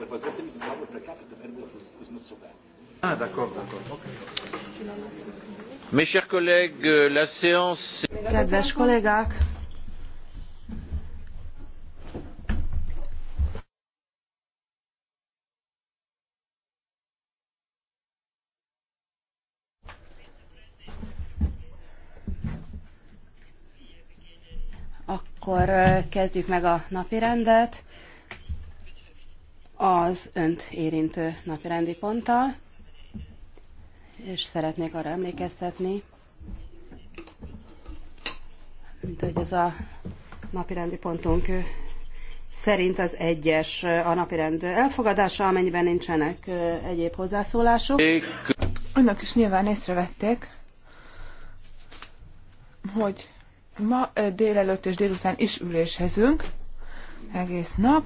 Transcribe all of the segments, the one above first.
rappresenta Zimbabwe per capita per was not so bad. Ah, d'accord, d'accord. Okay. Mes chers collègues, euh, la séance... Kedves kollégák, Akkor euh, kezdjük meg a rendet az önt érintő napirendi ponttal, és szeretnék arra emlékeztetni, mint hogy ez a napirendi pontunk szerint az egyes a napirend elfogadása, amennyiben nincsenek egyéb hozzászólások. Annak is nyilván észrevették, hogy ma délelőtt és délután is üléshezünk egész nap,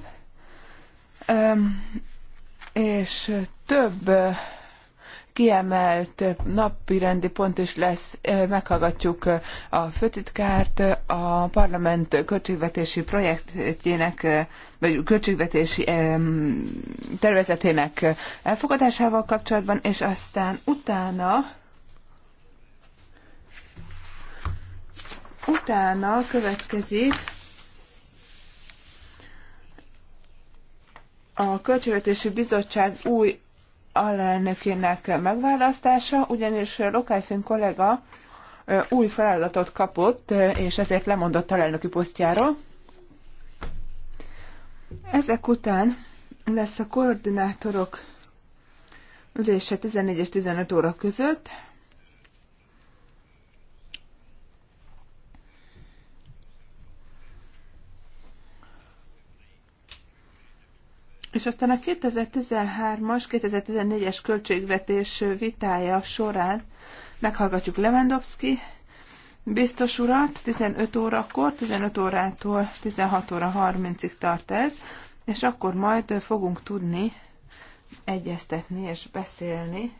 és több kiemelt napirendi pont is lesz. Meghallgatjuk a főtitkárt, a parlament költségvetési projektjének, vagy költségvetési tervezetének elfogadásával kapcsolatban, és aztán utána utána következik a Költségvetési Bizottság új alelnökének megválasztása, ugyanis Lokájfin kollega új feladatot kapott, és ezért lemondott a lelnöki posztjáról. Ezek után lesz a koordinátorok ülése 14 és 15 óra között. És aztán a 2013-as, 2014-es költségvetés vitája során meghallgatjuk Lewandowski biztos urat 15 órakor, 15 órától 16 óra 30-ig tart ez, és akkor majd fogunk tudni egyeztetni és beszélni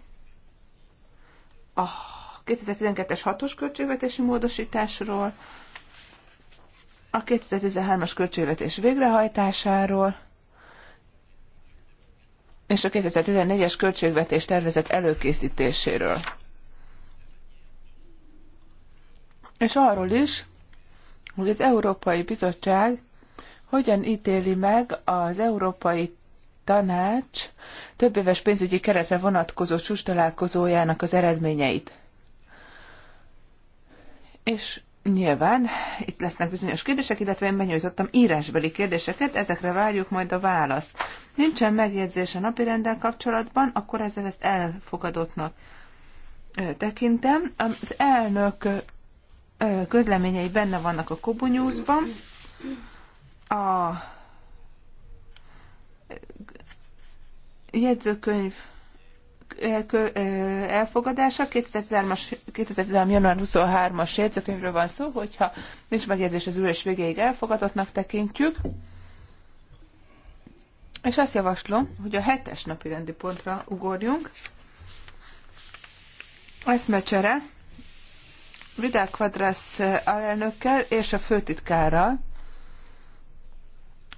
a 2012-es 6-os költségvetési módosításról, a 2013-as költségvetés végrehajtásáról, és a 2014-es költségvetés tervezet előkészítéséről. És arról is, hogy az Európai Bizottság hogyan ítéli meg az Európai Tanács több éves pénzügyi keretre vonatkozó csúcs találkozójának az eredményeit. És Nyilván itt lesznek bizonyos kérdések, illetve én benyújtottam írásbeli kérdéseket, ezekre várjuk majd a választ. Nincsen megjegyzés a napirenddel kapcsolatban, akkor ezzel ezt elfogadottnak tekintem. Az elnök közleményei benne vannak a Kobo News-ban. A jegyzőkönyv elfogadása. 2013, 2013. január 23-as jegyzőkönyvről van szó, hogyha nincs megjegyzés az ülés végéig elfogadottnak tekintjük. És azt javaslom, hogy a hetes napi rendi pontra ugorjunk. Eszmecsere Vidal Quadras alelnökkel és a főtitkárral,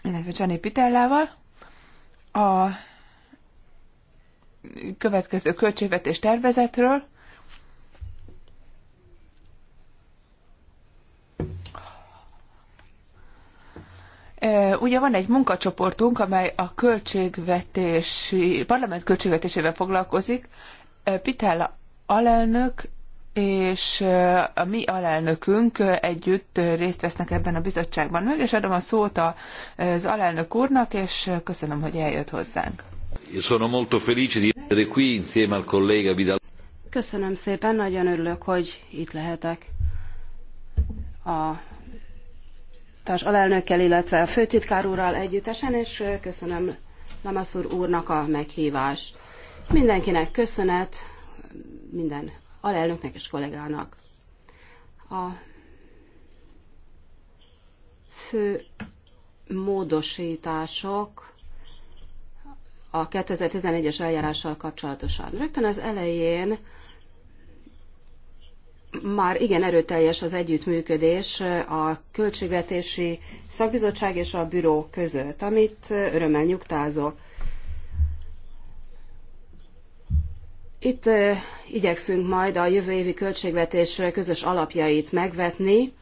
illetve Gianni Pitellával, a következő költségvetés tervezetről. E, ugye van egy munkacsoportunk, amely a költségvetési, parlament költségvetésével foglalkozik. E, Pitella alelnök és e, a mi alelnökünk együtt részt vesznek ebben a bizottságban. Meg is adom a szót az alelnök úrnak, és köszönöm, hogy eljött hozzánk sono molto felice di essere qui insieme al collega Vidal. Köszönöm szépen, nagyon örülök, hogy itt lehetek a társ alelnökkel, illetve a főtitkár úrral együttesen, és köszönöm Lamaszur úrnak a meghívást. Mindenkinek köszönet, minden alelnöknek és kollégának. A fő módosítások a 2011-es eljárással kapcsolatosan. Rögtön az elején már igen erőteljes az együttműködés a Költségvetési Szakbizottság és a Büró között, amit örömmel nyugtázok. Itt eh, igyekszünk majd a jövő évi költségvetés közös alapjait megvetni,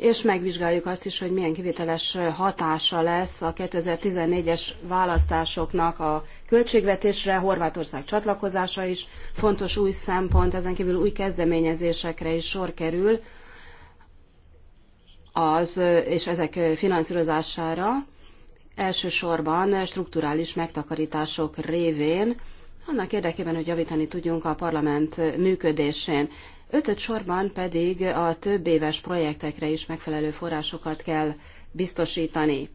és megvizsgáljuk azt is, hogy milyen kivételes hatása lesz a 2014-es választásoknak a költségvetésre, Horvátország csatlakozása is fontos új szempont, ezen kívül új kezdeményezésekre is sor kerül, az, és ezek finanszírozására elsősorban strukturális megtakarítások révén, annak érdekében, hogy javítani tudjunk a parlament működésén. Ötöd sorban pedig a több éves projektekre is megfelelő forrásokat kell biztosítani.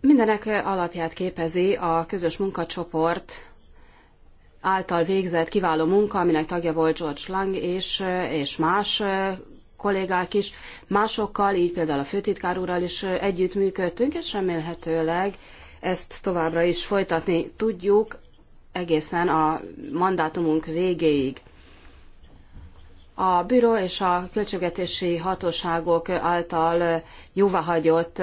Mindenek alapját képezi a közös munkacsoport által végzett kiváló munka, aminek tagja volt George Lang és, és más kollégák is, másokkal, így például a főtitkár úrral is együttműködtünk, és remélhetőleg ezt továbbra is folytatni tudjuk egészen a mandátumunk végéig a büro és a költségvetési hatóságok által jóváhagyott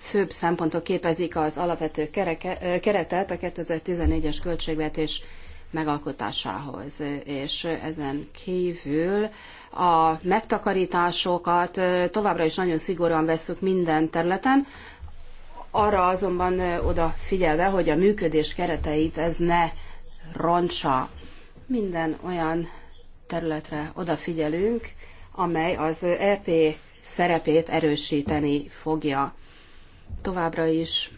főbb szempontok képezik az alapvető kereke, keretet a 2014-es költségvetés megalkotásához, és ezen kívül a megtakarításokat továbbra is nagyon szigorúan vesszük minden területen, arra azonban odafigyelve, hogy a működés kereteit ez ne rontsa. Minden olyan területre odafigyelünk, amely az EP szerepét erősíteni fogja. Továbbra is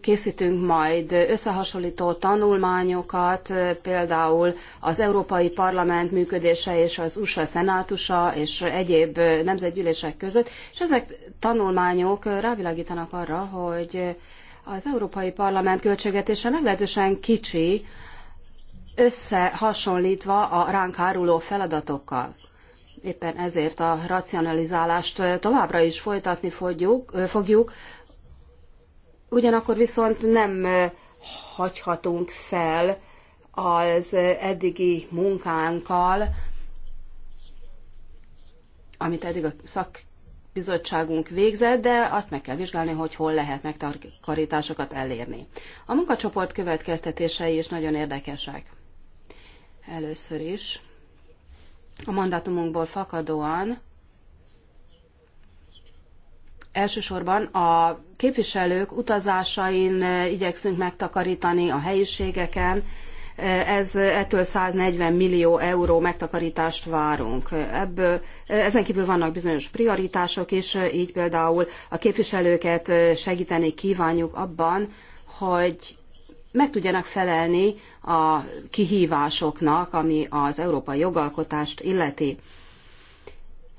készítünk majd összehasonlító tanulmányokat, például az Európai Parlament működése és az USA szenátusa és egyéb nemzetgyűlések között, és ezek tanulmányok rávilágítanak arra, hogy az Európai Parlament költségvetése meglehetősen kicsi, összehasonlítva a ránk háruló feladatokkal. Éppen ezért a racionalizálást továbbra is folytatni fogjuk, fogjuk ugyanakkor viszont nem hagyhatunk fel az eddigi munkánkkal, amit eddig a szak bizottságunk végzett, de azt meg kell vizsgálni, hogy hol lehet megtakarításokat elérni. A munkacsoport következtetései is nagyon érdekesek. Először is a mandátumunkból fakadóan elsősorban a képviselők utazásain eh, igyekszünk megtakarítani a helyiségeken, ez ettől 140 millió euró megtakarítást várunk. Ebből, ezen kívül vannak bizonyos prioritások is, így például a képviselőket segíteni kívánjuk abban, hogy meg tudjanak felelni a kihívásoknak, ami az európai jogalkotást illeti,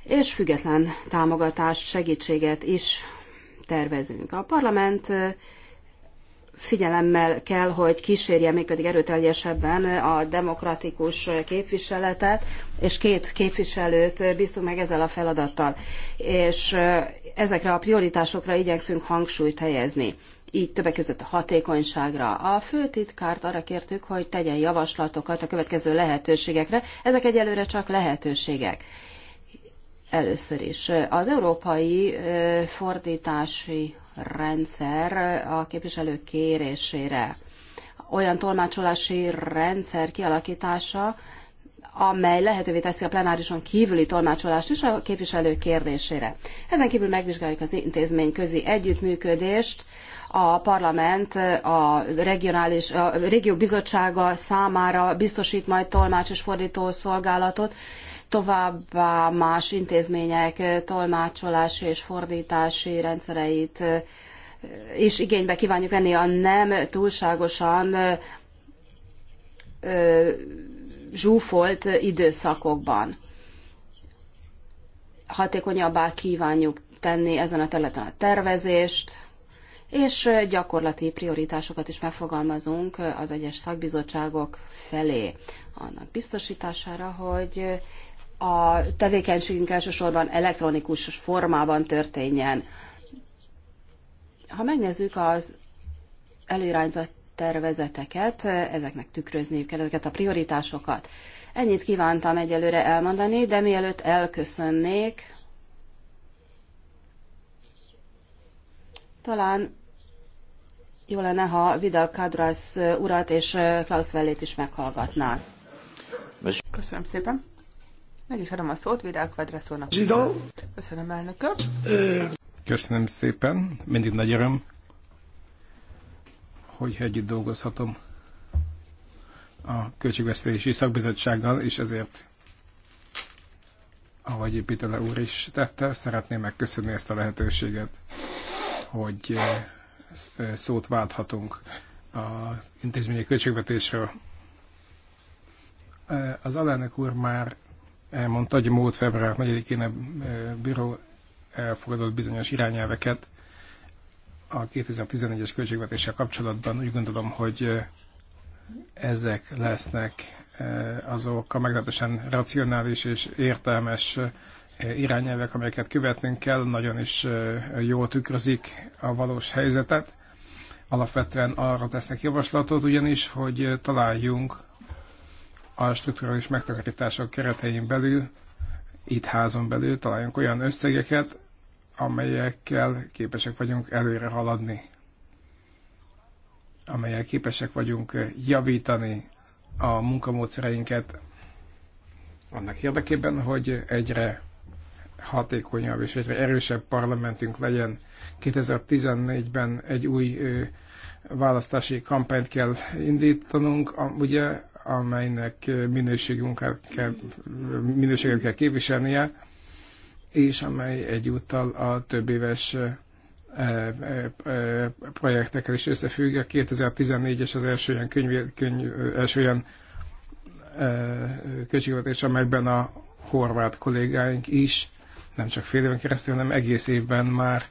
és független támogatást, segítséget is tervezünk. A parlament figyelemmel kell, hogy kísérje mégpedig erőteljesebben a demokratikus képviseletet, és két képviselőt bíztunk meg ezzel a feladattal. És ezekre a prioritásokra igyekszünk hangsúlyt helyezni. Így többek között a hatékonyságra. A főtitkárt arra kértük, hogy tegyen javaslatokat a következő lehetőségekre. Ezek egyelőre csak lehetőségek. Először is. Az európai fordítási rendszer a képviselők kérésére. Olyan tolmácsolási rendszer kialakítása, amely lehetővé teszi a plenárison kívüli tolmácsolást is a képviselők kérdésére. Ezen kívül megvizsgáljuk az intézmény közi együttműködést, a parlament a regionális a régió bizottsága számára biztosít majd tolmács és fordító szolgálatot, továbbá más intézmények tolmácsolási és fordítási rendszereit és igénybe kívánjuk venni a nem túlságosan zsúfolt időszakokban. Hatékonyabbá kívánjuk tenni ezen a területen a tervezést, és gyakorlati prioritásokat is megfogalmazunk az egyes szakbizottságok felé annak biztosítására, hogy a tevékenységünk elsősorban elektronikus formában történjen. Ha megnézzük az előirányzat tervezeteket, ezeknek tükrözniük kell ezeket a prioritásokat. Ennyit kívántam egyelőre elmondani, de mielőtt elköszönnék, talán jó lenne, ha Vidal Kadrasz urat és Klaus Vellét is meghallgatnák. Köszönöm szépen. Meg is adom a szót Vidal Quadraszónak. Zsidó! Köszönöm, elnököm. Köszönöm szépen, mindig nagy öröm, hogy együtt dolgozhatom a Költségvesztési Szakbizottsággal, és ezért, ahogy Pitele úr is tette, szeretném megköszönni ezt a lehetőséget, hogy szót válthatunk az intézményi költségvetésről. Az alelnök úr már elmondta, hogy múlt február 4-én a e, bíró elfogadott bizonyos irányelveket a 2014 es költségvetéssel kapcsolatban. Úgy gondolom, hogy e, ezek lesznek e, azok a meglehetősen racionális és értelmes irányelvek, amelyeket követnünk kell, nagyon is jól tükrözik a valós helyzetet. Alapvetően arra tesznek javaslatot ugyanis, hogy találjunk a strukturális megtakarítások keretein belül, itt házon belül találjunk olyan összegeket, amelyekkel képesek vagyunk előre haladni, amelyek képesek vagyunk javítani a munkamódszereinket annak érdekében, hogy egyre hatékonyabb és egyre erősebb parlamentünk legyen. 2014-ben egy új választási kampányt kell indítanunk. Ugye amelynek minőségi munkát kell, minőséget kell képviselnie, és amely egyúttal a több éves projektekkel is összefügg. A 2014-es az első olyan, könyv, könyv, első olyan költségvetés, amelyben a horvát kollégáink is nem csak fél éven keresztül, hanem egész évben már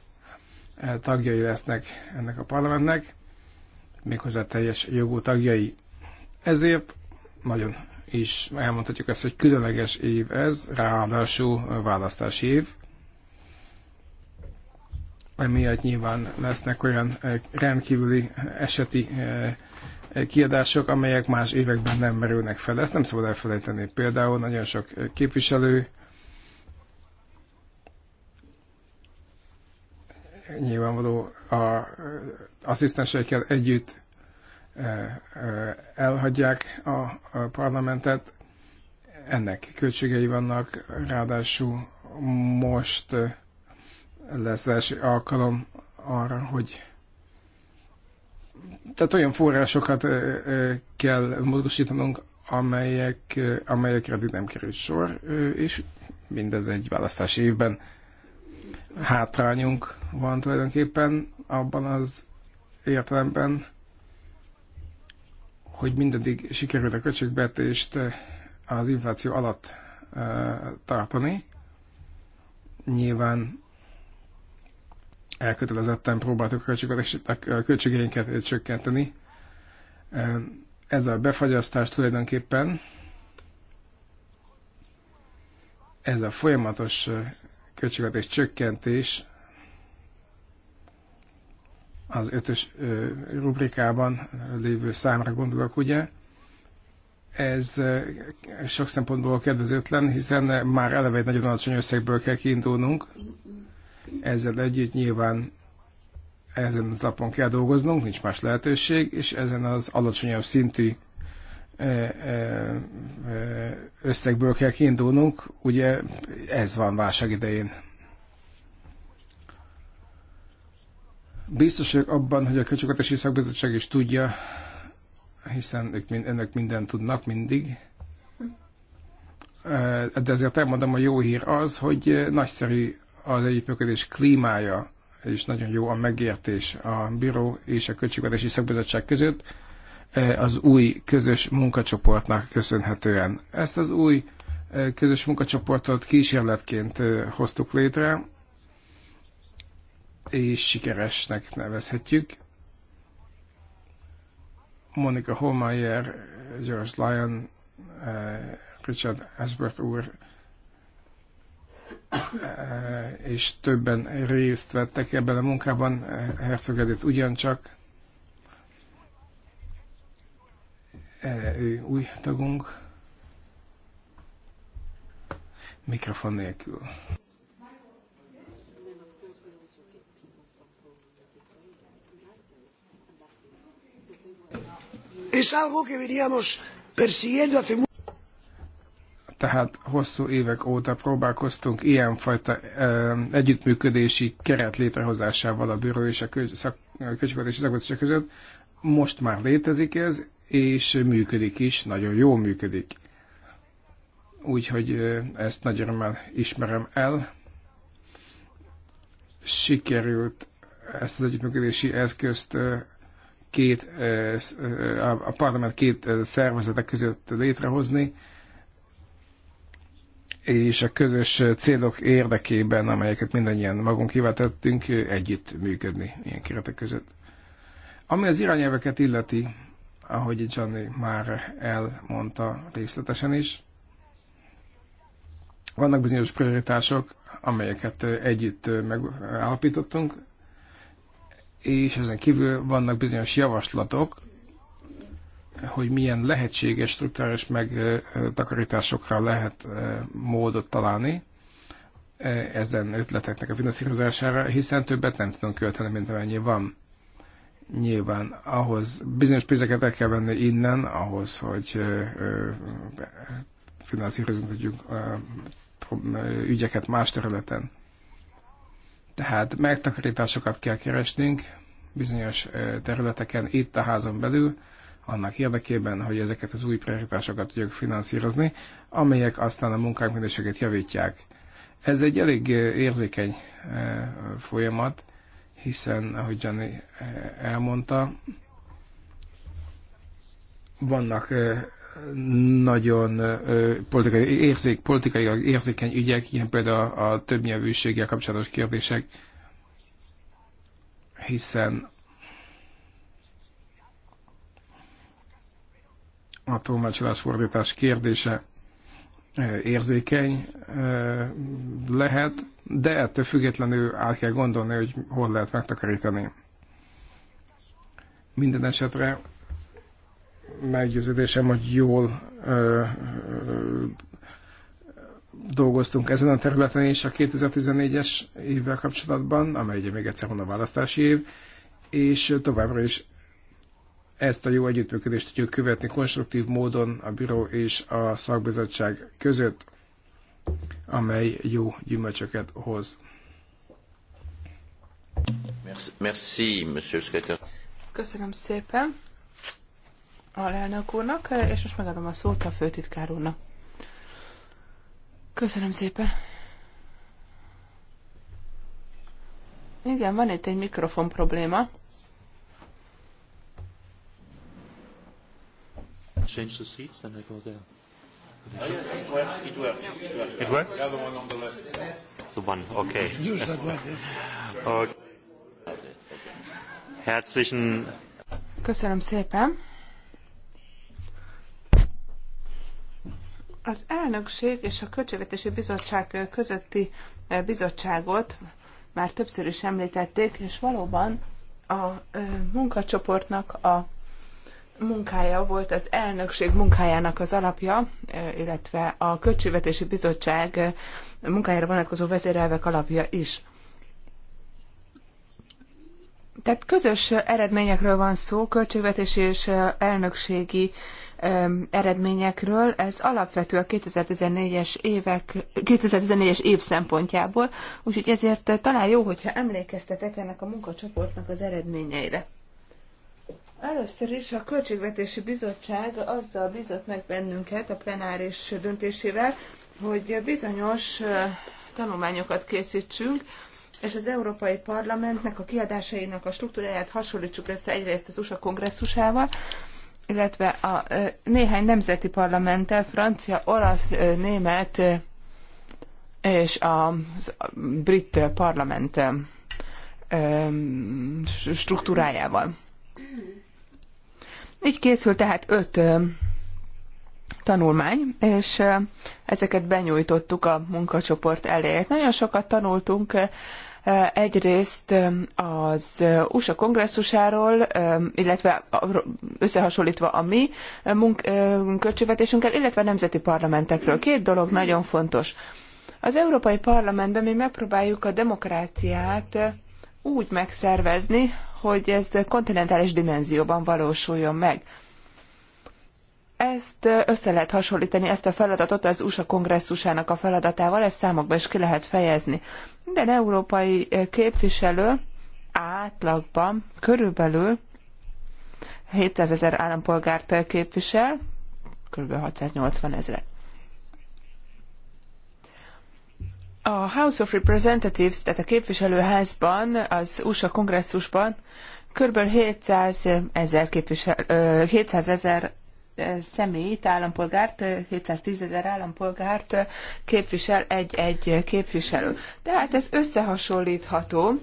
tagjai lesznek ennek a parlamentnek, méghozzá teljes jogú tagjai. Ezért nagyon is elmondhatjuk ezt, hogy különleges év ez, ráadásul választási év. Emiatt nyilván lesznek olyan eh, rendkívüli eh, eseti eh, kiadások, amelyek más években nem merülnek fel. Ezt nem szabad elfelejteni. Például nagyon sok képviselő nyilvánvaló a asszisztenseikkel együtt elhagyják a parlamentet. Ennek költségei vannak, ráadásul most lesz első alkalom arra, hogy tehát olyan forrásokat kell mozgósítanunk, amelyek, amelyekre nem került sor, és mindez egy választási évben hátrányunk van tulajdonképpen abban az értelemben, hogy mindaddig sikerült a költségvetést eh, az infláció alatt eh, tartani. Nyilván elkötelezetten próbáltuk a eh, költségeinket csökkenteni. Ez a befagyasztás tulajdonképpen ez a folyamatos költségvetés csökkentés az ötös rubrikában lévő számra gondolok, ugye? Ez sok szempontból kedvezőtlen, hiszen már eleve egy nagyon alacsony összegből kell kiindulnunk. Ezzel együtt nyilván ezen az lapon kell dolgoznunk, nincs más lehetőség, és ezen az alacsonyabb szintű összegből kell kiindulnunk, ugye ez van válság idején. Biztos vagyok abban, hogy a Költségvetési Szakbizottság is tudja, hiszen ők, ennek mindent tudnak mindig. De ezért elmondom, a jó hír az, hogy nagyszerű az együttműködés klímája, és nagyon jó a megértés a bíró és a Költségvetési Szakbizottság között az új közös munkacsoportnak köszönhetően. Ezt az új eh, közös munkacsoportot kísérletként eh, hoztuk létre, és sikeresnek nevezhetjük. Monika Holmeyer, George Lyon, eh, Richard Ashworth úr eh, és többen részt vettek ebben a munkában, eh, Herzog Edith ugyancsak, ő új tagunk, mikrofon nélkül. algo que veníamos persiguiendo hace tehát hosszú évek óta próbálkoztunk ilyenfajta ö, együttműködési keret létrehozásával a bűrő és a költségvetési szakbizottság között. Most már létezik ez, és működik is, nagyon jól működik. Úgyhogy ö, ezt nagy örömmel ismerem el. Sikerült ezt az együttműködési eszközt két, a parlament két szervezetek között létrehozni, és a közös célok érdekében, amelyeket mindannyian magunk tettünk, együtt működni ilyen keretek között. Ami az irányelveket illeti, ahogy Johnny már elmondta részletesen is, vannak bizonyos prioritások, amelyeket együtt megállapítottunk, és ezen kívül vannak bizonyos javaslatok, hogy milyen lehetséges struktúrális megtakarításokra lehet e, módot találni e, ezen ötleteknek a finanszírozására, hiszen többet nem tudunk költeni, mint amennyi van. Nyilván ahhoz bizonyos pénzeket el kell venni innen, ahhoz, hogy e, finanszírozni tudjuk ügyeket más területen. Tehát megtakarításokat kell keresnünk bizonyos területeken itt a házon belül, annak érdekében, hogy ezeket az új prioritásokat tudjuk finanszírozni, amelyek aztán a munkánk minőségét javítják. Ez egy elég érzékeny folyamat, hiszen, ahogy Gianni elmondta, vannak nagyon politikai, érzék, politikai érzékeny ügyek, ilyen például a többnyelvűséggel kapcsolatos kérdések, hiszen a tolmácsolás fordítás kérdése érzékeny lehet, de ettől függetlenül át kell gondolni, hogy hol lehet megtakarítani. Minden esetre meggyőződésem, hogy jól ö, ö, dolgoztunk ezen a területen is a 2014-es évvel kapcsolatban, amely ugye még egyszer a választási év, és továbbra is ezt a jó együttműködést tudjuk követni konstruktív módon a bíró és a szakbizottság között, amely jó gyümölcsöket hoz. Merci, monsieur Köszönöm szépen alelnök úrnak, és most megadom a szót a főtitkár úrnak. Köszönöm szépen. Igen, van itt egy mikrofon probléma. Change the seats, then I go there. Oh, it works. It works. It works. The other one on the left. The one. Okay. Use that one. okay. Herzlichen. Köszönöm szépen. Az elnökség és a Költségvetési Bizottság közötti eh, bizottságot már többször is említették, és valóban a eh, munkacsoportnak a munkája volt az elnökség munkájának az alapja, eh, illetve a Költségvetési Bizottság munkájára vonatkozó vezérelvek alapja is. Tehát közös eredményekről van szó, költségvetési és elnökségi eredményekről. Ez alapvető a 2014-es évek, 2014-es év szempontjából, úgyhogy ezért talán jó, hogyha emlékeztetek ennek a munkacsoportnak az eredményeire. Először is a Költségvetési Bizottság azzal bizott meg bennünket a plenáris döntésével, hogy bizonyos tanulmányokat készítsünk, és az Európai Parlamentnek a kiadásainak a struktúráját hasonlítsuk össze egyrészt az USA kongresszusával, illetve a néhány nemzeti parlamenttel, francia, olasz, német és a brit parlament struktúrájával. Így készült tehát öt tanulmány, és ezeket benyújtottuk a munkacsoport elé. Nagyon sokat tanultunk Eh, egyrészt eh, az eh, USA kongresszusáról, illetve összehasonlítva a mi munk- költségvetésünkkel, illetve a nemzeti parlamentekről. Két dolog nagyon fontos. Az Európai Parlamentben mi megpróbáljuk a demokráciát úgy megszervezni, hogy ez kontinentális dimenzióban valósuljon meg. Ezt össze lehet hasonlítani, ezt a feladatot az USA kongresszusának a feladatával, ezt számokban is ki lehet fejezni. Minden európai képviselő átlagban körülbelül 700 ezer állampolgárt képvisel, kb. 680 ezeret. A House of Representatives, tehát a képviselőházban, az USA kongresszusban kb. 700 ezer, képvisel, 700 000 személyt, állampolgárt, 710 ezer állampolgárt képvisel egy-egy képviselő. Tehát ez összehasonlítható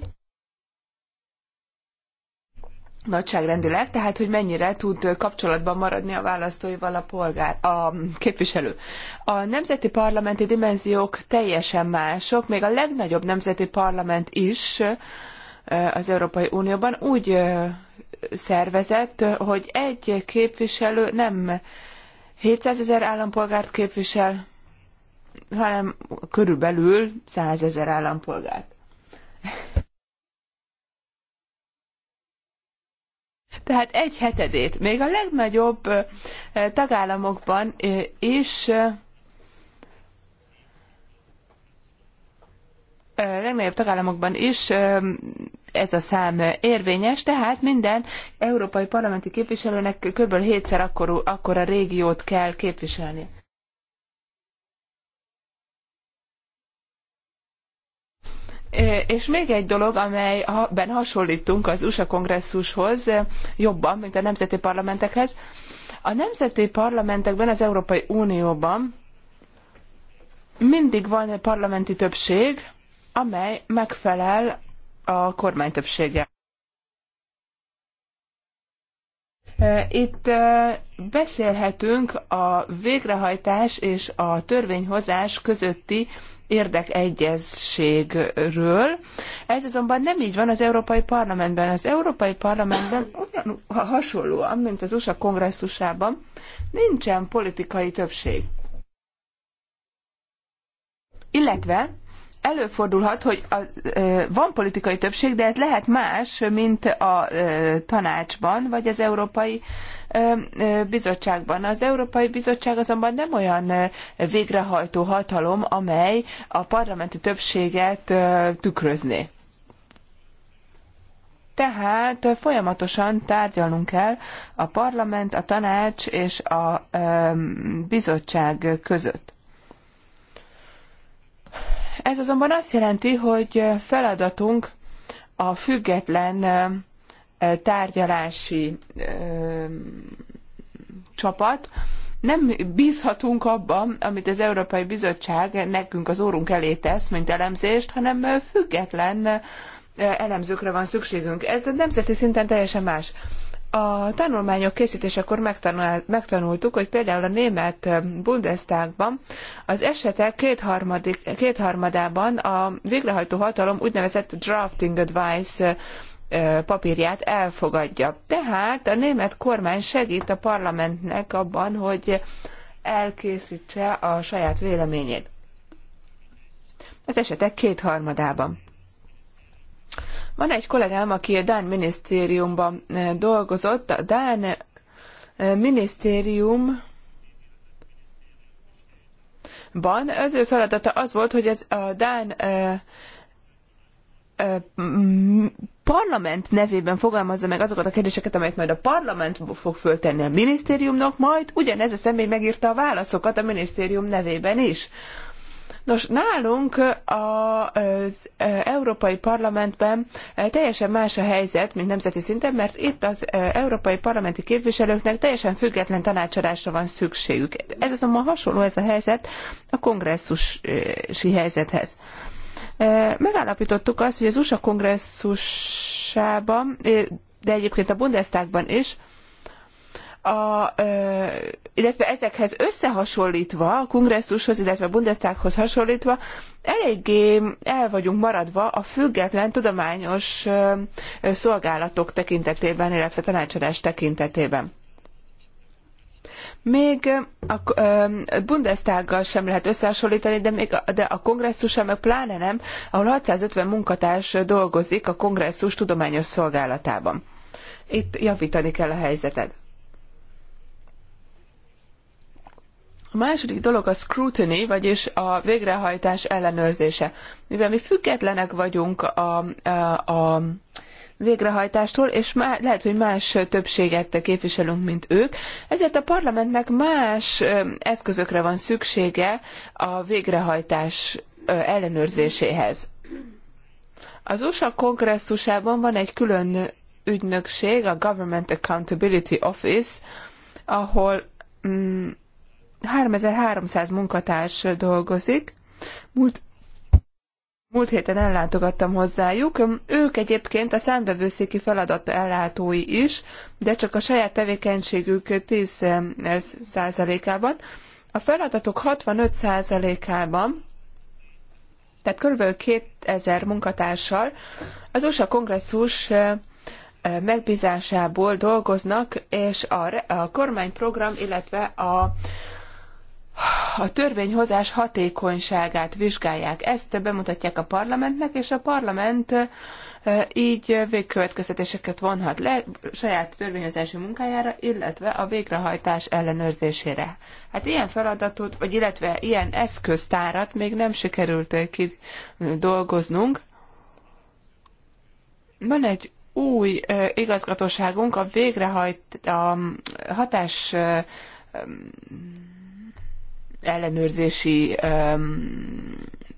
nagyságrendileg, tehát hogy mennyire tud kapcsolatban maradni a választóival a polgár, a képviselő. A nemzeti parlamenti dimenziók teljesen mások, még a legnagyobb nemzeti parlament is az Európai Unióban úgy szervezett, hogy egy képviselő nem 700 ezer állampolgárt képvisel, hanem körülbelül 100 ezer állampolgárt. Tehát egy hetedét, még a legnagyobb eh, tagállamokban eh, is eh, legnagyobb tagállamokban is ez a szám érvényes, tehát minden európai parlamenti képviselőnek kb. 7-szer akkor, a régiót kell képviselni. És még egy dolog, amelyben hasonlítunk az USA kongresszushoz jobban, mint a nemzeti parlamentekhez. A nemzeti parlamentekben, az Európai Unióban mindig van egy parlamenti többség, amely megfelel a kormány többsége. Itt beszélhetünk a végrehajtás és a törvényhozás közötti érdekegyezségről. Ez azonban nem így van az Európai Parlamentben. Az Európai Parlamentben olyan hasonlóan, mint az USA kongresszusában, nincsen politikai többség. Illetve előfordulhat, hogy a, van politikai többség, de ez lehet más, mint a tanácsban, vagy az Európai Bizottságban. Az Európai Bizottság azonban nem olyan végrehajtó hatalom, amely a parlamenti többséget tükrözné. Tehát folyamatosan tárgyalnunk kell a parlament, a tanács és a bizottság között. Ez azonban azt jelenti, hogy feladatunk a független tárgyalási csapat, nem bízhatunk abban, amit az Európai Bizottság nekünk az órunk elé tesz, mint elemzést, hanem független elemzőkre van szükségünk. Ez nemzeti szinten teljesen más. A tanulmányok készítésekor megtanul, megtanultuk, hogy például a német um, Bundestagban az esetek kétharmadában a végrehajtó hatalom úgynevezett drafting advice uh, papírját elfogadja. Tehát a német kormány segít a parlamentnek abban, hogy elkészítse a saját véleményét. Az esetek kétharmadában. Van egy kollégám, aki a Dán minisztériumban eh, dolgozott. A Dán eh, minisztérium Ban. Az ő feladata az volt, hogy ez a Dán eh, parlament nevében fogalmazza meg azokat a kérdéseket, amelyet majd a parlament fog föltenni a minisztériumnak, majd ugyanez a személy megírta a válaszokat a minisztérium nevében is. Nos, nálunk az e, Európai Parlamentben e, teljesen más a helyzet, mint nemzeti szinten, mert itt az e, európai parlamenti képviselőknek teljesen független tanácsadásra van szükségük. Ez azonban hasonló ez a helyzet a kongresszusi helyzethez. Megállapítottuk azt, hogy az USA kongresszusában, de egyébként a Bundestagban is, a, illetve ezekhez összehasonlítva, a kongresszushoz, illetve a Bundestaghoz hasonlítva, eléggé el vagyunk maradva a független tudományos szolgálatok tekintetében, illetve tanácsadás tekintetében. Még a Bundestaggal sem lehet összehasonlítani, de, még a, de a kongresszussal meg pláne nem, ahol 650 munkatárs dolgozik a kongresszus tudományos szolgálatában. Itt javítani kell a helyzetet. A második dolog a scrutiny, vagyis a végrehajtás ellenőrzése. Mivel mi függetlenek vagyunk a, a, a végrehajtástól, és má, lehet, hogy más többséget képviselünk, mint ők. Ezért a parlamentnek más eszközökre van szüksége a végrehajtás ellenőrzéséhez. Az USA kongresszusában van egy külön ügynökség, a Government Accountability Office, ahol mm, 3300 munkatárs dolgozik. Múlt, múlt héten ellátogattam hozzájuk. Ők egyébként a számvevőszéki feladat ellátói is, de csak a saját tevékenységük 10%-ában. Eh, a feladatok 65%-ában tehát kb. 2000 munkatársal az USA kongresszus eh, eh, megbízásából dolgoznak, és a, a kormányprogram, illetve a a törvényhozás hatékonyságát vizsgálják. Ezt bemutatják a parlamentnek, és a parlament így végkövetkeztetéseket vonhat le saját törvényhozási munkájára, illetve a végrehajtás ellenőrzésére. Hát ilyen feladatot, vagy illetve ilyen eszköztárat még nem sikerült ki dolgoznunk. Van egy új igazgatóságunk a végrehajt, a hatás ellenőrzési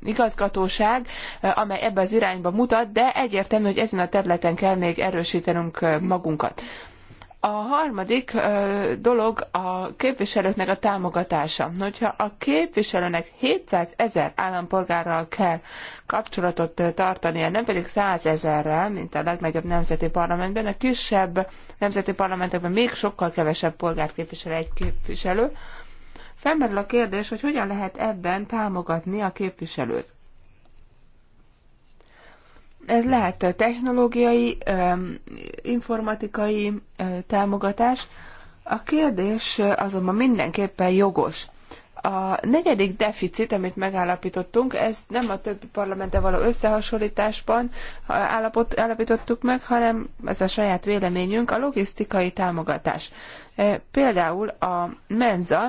igazgatóság, amely ebbe az irányba mutat, de egyértelmű, hogy ezen a területen kell még erősítenünk magunkat. A harmadik dolog a képviselőknek a támogatása. Hogyha a képviselőnek 700 ezer állampolgárral kell kapcsolatot tartania, nem pedig 100 ezerrel, mint a legnagyobb nemzeti parlamentben, a kisebb nemzeti parlamentekben még sokkal kevesebb polgárt képvisel egy képviselő, Felmerül a kérdés, hogy hogyan lehet ebben támogatni a képviselőt. Ez lehet technológiai, informatikai támogatás. A kérdés azonban mindenképpen jogos. A negyedik deficit, amit megállapítottunk, ez nem a többi parlamente való összehasonlításban állapot, állapítottuk meg, hanem ez a saját véleményünk, a logisztikai támogatás. Például a Menza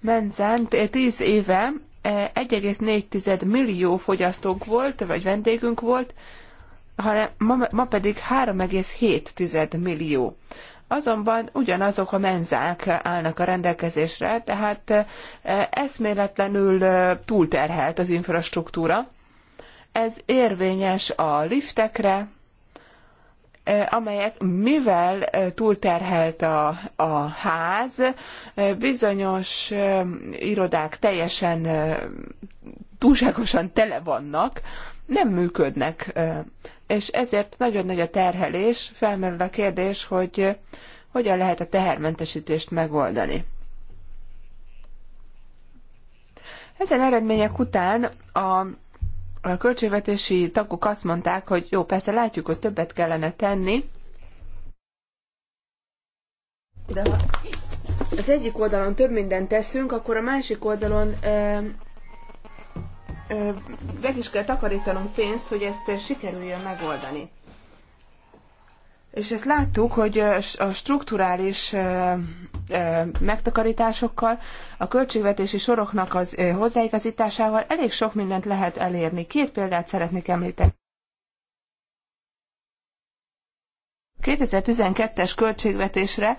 Menzánt 10 eh, éve 1,4 eh, millió fogyasztók volt, vagy vendégünk volt, hanem ma, ma pedig 3,7 millió. Azonban ugyanazok a menzák állnak a rendelkezésre, tehát eh, eszméletlenül túlterhelt az infrastruktúra. Ez érvényes a liftekre, Eh, amelyek, mivel eh, túlterhelt a, a ház, eh, bizonyos irodák teljesen túlságosan tele vannak, nem működnek, és ezért nagyon nagy a terhelés, felmerül a kérdés, hogy hogyan lehet a tehermentesítést megoldani. Ezen eredmények után a a költségvetési tagok azt mondták, hogy jó, persze látjuk, hogy többet kellene tenni, de ha az egyik oldalon több mindent teszünk, akkor a másik oldalon ö, ö, meg is kell takarítanunk pénzt, hogy ezt sikerüljön megoldani. És ezt láttuk, hogy a strukturális megtakarításokkal, a költségvetési soroknak az hozzáigazításával elég sok mindent lehet elérni. Két példát szeretnék említeni. 2012-es költségvetésre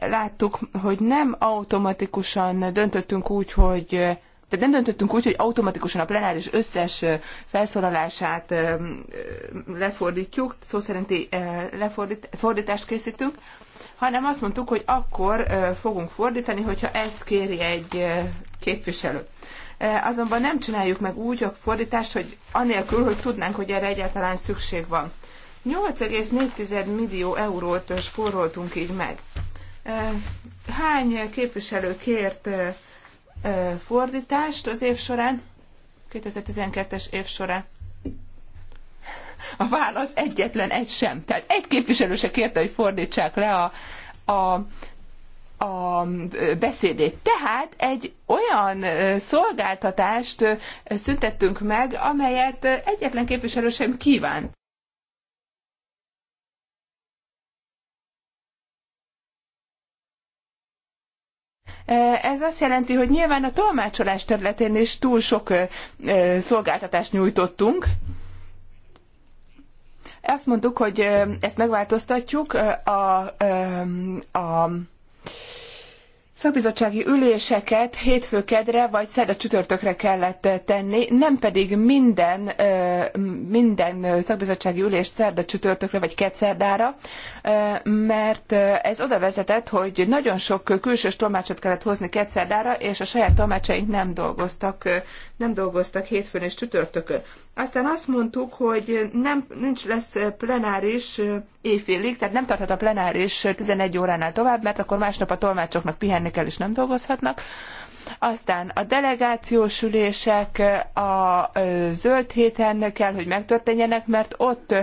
láttuk, hogy nem automatikusan döntöttünk úgy, hogy tehát nem döntöttünk úgy, hogy automatikusan a plenáris összes felszólalását lefordítjuk, szó szerinti lefordítást készítünk, hanem azt mondtuk, hogy akkor fogunk fordítani, hogyha ezt kéri egy képviselő. Azonban nem csináljuk meg úgy a fordítást, hogy anélkül, hogy tudnánk, hogy erre egyáltalán szükség van. 8,4 millió eurót spóroltunk így meg. Hány képviselő kért fordítást az év során, 2012-es év során. A válasz egyetlen egy sem. Tehát egy képviselő se kérte, hogy fordítsák le a, a, a beszédét. Tehát egy olyan szolgáltatást szüntettünk meg, amelyet egyetlen képviselő sem kíván. Ez azt jelenti, hogy nyilván a tolmácsolás területén is túl sok szolgáltatást nyújtottunk, azt mondtuk, hogy ezt megváltoztatjuk a, a, a szakbizottsági üléseket hétfőkedre vagy szerda csütörtökre kellett eh, tenni, nem pedig minden, eh, minden eh, szakbizottsági ülést szerda csütörtökre vagy kedszerdára, mert ez oda vezetett, hogy nagyon sok külsős tolmácsot kellett hozni kedszerdára, és a saját tolmácsaink nem dolgoztak, nem dolgoztak hétfőn és csütörtökön. Aztán azt mondtuk, hogy nem, nincs lesz plenáris éjfélig, tehát nem tarthat a plenáris 11 óránál tovább, mert akkor másnap a tolmácsoknak pihenni kell és nem dolgozhatnak. Aztán a delegációs ülések a zöld héten kell, hogy megtörténjenek, mert ott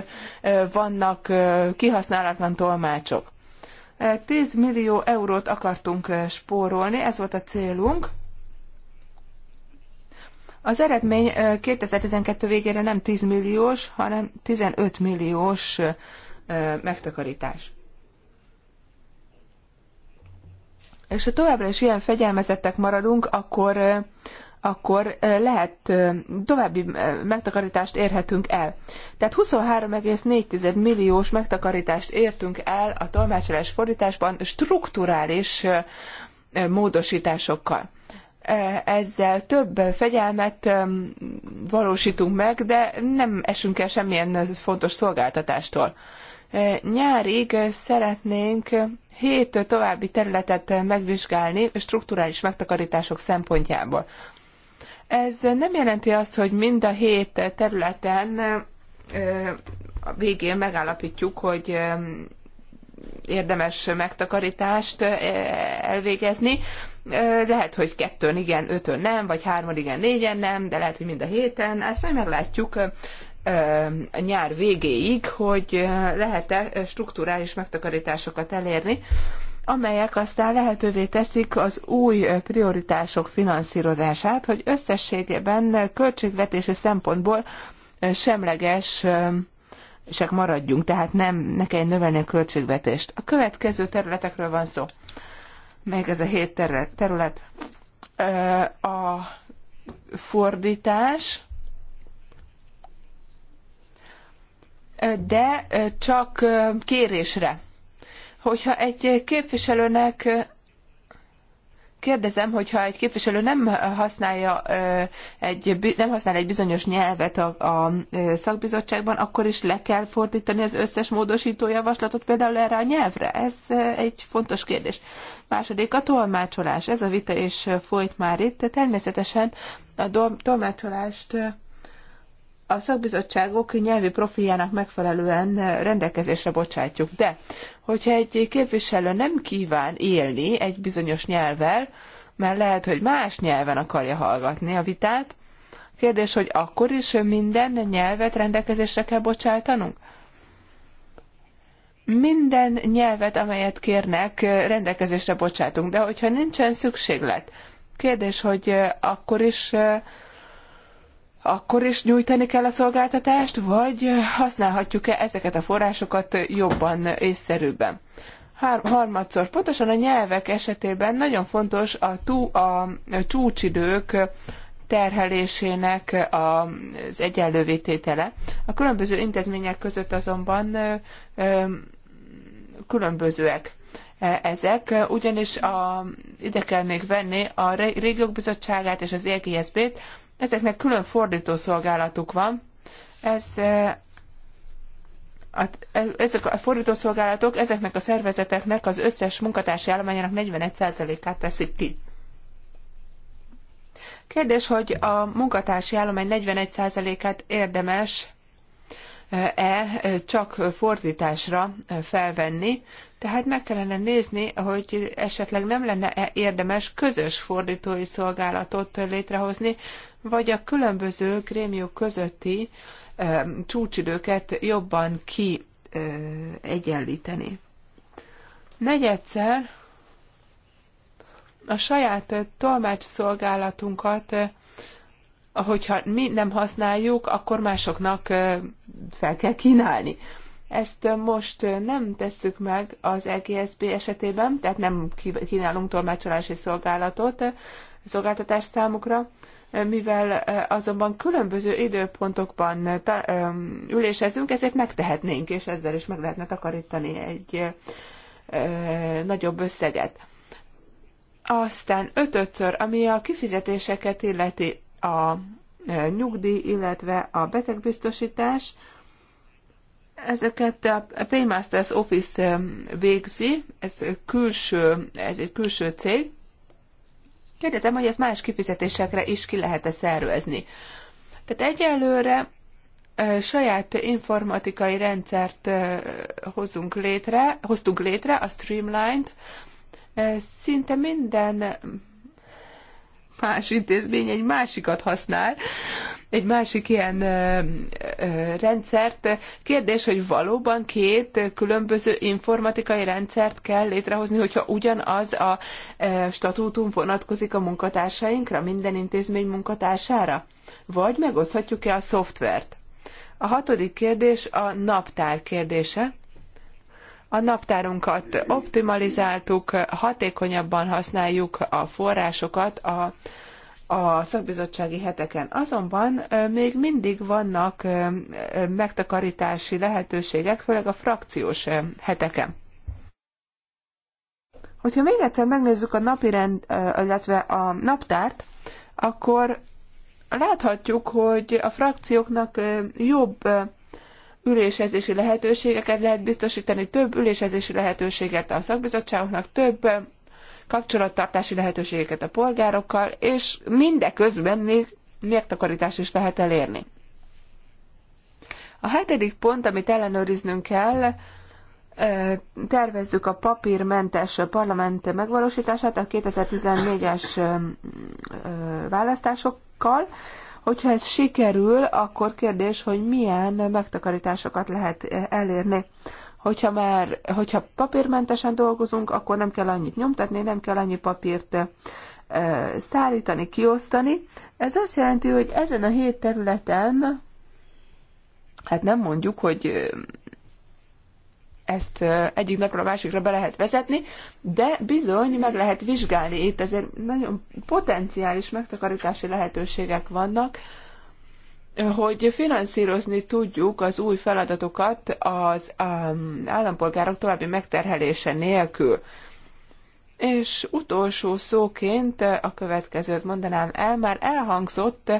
vannak kihasználatlan tolmácsok. 10 millió eurót akartunk spórolni, ez volt a célunk. Az eredmény 2012 végére nem 10 milliós, hanem 15 milliós megtakarítás. És ha továbbra is ilyen fegyelmezettek maradunk, akkor, akkor lehet további megtakarítást érhetünk el. Tehát 23,4 milliós megtakarítást értünk el a tolmácsolás fordításban strukturális módosításokkal. Ezzel több fegyelmet valósítunk meg, de nem esünk el semmilyen fontos szolgáltatástól. Nyárig szeretnénk hét további területet megvizsgálni strukturális megtakarítások szempontjából. Ez nem jelenti azt, hogy mind a hét területen a végén megállapítjuk, hogy érdemes megtakarítást elvégezni. Lehet, hogy kettőn igen, ötön nem, vagy hárman igen, négyen nem, de lehet, hogy mind a héten. Ezt majd meglátjuk nyár végéig, hogy lehet-e strukturális megtakarításokat elérni, amelyek aztán lehetővé teszik az új prioritások finanszírozását, hogy összességében költségvetési szempontból semleges sek maradjunk, tehát nem ne kell növelni a költségvetést. A következő területekről van szó. Még ez a hét terület. A fordítás, de csak kérésre. Hogyha egy képviselőnek kérdezem, hogyha egy képviselő nem használja egy, nem használ egy bizonyos nyelvet a, a szakbizottságban, akkor is le kell fordítani az összes módosító javaslatot például erre a nyelvre. Ez egy fontos kérdés. Második a tolmácsolás. Ez a vita is folyt már itt. Természetesen a tolmácsolást a szakbizottságok nyelvi profiljának megfelelően rendelkezésre bocsátjuk. De, hogyha egy képviselő nem kíván élni egy bizonyos nyelvvel, mert lehet, hogy más nyelven akarja hallgatni a vitát, kérdés, hogy akkor is minden nyelvet rendelkezésre kell bocsátanunk? Minden nyelvet, amelyet kérnek, rendelkezésre bocsátunk, de hogyha nincsen szükséglet, kérdés, hogy akkor is akkor is nyújtani kell a szolgáltatást, vagy használhatjuk-e ezeket a forrásokat jobban, szerűbben? Hár, harmadszor, pontosan a nyelvek esetében nagyon fontos a, tú, a, csúcsidők terhelésének az egyenlővététele. A különböző intézmények között azonban ö, ö, különbözőek e, ezek, ugyanis a, ide kell még venni a Régiók Bizottságát és az EGSB-t, Ezeknek külön fordítószolgálatuk van. Ez eh, a, ezek a fordítószolgálatok ezeknek a szervezeteknek az összes munkatársi állományának 41%-át teszik ki. Kérdés, hogy a munkatársi állomány 41%-át érdemes e csak fordításra felvenni, tehát meg kellene nézni, hogy esetleg nem lenne -e érdemes közös fordítói szolgálatot létrehozni, vagy a különböző grémiók közötti csúcsidőket jobban ki egyenlíteni. Negyedszer a saját szolgálatunkat, hogyha mi nem használjuk, akkor másoknak fel kell kínálni. Ezt most nem tesszük meg az EGSB esetében, tehát nem kínálunk tolmácsolási szolgálatot, szolgáltatás számukra, mivel azonban különböző időpontokban ülésezünk, ezért megtehetnénk, és ezzel is meg lehetne takarítani egy nagyobb összeget. Aztán ötötször, ami a kifizetéseket illeti a nyugdíj, illetve a betegbiztosítás, Ezeket a Paymasters Office végzi, ez külső, ez egy külső cég, Kérdezem, hogy ez más kifizetésekre is ki lehet-e szervezni. Tehát egyelőre saját informatikai rendszert hozunk létre, hoztunk létre, a Streamlined. Szinte minden más intézmény egy másikat használ, egy másik ilyen ö, ö, rendszert. Kérdés, hogy valóban két különböző informatikai rendszert kell létrehozni, hogyha ugyanaz a ö, statútum vonatkozik a munkatársainkra, minden intézmény munkatársára? Vagy megoszthatjuk-e a szoftvert? A hatodik kérdés a naptár kérdése a naptárunkat optimalizáltuk, hatékonyabban használjuk a forrásokat a, a szakbizottsági heteken. Azonban még mindig vannak megtakarítási lehetőségek, főleg a frakciós heteken. Hogyha még egyszer megnézzük a napi rend, illetve a naptárt, akkor láthatjuk, hogy a frakcióknak jobb ülésezési lehetőségeket lehet biztosítani, több ülésezési lehetőséget a szakbizottságoknak, több kapcsolattartási lehetőségeket a polgárokkal, és mindeközben még megtakarítást is lehet elérni. A hetedik pont, amit ellenőriznünk kell, tervezzük a papírmentes parlament megvalósítását a 2014-es választásokkal. Hogyha ez sikerül, akkor kérdés, hogy milyen megtakarításokat lehet elérni. Hogyha már, hogyha papírmentesen dolgozunk, akkor nem kell annyit nyomtatni, nem kell annyi papírt szállítani, kiosztani. Ez azt jelenti, hogy ezen a hét területen, hát nem mondjuk, hogy ezt egyik napról a másikra be lehet vezetni, de bizony meg lehet vizsgálni. Itt azért nagyon potenciális megtakarítási lehetőségek vannak, hogy finanszírozni tudjuk az új feladatokat az állampolgárok további megterhelése nélkül. És utolsó szóként a következőt mondanám el, már elhangzott,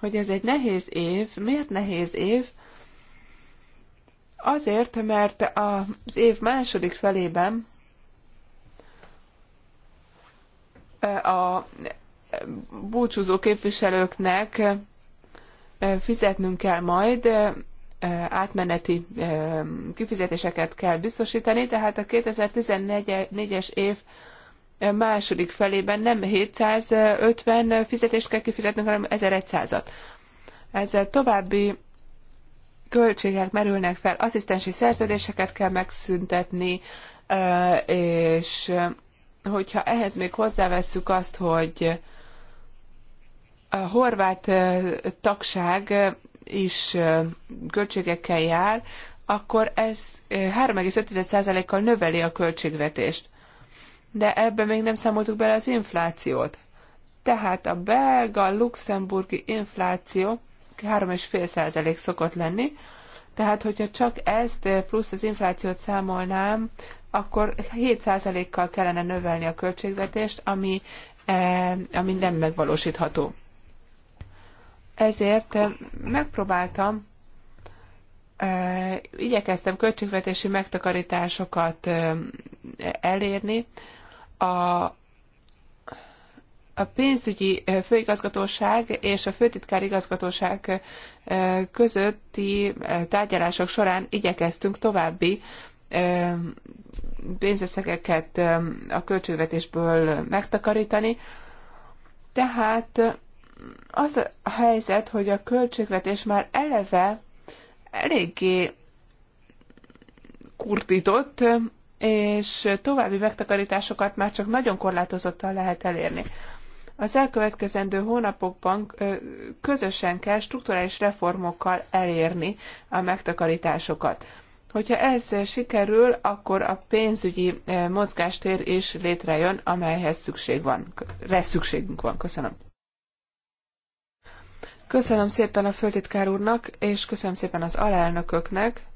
hogy ez egy nehéz év. Miért nehéz év? Azért, mert az év második felében a búcsúzó képviselőknek fizetnünk kell majd, átmeneti kifizetéseket kell biztosítani, tehát a 2014-es év második felében nem 750 fizetést kell kifizetnünk, hanem 1100-at. Ez további költségek merülnek fel, asszisztensi szerződéseket kell megszüntetni, és hogyha ehhez még hozzávesszük azt, hogy a horvát tagság is költségekkel jár, akkor ez 3,5%-kal növeli a költségvetést. De ebbe még nem számoltuk bele az inflációt. Tehát a belga-luxemburgi infláció 3,5 százalék szokott lenni, tehát hogyha csak ezt eh, plusz az inflációt számolnám, akkor 7 százalékkal kellene növelni a költségvetést, ami, eh, ami nem megvalósítható. Ezért eh, megpróbáltam igyekeztem költségvetési megtakarításokat elérni. A a pénzügyi főigazgatóság és a főtitkár igazgatóság közötti tárgyalások során igyekeztünk további pénzösszegeket a költségvetésből megtakarítani. Tehát az a helyzet, hogy a költségvetés már eleve eléggé kurtított, és további megtakarításokat már csak nagyon korlátozottan lehet elérni. Az elkövetkezendő hónapokban közösen kell strukturális reformokkal elérni a megtakarításokat. Hogyha ez sikerül, akkor a pénzügyi mozgástér is létrejön, amelyhez szükség van, re szükségünk van. Köszönöm. Köszönöm szépen a föltitkár úrnak, és köszönöm szépen az alelnököknek.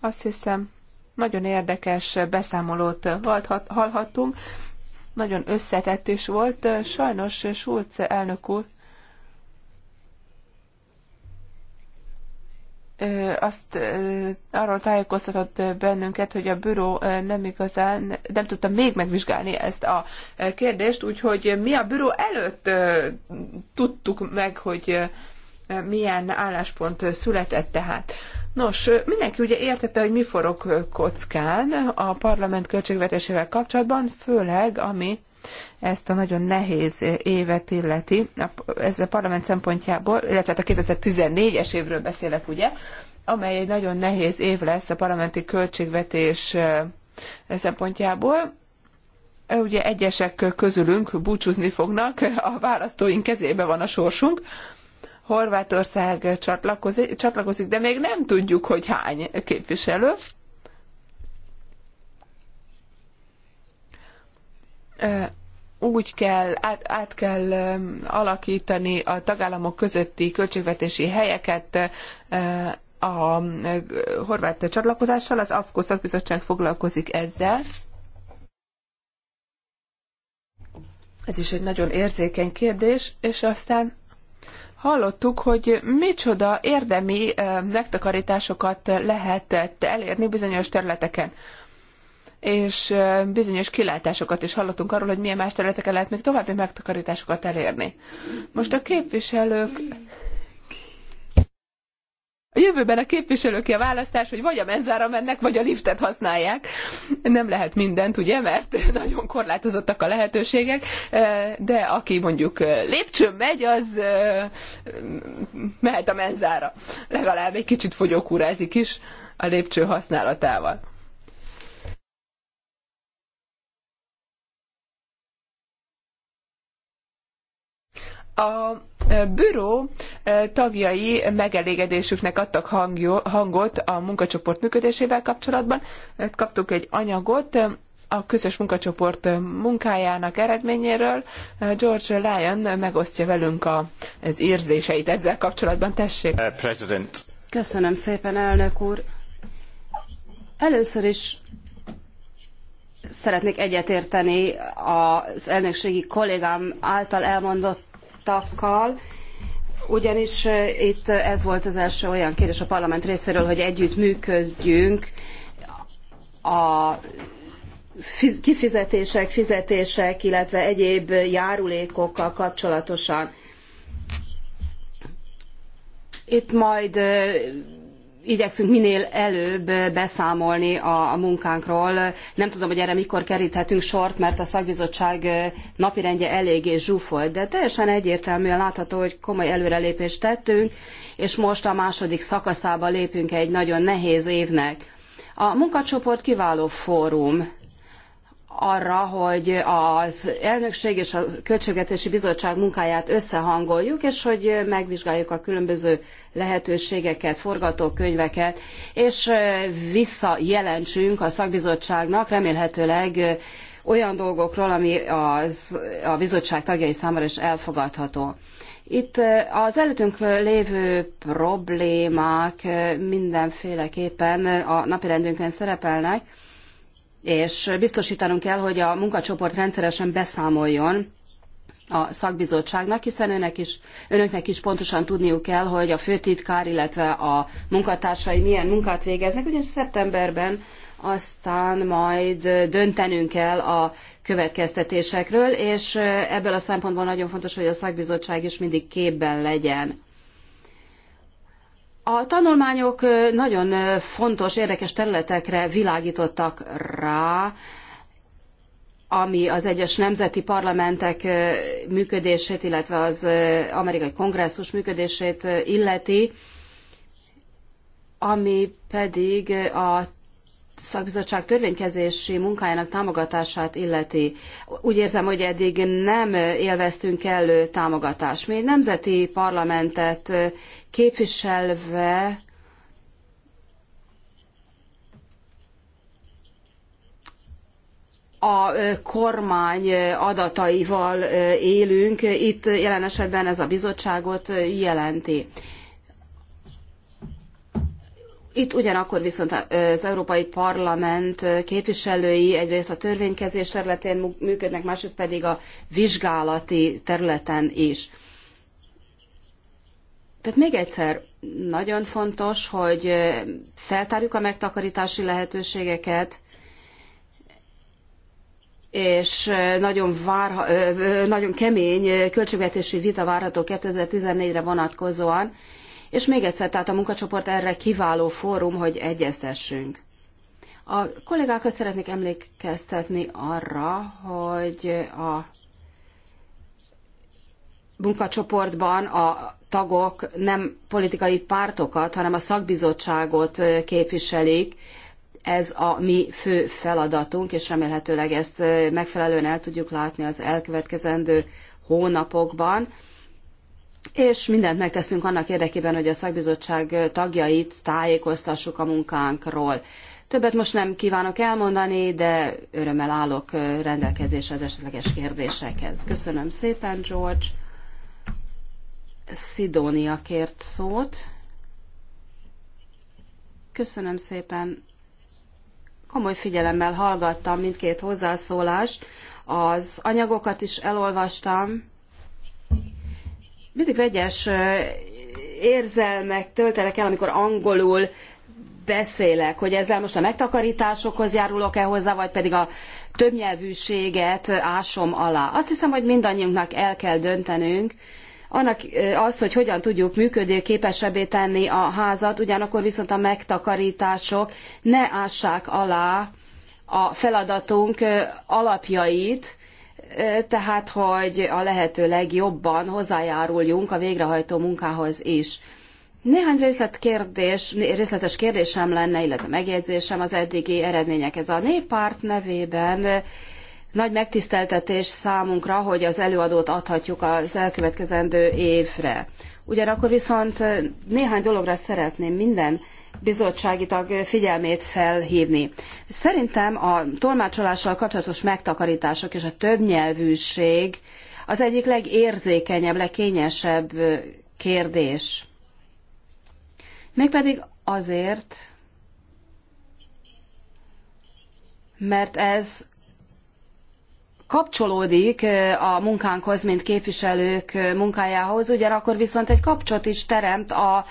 Azt hiszem, nagyon érdekes beszámolót hallhattunk nagyon összetett is volt. Sajnos Schulz elnök úr azt arról tájékoztatott bennünket, hogy a büró nem igazán, nem tudta még megvizsgálni ezt a kérdést, úgyhogy mi a büró előtt tudtuk meg, hogy milyen álláspont született tehát. Nos, mindenki ugye értette, hogy mi forog kockán a parlament költségvetésével kapcsolatban, főleg ami ezt a nagyon nehéz évet illeti, ez a parlament szempontjából, illetve hát a 2014-es évről beszélek, ugye, amely egy nagyon nehéz év lesz a parlamenti költségvetés szempontjából. Ugye egyesek közülünk búcsúzni fognak, a választóink kezébe van a sorsunk, Horvátország csatlakozik, csatlakozik, de még nem tudjuk, hogy hány képviselő. Úgy kell, át, át kell alakítani a tagállamok közötti költségvetési helyeket a horvát csatlakozással, az AFKO szakbizottság foglalkozik ezzel. Ez is egy nagyon érzékeny kérdés, és aztán hallottuk, hogy micsoda érdemi megtakarításokat lehet elérni bizonyos területeken és bizonyos kilátásokat is hallottunk arról, hogy milyen más területeken lehet még további megtakarításokat elérni. Most a képviselők a jövőben a képviselőké a választás, hogy vagy a mezzára mennek, vagy a liftet használják. Nem lehet mindent, ugye, mert nagyon korlátozottak a lehetőségek, eh, de aki mondjuk eh, lépcsőn megy, az eh, mehet a mezzára. Legalább egy kicsit fogyókúrázik is a lépcső használatával. A büró tagjai megelégedésüknek adtak hangot a munkacsoport működésével kapcsolatban. Kaptuk egy anyagot, a közös munkacsoport munkájának eredményéről. George Lyon megosztja velünk a, az érzéseit ezzel kapcsolatban. Tessék! President. Köszönöm szépen, elnök úr! Először is szeretnék egyetérteni az elnökségi kollégám által elmondott elfogadtakkal, ugyanis itt ez volt az első olyan kérdés a parlament részéről, hogy együtt működjünk a kifizetések, fizetések, illetve egyéb járulékokkal kapcsolatosan. Itt majd igyekszünk minél előbb beszámolni a, munkánkról. Nem tudom, hogy erre mikor keríthetünk sort, mert a szakbizottság napirendje eléggé zsúfolt, de teljesen egyértelműen látható, hogy komoly előrelépést tettünk, és most a második szakaszába lépünk egy nagyon nehéz évnek. A munkacsoport kiváló fórum arra, hogy az elnökség és a Költségvetési Bizottság munkáját összehangoljuk, és hogy megvizsgáljuk a különböző lehetőségeket, forgatókönyveket, és visszajelentsünk a szakbizottságnak remélhetőleg olyan dolgokról, ami az, a bizottság tagjai számára is elfogadható. Itt az előttünk lévő problémák mindenféleképpen a napirendünkön szerepelnek, és biztosítanunk kell, hogy a munkacsoport rendszeresen beszámoljon a szakbizottságnak, hiszen önnek is, önöknek is pontosan tudniuk kell, hogy a főtitkár, illetve a munkatársai milyen munkát végeznek, ugyanis szeptemberben aztán majd döntenünk kell a következtetésekről, és ebből a szempontból nagyon fontos, hogy a szakbizottság is mindig képben legyen. A tanulmányok nagyon fontos, érdekes területekre világítottak rá, ami az egyes nemzeti parlamentek működését, illetve az amerikai kongresszus működését illeti, ami pedig a szakbizottság törvénykezési munkájának támogatását illeti, úgy érzem, hogy eddig nem élveztünk elő támogatást. Mi nemzeti parlamentet képviselve a kormány adataival élünk, itt jelen esetben ez a bizottságot jelenti. Itt ugyanakkor viszont az Európai Parlament képviselői egyrészt a törvénykezés területén működnek, másrészt pedig a vizsgálati területen is. Tehát még egyszer, nagyon fontos, hogy feltárjuk a megtakarítási lehetőségeket, és nagyon, várha, nagyon kemény költségvetési vita várható 2014-re vonatkozóan, és még egyszer, tehát a munkacsoport erre kiváló fórum, hogy egyeztessünk. A kollégákat szeretnék emlékeztetni arra, hogy a munkacsoportban a tagok nem politikai pártokat, hanem a szakbizottságot képviselik. Ez a mi fő feladatunk, és remélhetőleg ezt megfelelően el tudjuk látni az elkövetkezendő hónapokban és mindent megteszünk annak érdekében, hogy a szakbizottság tagjait tájékoztassuk a munkánkról. Többet most nem kívánok elmondani, de örömmel állok rendelkezésre az esetleges kérdésekhez. Köszönöm szépen, George. Szidónia kért szót. Köszönöm szépen. Komoly figyelemmel hallgattam mindkét hozzászólást. Az anyagokat is elolvastam mindig vegyes érzelmek töltenek el, amikor angolul beszélek, hogy ezzel most a megtakarításokhoz járulok-e hozzá, vagy pedig a többnyelvűséget ásom alá. Azt hiszem, hogy mindannyiunknak el kell döntenünk, annak azt, hogy hogyan tudjuk működőképesebbé tenni a házat, ugyanakkor viszont a megtakarítások ne ássák alá a feladatunk alapjait, tehát hogy a lehető legjobban hozzájáruljunk a végrehajtó munkához is. Néhány részletkérdés, részletes kérdésem lenne, illetve megjegyzésem az eddigi eredményekhez. A néppárt nevében nagy megtiszteltetés számunkra, hogy az előadót adhatjuk az elkövetkezendő évre. Ugyanakkor viszont néhány dologra szeretném minden bizottsági tag figyelmét felhívni. Szerintem a tolmácsolással kapcsolatos megtakarítások és a többnyelvűség az egyik legérzékenyebb, legkényesebb kérdés. Mégpedig azért, mert ez kapcsolódik a munkánkhoz, mint képviselők munkájához, ugyanakkor viszont egy kapcsot is teremt a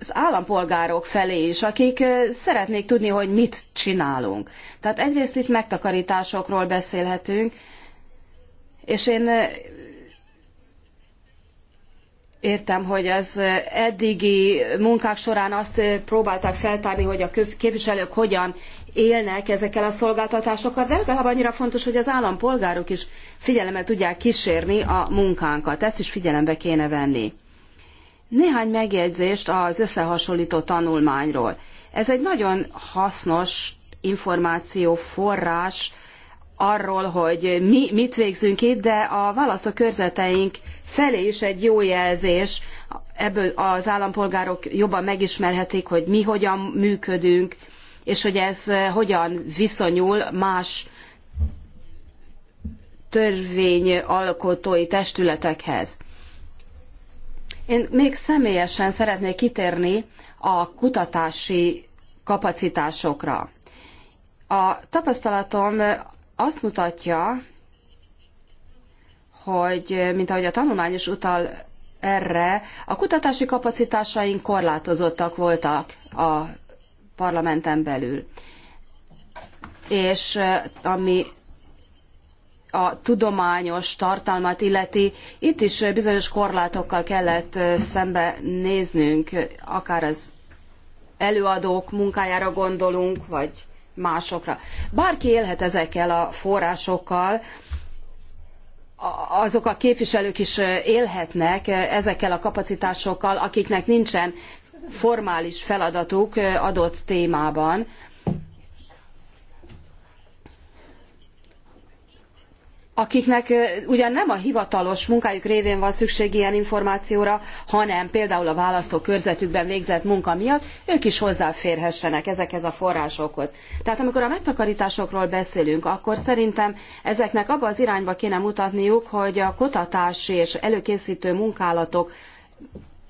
az állampolgárok felé is, akik szeretnék tudni, hogy mit csinálunk. Tehát egyrészt itt megtakarításokról beszélhetünk, és én értem, hogy az eddigi munkák során azt próbálták feltárni, hogy a képviselők hogyan élnek ezekkel a szolgáltatásokkal, de legalább annyira fontos, hogy az állampolgárok is figyelemmel tudják kísérni a munkánkat. Ezt is figyelembe kéne venni. Néhány megjegyzést az összehasonlító tanulmányról. Ez egy nagyon hasznos információforrás arról, hogy mi mit végzünk itt, de a válaszok körzeteink felé is egy jó jelzés. Ebből az állampolgárok jobban megismerhetik, hogy mi hogyan működünk, és hogy ez hogyan viszonyul más törvényalkotói testületekhez. Én még személyesen szeretnék kitérni a kutatási kapacitásokra. A tapasztalatom azt mutatja, hogy, mint ahogy a tanulmány is utal erre, a kutatási kapacitásaink korlátozottak voltak a parlamenten belül. És eh, ami a tudományos tartalmat illeti, itt is bizonyos korlátokkal kellett szembe néznünk, akár az előadók munkájára gondolunk, vagy másokra. Bárki élhet ezekkel a forrásokkal, azok a képviselők is élhetnek ezekkel a kapacitásokkal, akiknek nincsen formális feladatuk adott témában. akiknek ugyan nem a hivatalos munkájuk révén van szükség ilyen információra, hanem például a választókörzetükben végzett munka miatt, ők is hozzáférhessenek ezekhez a forrásokhoz. Tehát amikor a megtakarításokról beszélünk, akkor szerintem ezeknek abba az irányba kéne mutatniuk, hogy a kutatási és előkészítő munkálatok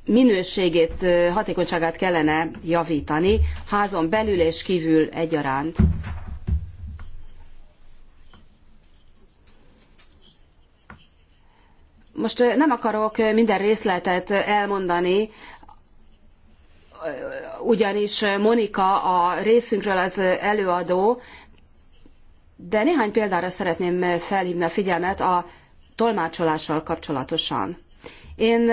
minőségét, hatékonyságát kellene javítani házon belül és kívül egyaránt. Most nem akarok minden részletet elmondani, ugyanis Monika a részünkről az előadó, de néhány példára szeretném felhívni a figyelmet a tolmácsolással kapcsolatosan. Én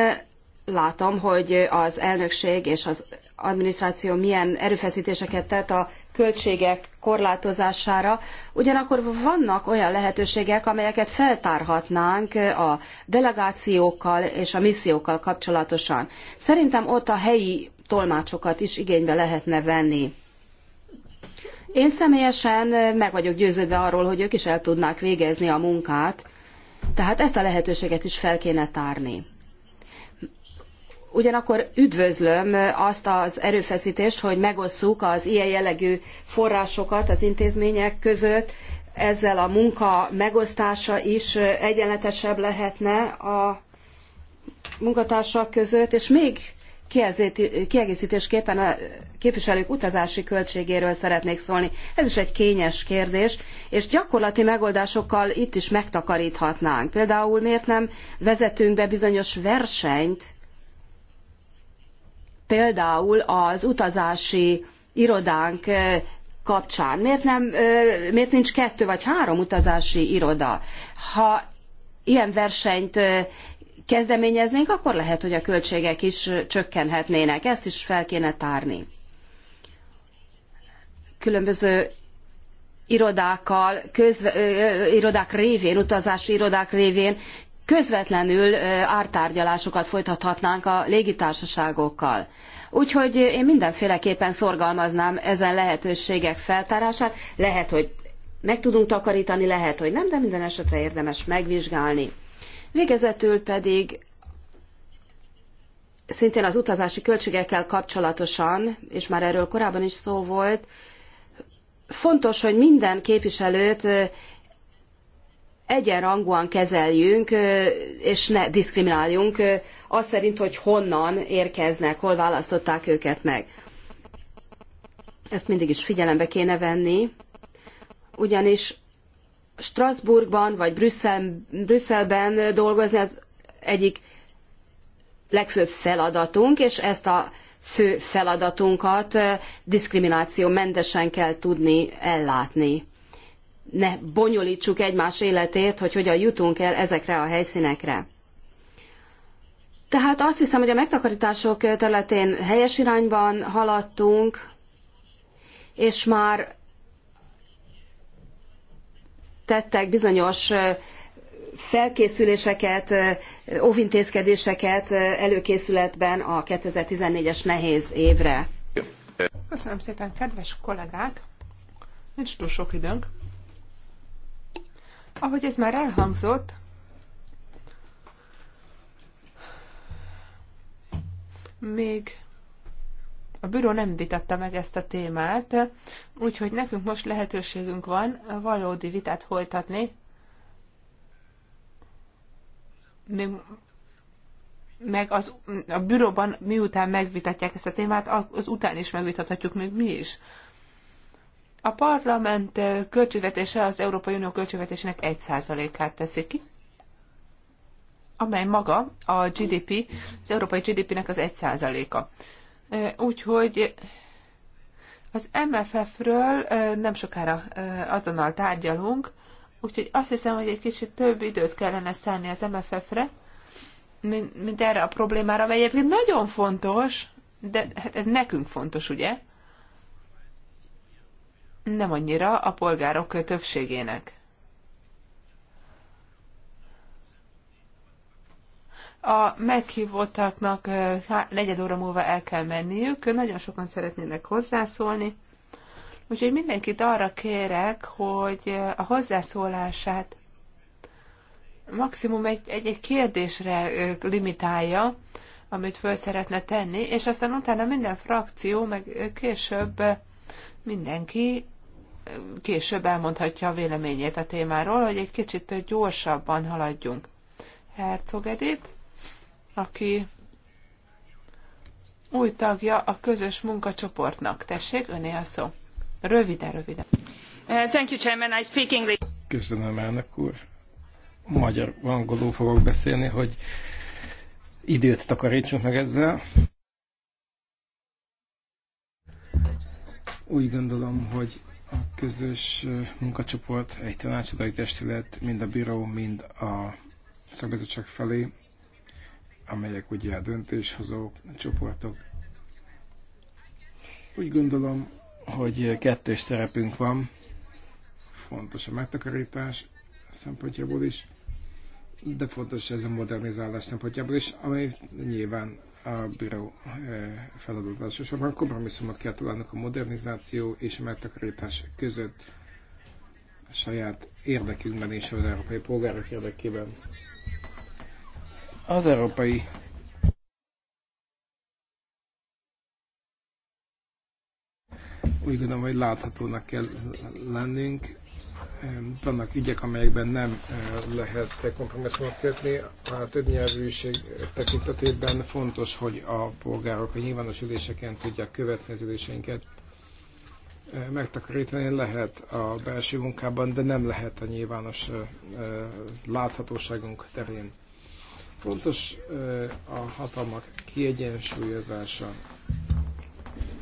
látom, hogy az elnökség és az adminisztráció milyen erőfeszítéseket tett a költségek korlátozására, ugyanakkor vannak olyan lehetőségek, amelyeket feltárhatnánk a delegációkkal és a missziókkal kapcsolatosan. Szerintem ott a helyi tolmácsokat is igénybe lehetne venni. Én személyesen meg vagyok győződve arról, hogy ők is el tudnák végezni a munkát, tehát ezt a lehetőséget is fel kéne tárni. Ugyanakkor üdvözlöm azt az erőfeszítést, hogy megosszuk az ilyen jellegű forrásokat az intézmények között, ezzel a munka megosztása is egyenletesebb lehetne a munkatársak között, és még kiegészítésképpen a képviselők utazási költségéről szeretnék szólni. Ez is egy kényes kérdés, és gyakorlati megoldásokkal itt is megtakaríthatnánk. Például miért nem vezetünk be bizonyos versenyt például az utazási irodánk kapcsán? Miért, nem, miért nincs kettő vagy három utazási iroda? Ha ilyen versenyt kezdeményeznénk, akkor lehet, hogy a költségek is csökkenhetnének. Ezt is fel kéne tárni. Különböző irodákkal, közve, irodák révén, utazási irodák révén közvetlenül ártárgyalásokat folytathatnánk a légitársaságokkal. Úgyhogy én mindenféleképpen szorgalmaznám ezen lehetőségek feltárását. Lehet, hogy meg tudunk takarítani, lehet, hogy nem, de minden esetre érdemes megvizsgálni. Végezetül pedig szintén az utazási költségekkel kapcsolatosan, és már erről korábban is szó volt, fontos, hogy minden képviselőt egyenrangúan kezeljünk, és ne diszkrimináljunk az szerint, hogy honnan érkeznek, hol választották őket meg. Ezt mindig is figyelembe kéne venni, ugyanis Strasbourgban vagy Brüsszel, Brüsszelben dolgozni az egyik legfőbb feladatunk, és ezt a fő feladatunkat diszkriminációmentesen kell tudni ellátni ne bonyolítsuk egymás életét, hogy hogyan jutunk el ezekre a helyszínekre. Tehát azt hiszem, hogy a megtakarítások területén helyes irányban haladtunk, és már tettek bizonyos felkészüléseket, óvintézkedéseket előkészületben a 2014-es nehéz évre. Köszönöm szépen, kedves kollégák! Nincs túl sok időnk. Ahogy ez már elhangzott, még a büro nem vitatta meg ezt a témát, úgyhogy nekünk most lehetőségünk van valódi vitát folytatni. Még meg az, a büroban miután megvitatják ezt a témát, az után is megvitathatjuk még mi is a parlament költségvetése az Európai Unió költségvetésének 1%-át teszi ki, amely maga a GDP, az európai GDP-nek az 1%-a. Úgyhogy az MFF-ről nem sokára azonnal tárgyalunk, úgyhogy azt hiszem, hogy egy kicsit több időt kellene szállni az MFF-re, mint, mint erre a problémára, mert egyébként nagyon fontos, de hát ez nekünk fontos, ugye? nem annyira a polgárok többségének. A meghívottaknak negyed óra múlva el kell menniük, nagyon sokan szeretnének hozzászólni, úgyhogy mindenkit arra kérek, hogy a hozzászólását maximum egy-egy kérdésre limitálja, amit föl szeretne tenni, és aztán utána minden frakció, meg később mindenki később elmondhatja a véleményét a témáról, hogy egy kicsit gyorsabban haladjunk. Herzog Edith, aki új tagja a közös munkacsoportnak. Tessék, öné a szó. Röviden, röviden. Uh, thank you, Chairman. I speak English. Köszönöm, elnök úr. Magyar angolul fogok beszélni, hogy időt takarítsunk meg ezzel. Úgy gondolom, hogy a közös munkacsoport, egy tanácsadói testület, mind a bíró, mind a szakbizottság felé, amelyek ugye a döntéshozó csoportok. Úgy gondolom, hogy kettős szerepünk van, fontos a megtakarítás szempontjából is, de fontos ez a modernizálás szempontjából is, amely nyilván a bíró eh, feladat elsősorban. Kompromisszumot kell találnunk a modernizáció és a megtakarítás között a saját érdekünkben és az európai polgárok érdekében. Az európai úgy gondolom, hogy láthatónak kell lennünk, vannak ügyek, amelyekben nem eh, lehet kompromisszumot kötni. A többnyelvűség eh, tekintetében fontos, hogy a polgárok a nyilvános üléseken tudják követni az üléseinket. Eh, megtakarítani lehet a belső munkában, de nem lehet a nyilvános láthatóságunk terén. Fontos a hatalmak kiegyensúlyozása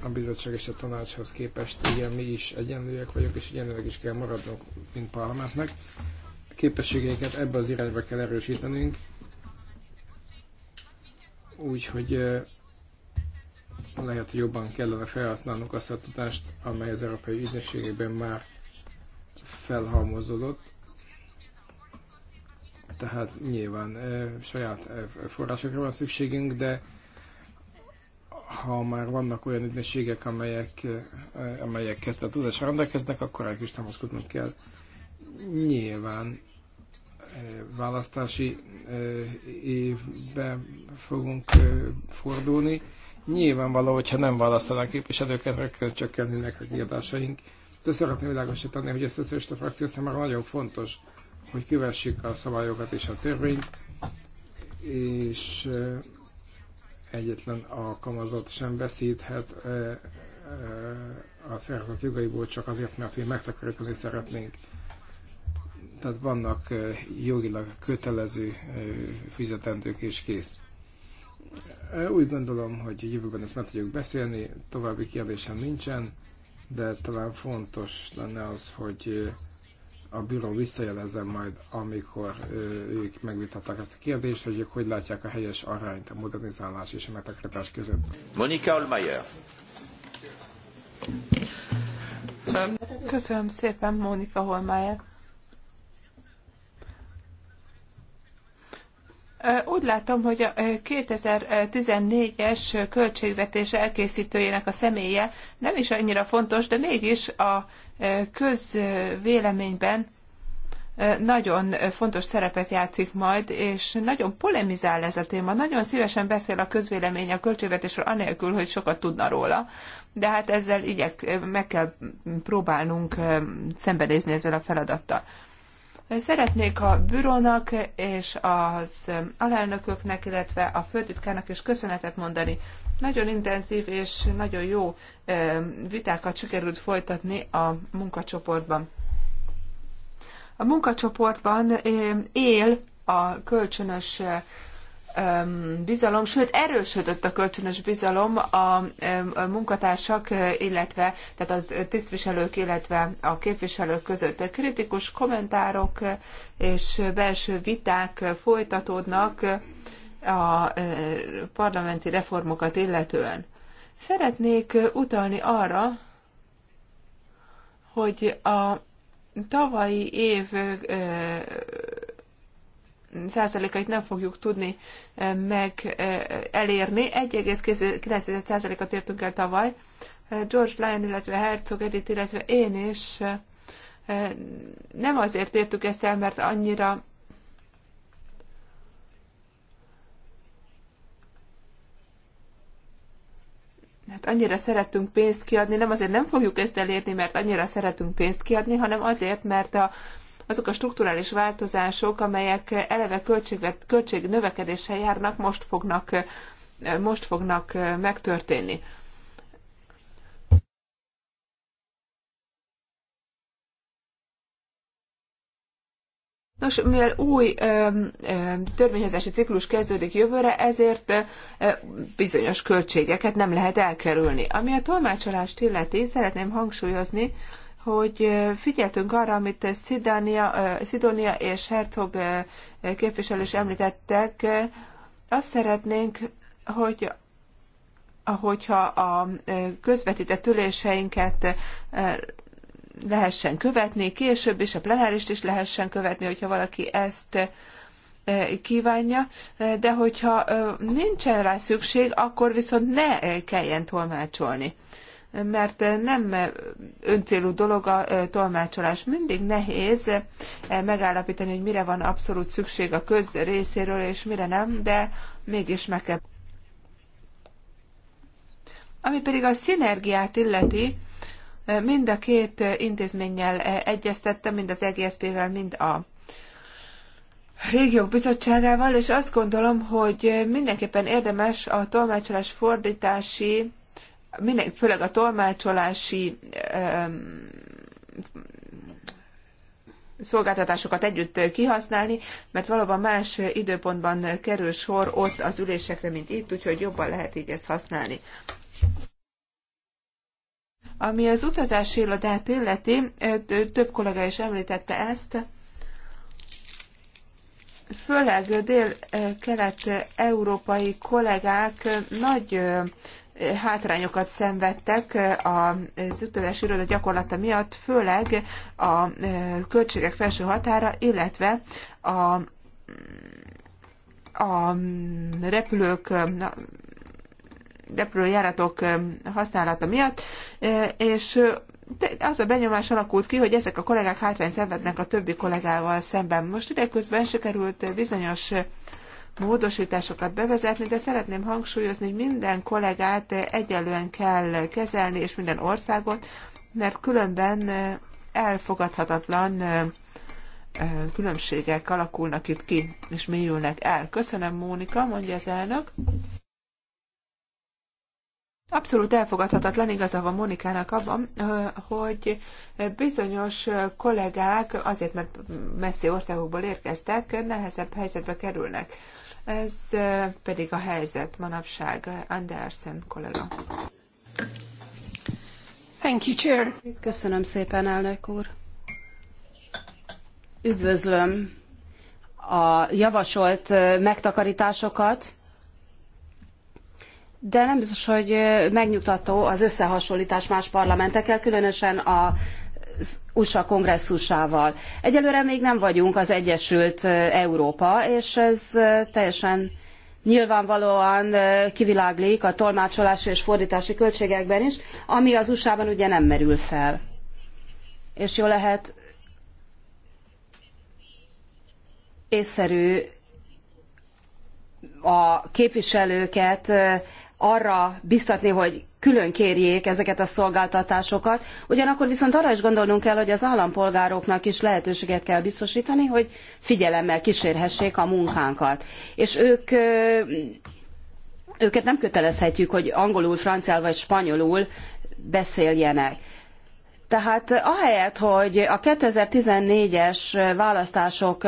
a bizottság és a tanácshoz képest igen, mi is egyenlőek vagyok, és egyenlőek is kell maradnunk, mint parlamentnek. A képességeiket ebbe az irányba kell erősítenünk, úgyhogy eh, lehet, hogy jobban kellene felhasználnunk azt a tudást, amely az európai ügynökségekben már felhalmozódott. Tehát nyilván eh, saját eh, forrásokra van szükségünk, de ha már vannak olyan ügynökségek, amelyek, eh, amelyek kezdetudásra rendelkeznek, akkor el is támaszkodnunk kell. Nyilván eh, választási eh, évbe fogunk fordulni. Nyilvánvaló, hogyha nem választanak képviselőket, akkor csökkennének a kiadásaink. De szeretném világosítani, hogy ezt a szocialista frakció számára nagyon fontos, hogy kövessük a szabályokat és a törvényt, és egyetlen alkalmazott sem veszíthet a szervezet jogaiból csak azért, mert mi megtakarítani szeretnénk. Tehát vannak jogilag kötelező fizetendők és kész. Úgy gondolom, hogy jövőben ezt meg tudjuk beszélni, további kérdésem nincsen, de talán fontos lenne az, hogy a bíró visszajelezze majd, amikor ők megvitatták ezt a kérdést, hogy ők hogy látják a helyes arányt a modernizálás és a megtakarítás között. Monika Olmayer. Köszönöm szépen, Mónika Holmájer. Úgy látom, hogy a 2014-es költségvetés elkészítőjének a személye nem is annyira fontos, de mégis a közvéleményben nagyon fontos szerepet játszik majd, és nagyon polemizál ez a téma. Nagyon szívesen beszél a közvélemény a költségvetésről, anélkül, hogy sokat tudna róla. De hát ezzel igyek, meg kell próbálnunk szembenézni ezzel a feladattal. Szeretnék a bürónak és az alelnököknek, illetve a főtitkárnak is köszönetet mondani. Nagyon intenzív és nagyon jó vitákat sikerült folytatni a munkacsoportban. A munkacsoportban él a kölcsönös bizalom, sőt erősödött a kölcsönös bizalom a munkatársak, illetve tehát a tisztviselők, illetve a képviselők között. Kritikus kommentárok és belső viták folytatódnak a parlamenti reformokat illetően. Szeretnék utalni arra, hogy a tavalyi év százalékait nem fogjuk tudni meg elérni. 1,9%-at értünk el tavaly. George Lyon, illetve Herzog Edith, illetve én is nem azért értük ezt el, mert annyira hát annyira szeretünk pénzt kiadni, nem azért nem fogjuk ezt elérni, mert annyira szeretünk pénzt kiadni, hanem azért, mert a azok a strukturális változások, amelyek eleve költségvet, költségnövekedéssel járnak, most fognak, most fognak megtörténni. Nos, mivel új ö, ö, törvényhozási ciklus kezdődik jövőre, ezért ö, bizonyos költségeket nem lehet elkerülni. Ami a tolmácsolást illeti, szeretném hangsúlyozni, hogy figyeltünk arra, amit Szidania, Szidonia és Herzog képviselő is említettek. Azt szeretnénk, hogy hogyha a közvetített üléseinket lehessen követni, később is a plenárist is lehessen követni, hogyha valaki ezt kívánja, de hogyha nincsen rá szükség, akkor viszont ne kelljen tolmácsolni mert nem öncélú dolog a tolmácsolás. Mindig nehéz megállapítani, hogy mire van abszolút szükség a köz részéről, és mire nem, de mégis meg kell. Ami pedig a szinergiát illeti, mind a két intézménnyel egyeztettem, mind az EGSZP-vel, mind a régiók bizottságával, és azt gondolom, hogy mindenképpen érdemes a tolmácsolás fordítási minden, főleg a tolmácsolási szolgáltatásokat együtt kihasználni, mert valóban más időpontban kerül sor ott az ülésekre, mint itt, úgyhogy jobban lehet így ezt használni. Ami az utazási irodát illeti, több kollega is említette ezt, főleg dél-kelet-európai kollégák nagy hátrányokat szenvedtek az utazási iroda gyakorlata miatt, főleg a költségek felső határa, illetve a, a repülők repülőjáratok használata miatt, és az a benyomás alakult ki, hogy ezek a kollégák hátrányt szenvednek a többi kollégával szemben. Most ideközben sikerült bizonyos módosításokat bevezetni, de szeretném hangsúlyozni, hogy minden kollégát egyelően kell kezelni, és minden országot, mert különben elfogadhatatlan különbségek alakulnak itt ki, és mélyülnek el. Köszönöm, Mónika, mondja az elnök. Abszolút elfogadhatatlan igaza van Monikának abban, hogy bizonyos kollégák, azért mert messzi országokból érkeztek, nehezebb helyzetbe kerülnek. Ez pedig a helyzet manapság. Andersen kollega. Thank you, Chair. Köszönöm szépen, elnök úr. Üdvözlöm a javasolt megtakarításokat, de nem biztos, hogy megnyugtató az összehasonlítás más parlamentekkel, különösen a az USA kongresszusával. Egyelőre még nem vagyunk az Egyesült Európa, és ez teljesen nyilvánvalóan kiviláglik a tolmácsolási és fordítási költségekben is, ami az USA-ban ugye nem merül fel. És jó lehet észszerű a képviselőket arra biztatni, hogy külön kérjék ezeket a szolgáltatásokat. Ugyanakkor viszont arra is gondolnunk kell, hogy az állampolgároknak is lehetőséget kell biztosítani, hogy figyelemmel kísérhessék a munkánkat. És ők őket nem kötelezhetjük, hogy angolul, franciául vagy spanyolul beszéljenek. Tehát ahelyett, hogy a 2014-es választások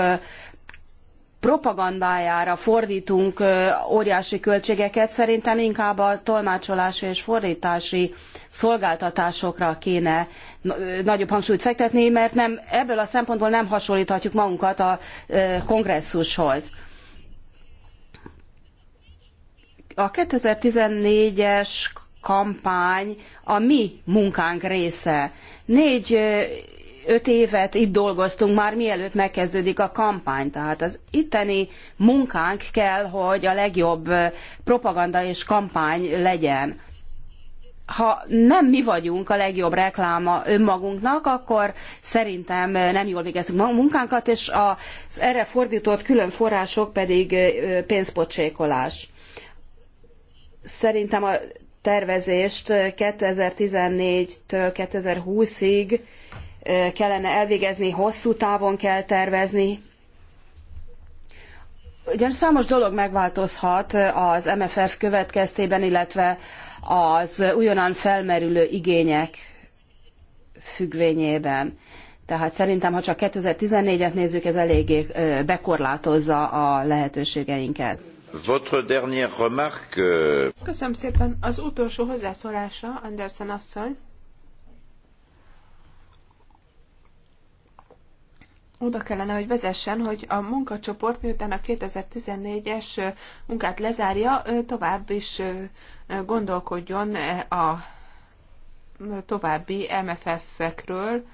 propagandájára fordítunk óriási költségeket, szerintem inkább a tolmácsolási és fordítási szolgáltatásokra kéne nagyobb hangsúlyt fektetni, mert nem, ebből a szempontból nem hasonlíthatjuk magunkat a kongresszushoz. A 2014-es kampány a mi munkánk része. Négy öt évet itt dolgoztunk már, mielőtt megkezdődik a kampány. Tehát az itteni munkánk kell, hogy a legjobb propaganda és kampány legyen. Ha nem mi vagyunk a legjobb rekláma önmagunknak, akkor szerintem nem jól végezzük a munkánkat, és az erre fordított külön források pedig pénzpocsékolás. Szerintem a tervezést 2014-től 2020-ig kellene elvégezni, hosszú távon kell tervezni. Ugyanis számos dolog megváltozhat az MFF következtében, illetve az újonnan felmerülő igények függvényében. Tehát szerintem, ha csak 2014-et nézzük, ez eléggé bekorlátozza a lehetőségeinket. Votre dernière remarque... Euh, Köszönöm szépen. Az utolsó hozzászólása, Andersen asszony. oda kellene, hogy vezessen, hogy a munkacsoport miután a 2014-es munkát lezárja, tovább is gondolkodjon a további MFF-ekről,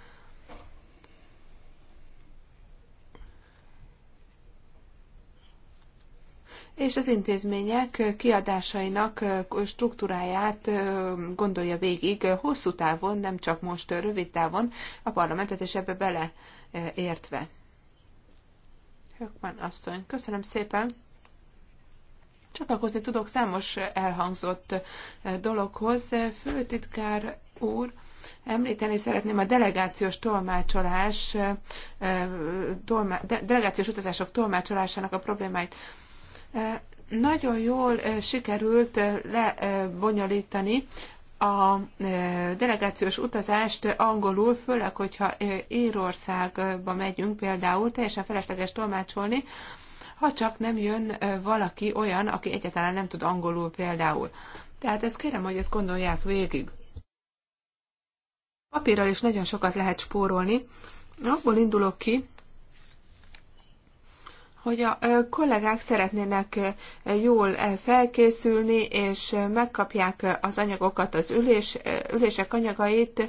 és az intézmények kiadásainak struktúráját gondolja végig hosszú távon, nem csak most rövid távon, a parlamentet is ebbe bele E, értve. Hökman asszony, köszönöm szépen! Csatlakozni tudok számos elhangzott e, dologhoz. Főtitkár úr, Említeni szeretném a delegációs tolmácsolás, e, tolmá, delegációs utazások tolmácsolásának a problémáit. Nagyon jól sikerült lebonyolítani a delegációs utazást angolul, főleg, hogyha Írországba megyünk például, teljesen felesleges tolmácsolni, ha csak nem jön valaki olyan, aki egyáltalán nem tud angolul például. Tehát ezt kérem, hogy ezt gondolják végig. Papírral is nagyon sokat lehet spórolni. Abból indulok ki, hogy a kollégák szeretnének jól felkészülni, és megkapják az anyagokat, az ülés, ülések anyagait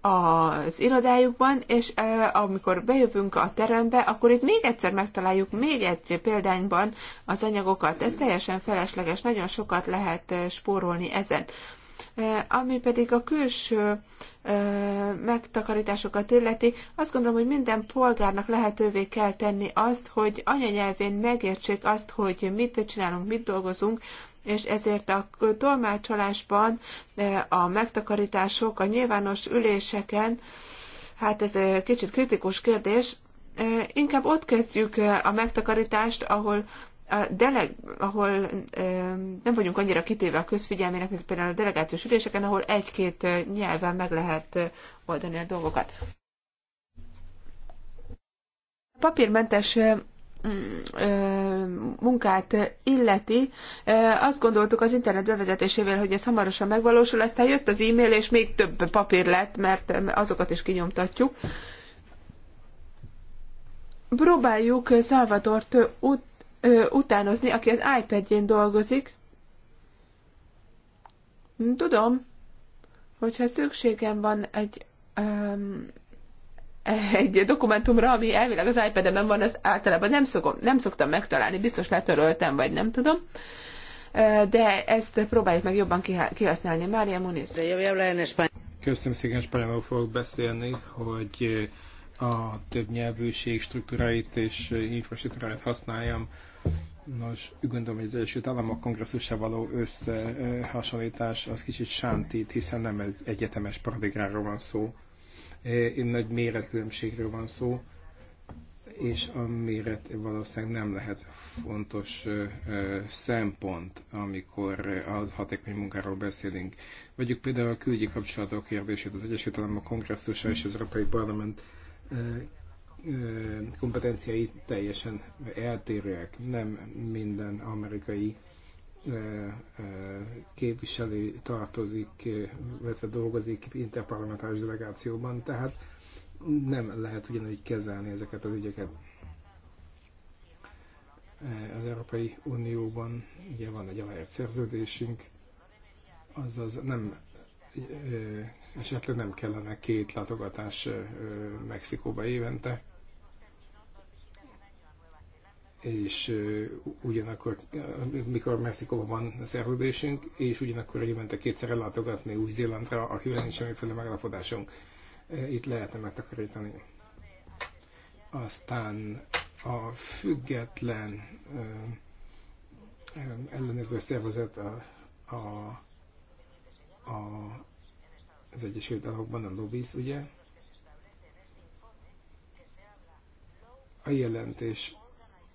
az irodájukban, és amikor bejövünk a terembe, akkor itt még egyszer megtaláljuk még egy példányban az anyagokat. Ez teljesen felesleges, nagyon sokat lehet spórolni ezen. Ami pedig a külső megtakarításokat illeti, azt gondolom, hogy minden polgárnak lehetővé kell tenni azt, hogy anyanyelvén megértsék azt, hogy mit csinálunk, mit dolgozunk, és ezért a tolmácsolásban a megtakarítások, a nyilvános üléseken, hát ez egy kicsit kritikus kérdés, inkább ott kezdjük a megtakarítást, ahol a deleg, ahol nem vagyunk annyira kitéve a közfigyelmének, mint például a delegációs üléseken, ahol egy-két nyelven meg lehet oldani a dolgokat. Papírmentes mm, munkát illeti. Azt gondoltuk az internet bevezetésével, hogy ez hamarosan megvalósul, aztán jött az e-mail, és még több papír lett, mert azokat is kinyomtatjuk. Próbáljuk Szalvatort ut- ö, utánozni, aki az iPad-jén dolgozik. Hm, tudom, hogyha szükségem van egy, um, egy dokumentumra, ami elvileg az iPad-emben van, az általában nem, szokom, nem szoktam megtalálni, biztos letöröltem, vagy nem tudom. De ezt próbáljuk meg jobban kihasználni. Mária Muniz. Köszönöm szépen, spanyolok fogok beszélni, hogy a több nyelvűség struktúráit és infrastruktúráit használjam Nos, úgy gondolom, hogy az Egyesült Államok kongresszusa való összehasonlítás az kicsit sántít, hiszen nem egy egyetemes paradigmáról van szó, nagy méretkülönbségről van szó, és a méret valószínűleg nem lehet fontos szempont, amikor a hatékony munkáról beszélünk. Vegyük például a külügyi kapcsolatok kérdését, az Egyesült Államok kongresszusa és az Európai Parlament kompetenciái teljesen eltérőek. Nem minden amerikai képviselő tartozik, illetve dolgozik interparlamentáris delegációban, tehát nem lehet ugyanúgy kezelni ezeket az ügyeket. Az Európai Unióban ugye van egy aláírt szerződésünk, azaz nem esetleg nem kellene két látogatás Mexikóba évente, és ugyanakkor, mikor Mexikóban van szerződésünk, és ugyanakkor évente kétszer ellátogatni Új-Zélandra, akivel nincs semmiféle megállapodásunk, itt lehetne megtakarítani. Aztán a független ellenőrző szervezet a, a, a, az Egyesült Államokban a lobbies, ugye? A jelentés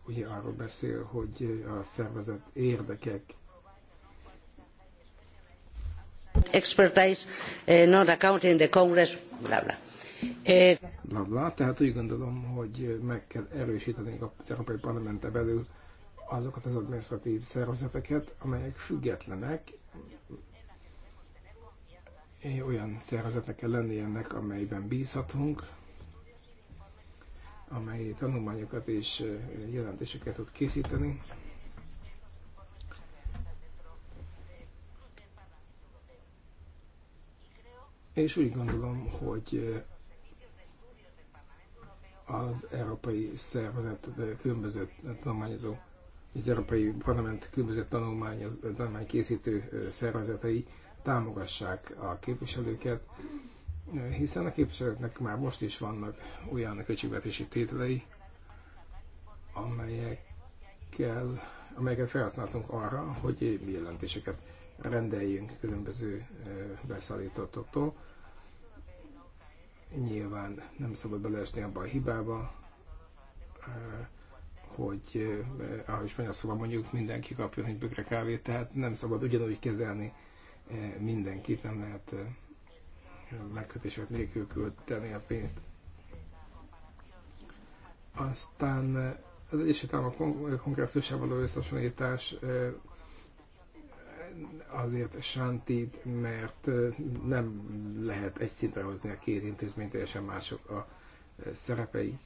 ugye arról beszél, hogy a szervezet érdekek expertise, eh, not accounting the Congress, bla bla. Eh... Bla bla, tehát úgy gondolom, hogy meg kell erősíteni a Európai Parlamenten belül azokat az administratív szervezeteket, amelyek függetlenek, olyan szervezetnek kell lenni ennek, amelyben bízhatunk, amely tanulmányokat és jelentéseket tud készíteni. És úgy gondolom, hogy az európai szervezet különböző tanulmányozó, az Európai Parlament különböző tanulmány, tanulmánykészítő szervezetei támogassák a képviselőket, hiszen a képviselőknek már most is vannak olyan költségvetési tételei, amelyekkel, amelyeket felhasználtunk arra, hogy mi jelentéseket rendeljünk különböző beszállítottoktól. Nyilván nem szabad beleesni abba a hibába, hogy ahogy szóval mondjuk mindenki kapjon egy bögre kávét, tehát nem szabad ugyanúgy kezelni mindenkit, nem lehet megkötések nélkül küldteni a pénzt. Aztán eh, az Egyesült Államok eh, kongresszusával való összehasonlítás eh, azért sántít, mert nem lehet egy szintre hozni a két intézményt, teljesen mások a szerepei.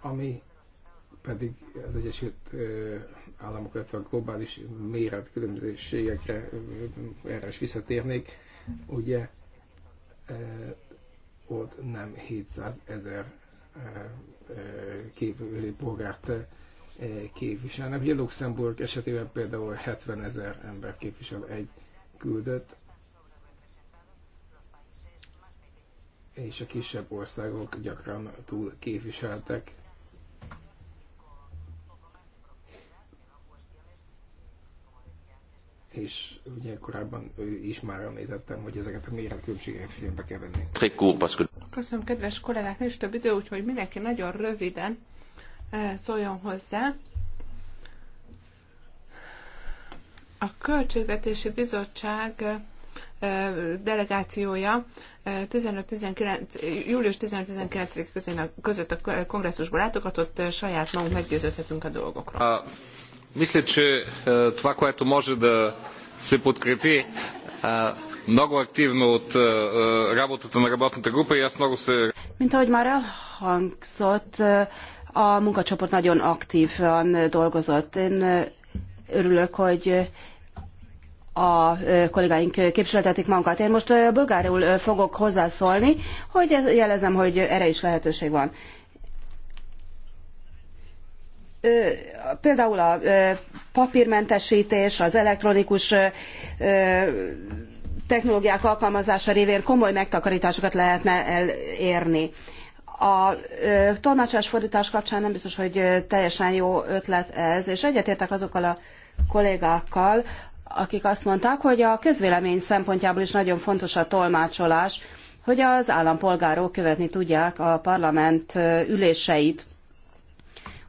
Ami pedig az Egyesült államok, illetve a globális méret különbözőségekre erre is visszatérnék, ugye e, ott nem 700 ezer e, e, kép, polgárt képviselnek. Ugye Luxemburg esetében például 70 ezer embert képvisel egy küldött, és a kisebb országok gyakran túl képviseltek és ugye korábban ő is már említettem, hogy ezeket a méretkülönbségeket figyelembe kell venni. Köszönöm, kedves kollégák, nincs több idő, úgyhogy mindenki nagyon röviden eh, szóljon hozzá. A Költségvetési Bizottság eh, delegációja 15-19, eh, július 15-19 között a kongresszusból látogatott, saját magunk meggyőződhetünk a dolgokról. A мисля, че това, което може да се подкрепи много активно от работата на работната група и аз много се... Mint ahogy már elhangzott, a munkacsoport nagyon aktívan dolgozott. Én e, örülök, hogy e, a e, kollégáink képviseltetik magukat. Én most bulgárul fogok hozzászólni, hogy jelezem, hogy erre is lehetőség van például a papírmentesítés, az elektronikus technológiák alkalmazása révén komoly megtakarításokat lehetne elérni. A tolmácsás fordítás kapcsán nem biztos, hogy teljesen jó ötlet ez, és egyetértek azokkal a kollégákkal, akik azt mondták, hogy a közvélemény szempontjából is nagyon fontos a tolmácsolás, hogy az állampolgárok követni tudják a parlament üléseit.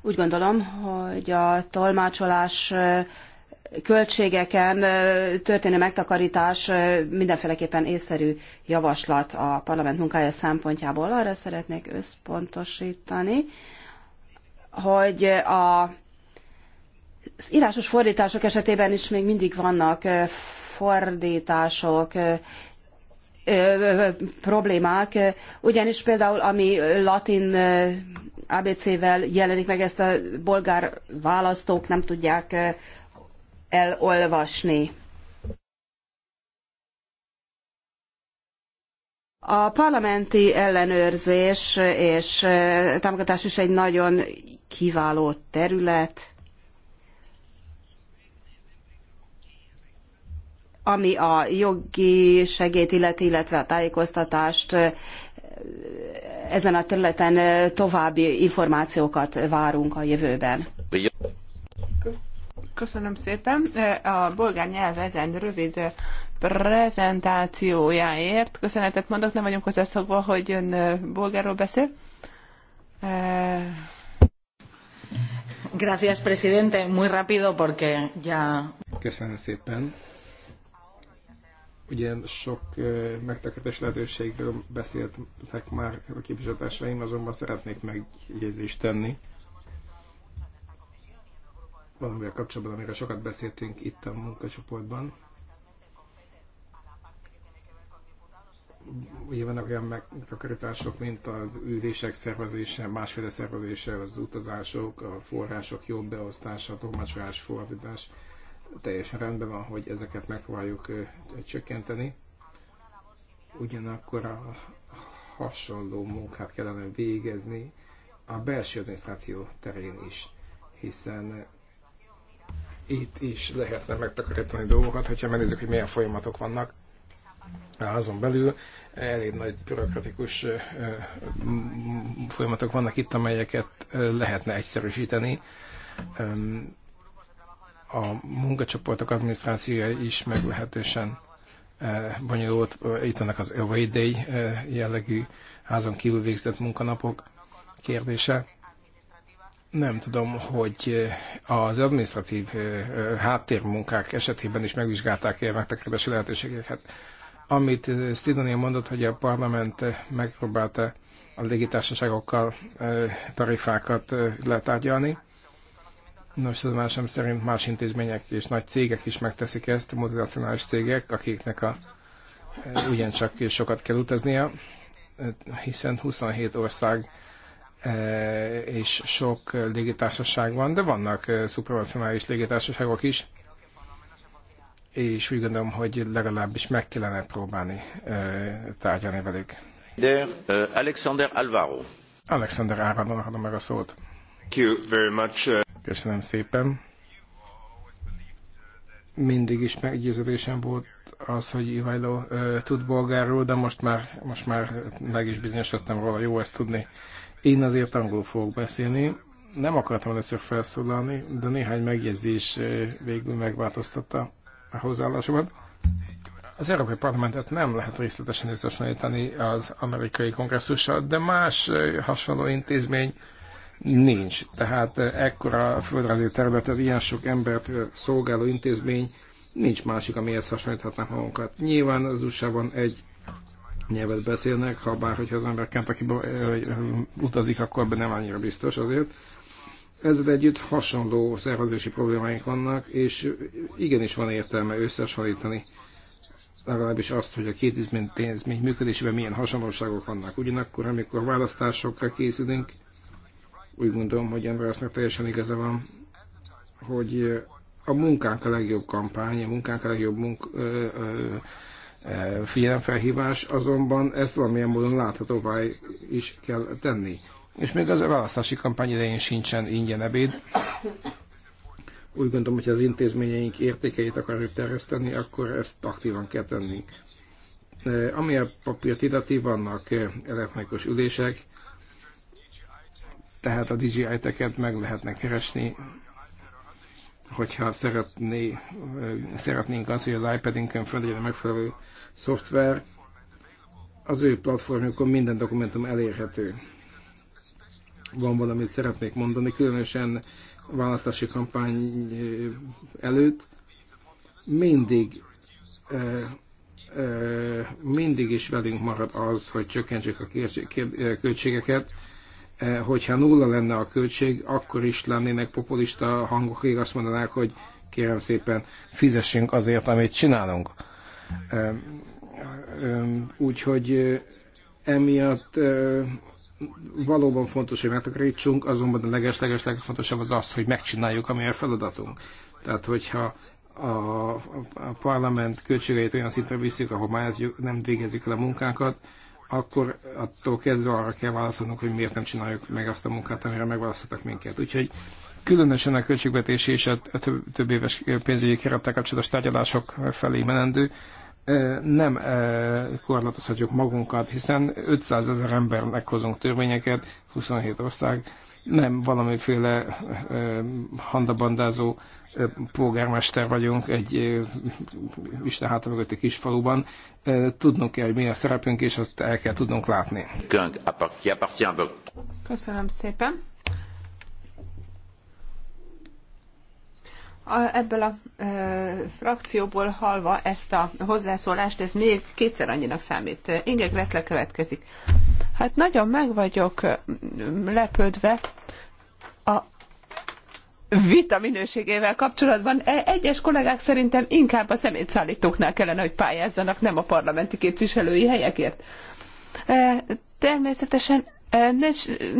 Úgy gondolom, hogy a tolmácsolás költségeken történő megtakarítás mindenféleképpen észszerű javaslat a parlament munkája szempontjából. Arra szeretnék összpontosítani, hogy a, az írásos fordítások esetében is még mindig vannak fordítások, problémák, ugyanis például ami latin ABC-vel jelenik meg, ezt a bolgár választók nem tudják eh, elolvasni. A parlamenti ellenőrzés és eh, támogatás is egy nagyon kiváló terület, ami a jogi segélyt illeti, illetve a tájékoztatást eh, ezen a területen további információkat várunk a jövőben. Köszönöm szépen. A bolgár nyelv ezen rövid prezentációjáért. Köszönetet mondok, nem vagyunk hozzászokva, hogy ön bolgárról beszél. Gracias, presidente. Muy rápido, porque ya... Köszönöm szépen. Ugye sok megtakarítás lehetőségről beszéltek már a képviselőtársaim, azonban szeretnék megjegyzést tenni valamivel kapcsolatban, amire sokat beszéltünk itt a munkacsoportban. Ugye vannak olyan megtakarítások, mint az ülések szervezése, másféle szervezése, az utazások, a források jobb beosztása, a tolmácsolás, fordítás, teljesen rendben van, hogy ezeket megpróbáljuk csökkenteni. Ugyanakkor a hasonló munkát kellene végezni a belső adminisztráció terén is, hiszen itt is lehetne megtakarítani dolgokat, hogyha megnézzük, hogy milyen folyamatok vannak azon belül. Elég nagy bürokratikus folyamatok vannak itt, amelyeket lehetne egyszerűsíteni a munkacsoportok adminisztrációja is meglehetősen eh, bonyolult. Itt ennek az Away Day eh, jellegű házon kívül végzett munkanapok kérdése. Nem tudom, hogy eh, az administratív háttérmunkák esetében is megvizsgálták-e megtakarítási lehetőségeket. Amit Stidonia mondott, hogy a parlament megpróbálta a légitársaságokkal tarifákat letárgyalni, Nos, tudomásom szerint más intézmények és nagy cégek is megteszik ezt, multinacionális cégek, akiknek a, eh, ugyancsak sokat kell utaznia, eh, hiszen 27 ország eh, és sok légitársaság van, de vannak szupranacionális légitársaságok is, és úgy gondolom, hogy legalábbis meg kellene próbálni tárgyalni velük. De, Alexander Alvaro. Alexander Alvaro, adom meg a szót. Thank you very much. Köszönöm szépen. Mindig is meggyőződésem volt az, hogy Ivajló tud bolgárról, de most már, most már meg is bizonyosodtam róla, jó ezt tudni. Én azért angolul fogok beszélni. Nem akartam először felszólalni, de néhány megjegyzés végül megváltoztatta a hozzáállásomat. Az Európai Parlamentet nem lehet részletesen összehasonlítani az amerikai kongresszussal, de más hasonló intézmény nincs. Tehát eh, ekkora földrajzi területen ilyen sok embert eh, szolgáló intézmény nincs másik, amihez hasonlíthatnánk magunkat. Nyilván az usa egy nyelvet beszélnek, ha bár hogyha az ember Kentuckyba eh, utazik, akkor nem annyira biztos azért. Ezzel együtt hasonló szervezési problémáink vannak, és igenis van értelme összehasonlítani legalábbis azt, hogy a két intézmény működésében milyen hasonlóságok vannak. Ugyanakkor, amikor választásokra készülünk, úgy gondolom, hogy Andrásnak teljesen igaza van, hogy a munkánk a legjobb kampány, a munkánk a legjobb munk, ö, ö, ö, figyelemfelhívás, azonban ezt valamilyen módon láthatóvá is kell tenni. És még az a választási kampány idején sincsen ingyen ebéd. Úgy gondolom, hogy az intézményeink értékeit akarjuk terjeszteni, akkor ezt aktívan kell tennünk. Ami a papírt illeti, vannak elektronikus ülések, tehát a DJI-teket meg lehetne keresni, hogyha szeretné, szeretnénk azt, hogy az ipad inkön föl legyen a megfelelő szoftver, az ő platformjukon minden dokumentum elérhető. Van valamit szeretnék mondani, különösen választási kampány előtt mindig mindig is velünk marad az, hogy csökkentsük a költségeket, Eh, hogyha nulla lenne a költség, akkor is lennének populista hangok, akik azt mondanák, hogy kérem szépen fizessünk azért, amit csinálunk. Eh, úgyhogy eh, emiatt valóban fontos, hogy megtakarítsunk, azonban a legesleges legfontosabb az az, hogy megcsináljuk, ami a feladatunk. Tehát, hogyha a, a parlament költségeit olyan szintre visszük, ahol már nem végezik el a munkánkat, akkor attól kezdve arra kell válaszolnunk, hogy miért nem csináljuk meg azt a munkát, amire megválasztottak minket. Úgyhogy különösen a költségvetési és a több, több éves pénzügyi kerettel kapcsolatos tárgyalások felé menendő, nem korlátozhatjuk magunkat, hiszen 500 ezer embernek hozunk törvényeket, 27 ország, nem valamiféle handabandázó polgármester vagyunk egy Isten háta mögötti kis faluban, tudnunk kell, hogy mi a szerepünk, és azt el kell tudnunk látni. Köszönöm szépen. A, ebből a e, frakcióból halva ezt a hozzászólást, ez még kétszer annyinak számít. Inge Gressle következik. Hát nagyon meg vagyok lepődve a vita minőségével kapcsolatban e, egyes kollégák szerintem inkább a szemétszállítóknál kellene, hogy pályázzanak, nem a parlamenti képviselői helyekért. E, természetesen e,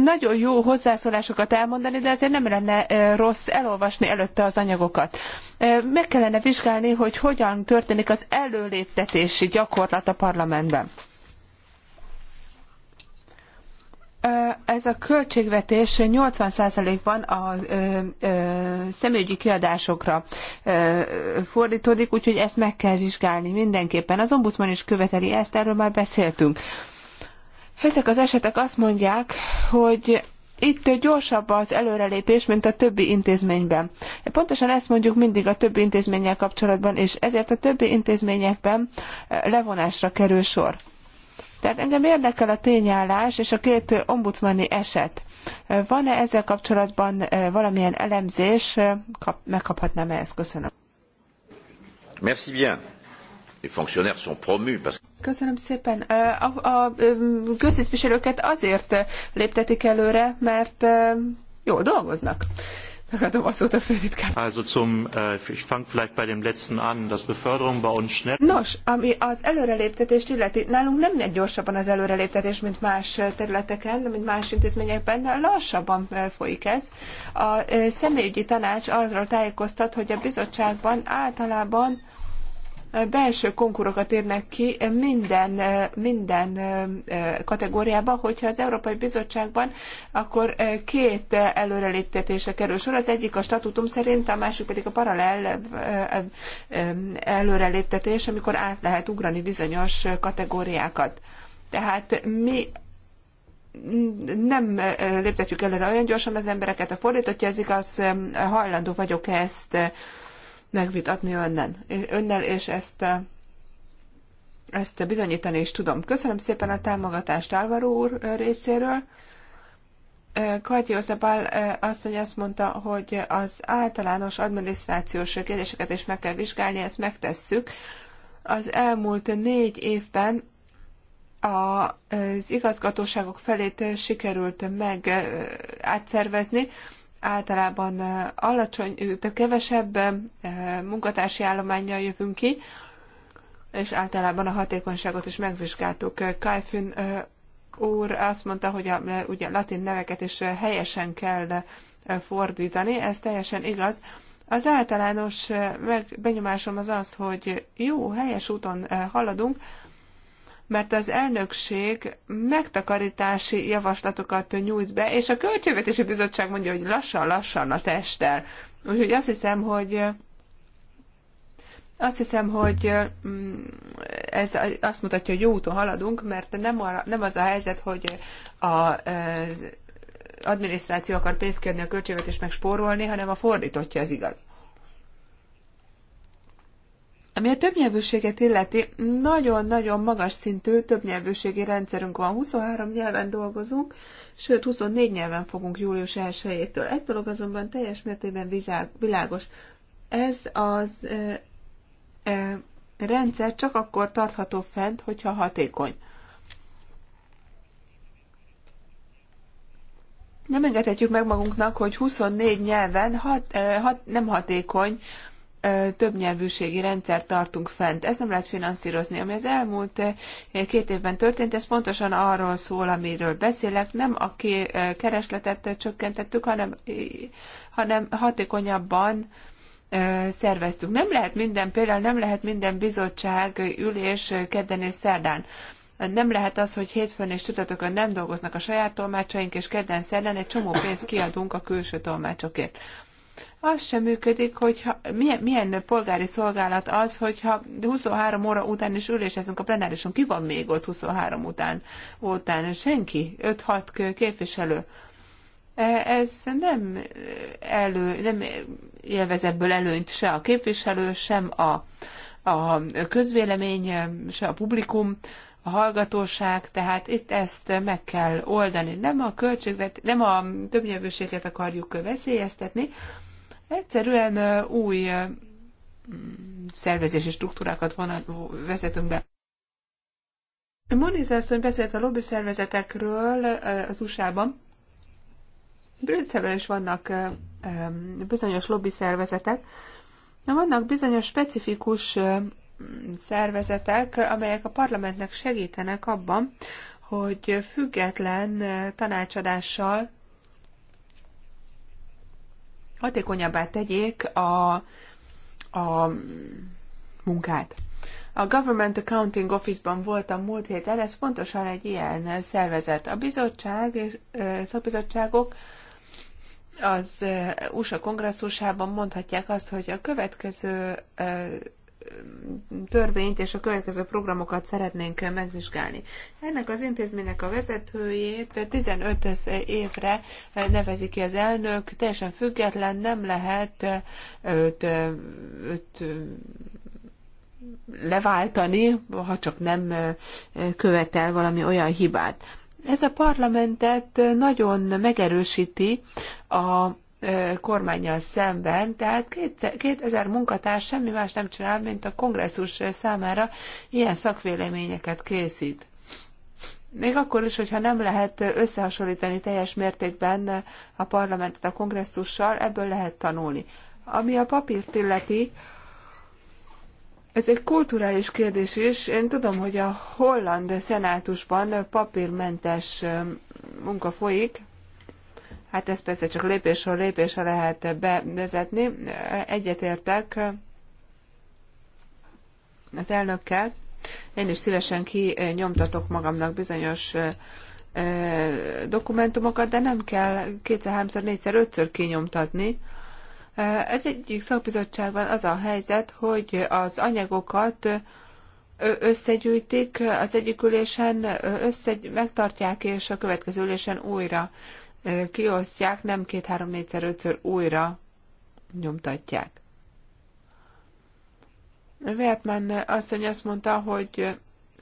nagyon jó hozzászólásokat elmondani, de azért nem lenne rossz elolvasni előtte az anyagokat. Meg kellene vizsgálni, hogy hogyan történik az előléptetési gyakorlat a parlamentben. Ez a költségvetés 80%-ban a ö, ö, kiadásokra ö, fordítódik, úgyhogy ezt meg kell vizsgálni mindenképpen. Az ombudsman is követeli ezt, erről már beszéltünk. Ezek az esetek azt mondják, hogy itt gyorsabb az előrelépés, mint a többi intézményben. Pontosan ezt mondjuk mindig a többi intézménnyel kapcsolatban, és ezért a többi intézményekben levonásra kerül sor. Tehát engem érdekel a tényállás és a két ombudsmani eset. Van-e ezzel kapcsolatban eh, valamilyen elemzés? Kap, megkaphatnám -e ezt? Köszönöm. Merci bien. Les fonctionnaires sont promus parce Köszönöm szépen. Eh, a, a, a eh, köztisztviselőket azért léptetik előre, mert jól dolgoznak. Also zum, äh, ich fang vielleicht bei dem letzten an, das Beförderung bei uns schnell. Nos, ami az előreléptetést illeti, nálunk nem egy gyorsabban az előreléptetés, mint más területeken, mint más intézményekben, lassabban folyik ez. A személyügyi tanács arról tájékoztat, hogy a bizottságban általában belső konkurokat érnek ki minden, minden kategóriába, hogyha az Európai Bizottságban akkor két előreléptetése kerül sor. Az egyik a statutum szerint, a másik pedig a paralel előreléptetés, amikor át lehet ugrani bizonyos kategóriákat. Tehát mi nem léptetjük előre olyan gyorsan az embereket, a fordítottja ezik, az hajlandó vagyok ezt megvitatni önnen, önnel, és ezt, ezt bizonyítani is tudom. Köszönöm szépen a támogatást Álvaró úr részéről. Kajti Oszabál eh, asszony azt mondta, hogy az általános adminisztrációs kérdéseket is meg kell vizsgálni, ezt megtesszük. Az elmúlt négy évben az igazgatóságok felét sikerült meg eh, átszervezni, általában alacsony, de kevesebb munkatársi állományjal jövünk ki, és általában a hatékonyságot is megvizsgáltuk. Kajfün úr azt mondta, hogy a, ugye latin neveket is helyesen kell fordítani, ez teljesen igaz. Az általános benyomásom az az, hogy jó, helyes úton haladunk, mert az elnökség megtakarítási javaslatokat nyújt be, és a Költségvetési Bizottság mondja, hogy lassan-lassan a testtel. Úgyhogy azt hiszem, hogy azt hiszem, hogy mm, ez azt mutatja, hogy jó úton haladunk, mert nem, arra, nem az a helyzet, hogy a eh, adminisztráció akar pénzt kérni a költségvetést spórolni, hanem a fordítottja, az igaz. Ami a többnyelvűséget illeti, nagyon-nagyon magas szintű többnyelvűségi rendszerünk van. 23 nyelven dolgozunk, sőt 24 nyelven fogunk július 1-től. Egy dolog azonban teljes mértékben világos. Ez az e, e, rendszer csak akkor tartható fent, hogyha hatékony. Nem engedhetjük meg magunknak, hogy 24 nyelven hat, hat, nem hatékony többnyelvűségi rendszer tartunk fent. Ezt nem lehet finanszírozni. Ami az elmúlt két évben történt, ez pontosan arról szól, amiről beszélek. Nem a keresletet csökkentettük, hanem, hanem hatékonyabban szerveztük. Nem lehet minden, például nem lehet minden bizottság ülés kedden és szerdán. Nem lehet az, hogy hétfőn és csütörtökön nem dolgoznak a saját tolmácsaink, és kedden szerdán egy csomó pénzt kiadunk a külső tolmácsokért az sem működik, hogyha milyen, milyen polgári szolgálat az, hogyha 23 óra után is ülésezünk a plenárison, ki van még ott 23 után, után senki, 5-6 képviselő. E, ez nem, elő, nem élvez ebből előnyt se a képviselő, sem a, a közvélemény, se a publikum, a hallgatóság, tehát itt ezt meg kell oldani. Nem a költségvet, nem a többnyelvűséget akarjuk veszélyeztetni, Egyszerűen új szervezési struktúrákat vonat, vezetünk be. Moniz asszony beszélt a lobby szervezetekről az USA-ban. Brüsszelben is vannak bizonyos lobby szervezetek. Na, vannak bizonyos specifikus szervezetek, amelyek a parlamentnek segítenek abban, hogy független tanácsadással hatékonyabbá tegyék a, a munkát. A Government Accounting Office-ban voltam múlt héten, ez pontosan egy ilyen szervezet. A bizottság és szakbizottságok az USA kongresszusában mondhatják azt, hogy a következő törvényt és a következő programokat szeretnénk megvizsgálni. Ennek az intézménynek a vezetőjét 15 évre nevezi ki az elnök, teljesen független, nem lehet őt, őt leváltani, ha csak nem követel valami olyan hibát. Ez a parlamentet nagyon megerősíti a kormányjal szemben, tehát 2000 munkatárs semmi más nem csinál, mint a kongresszus számára ilyen szakvéleményeket készít. Még akkor is, hogyha nem lehet összehasonlítani teljes mértékben a parlamentet a kongresszussal, ebből lehet tanulni. Ami a papírt illeti, ez egy kulturális kérdés is. Én tudom, hogy a holland szenátusban papírmentes munka folyik, Hát ezt persze csak lépésről lépésre lehet bevezetni. Egyetértek az elnökkel. Én is szívesen kinyomtatok magamnak bizonyos dokumentumokat, de nem kell kétszer, háromszor, négyszer, ötször kinyomtatni. Ez egyik szakbizottságban az a helyzet, hogy az anyagokat összegyűjtik, az egyik ülésen összegy- megtartják, és a következő ülésen újra kiosztják, nem két, három, négyszer, ötször újra nyomtatják. Wertmann asszony azt mondta, hogy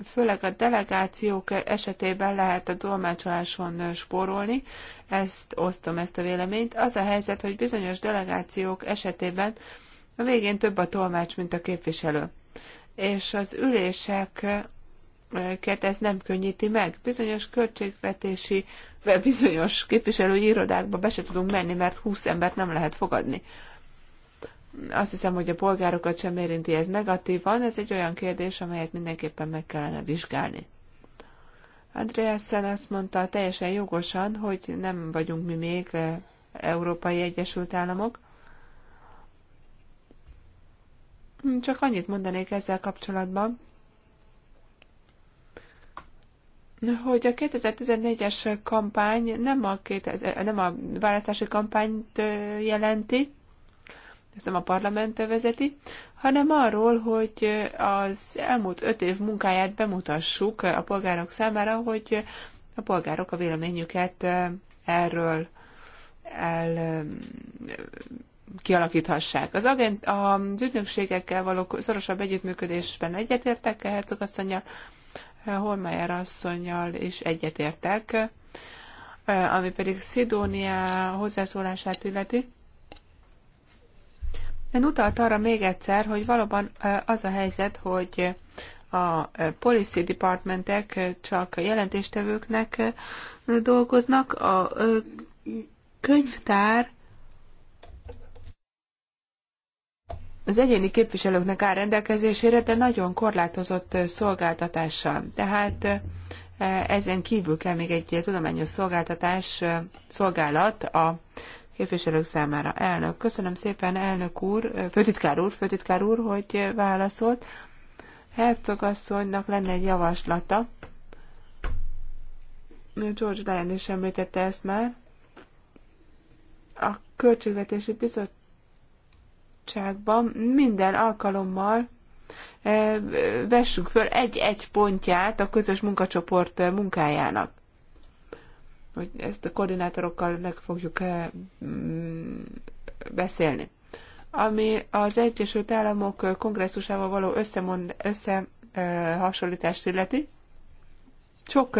főleg a delegációk esetében lehet a tolmácsoláson spórolni, ezt osztom ezt a véleményt. Az a helyzet, hogy bizonyos delegációk esetében a végén több a tolmács, mint a képviselő. És az üléseket ez nem könnyíti meg. Bizonyos költségvetési bizonyos képviselői irodákba be se tudunk menni, mert 20 embert nem lehet fogadni. Azt hiszem, hogy a polgárokat sem érinti ez negatívan, ez egy olyan kérdés, amelyet mindenképpen meg kellene vizsgálni. Andreasen azt mondta teljesen jogosan, hogy nem vagyunk mi még eh, Európai Egyesült Államok. Hm, csak annyit mondanék ezzel kapcsolatban, hogy a 2014-es kampány nem a, 2000, nem a választási kampányt jelenti, ezt nem a parlament vezeti, hanem arról, hogy az elmúlt öt év munkáját bemutassuk a polgárok számára, hogy a polgárok a véleményüket erről el kialakíthassák. Az, agent, az ügynökségekkel való szorosabb együttműködésben egyetértek Herzog asszonyjal, Holmeyer asszonynal is egyetértek, eh, ami pedig Szidónia hozzászólását illeti. Én utalt arra még egyszer, hogy valóban eh, az a helyzet, hogy a eh, policy departmentek csak jelentéstevőknek dolgoznak, a könyvtár az egyéni képviselőknek áll rendelkezésére, de nagyon korlátozott szolgáltatással. Tehát e, ezen kívül kell még egy tudományos szolgáltatás, e, szolgálat a képviselők számára. Elnök, köszönöm szépen, elnök úr, e, főtitkár úr, főtitkár úr, hogy válaszolt. Herzog asszonynak lenne egy javaslata. George Lyon is említette ezt már. A Költségvetési Bizottság bizottságban minden alkalommal eh, vessük föl egy-egy pontját a közös munkacsoport eh, munkájának. Hogy ezt a koordinátorokkal meg fogjuk eh, mm, beszélni. Ami az Egyesült Államok kongresszusával való összemond, összehasonlítást illeti, sok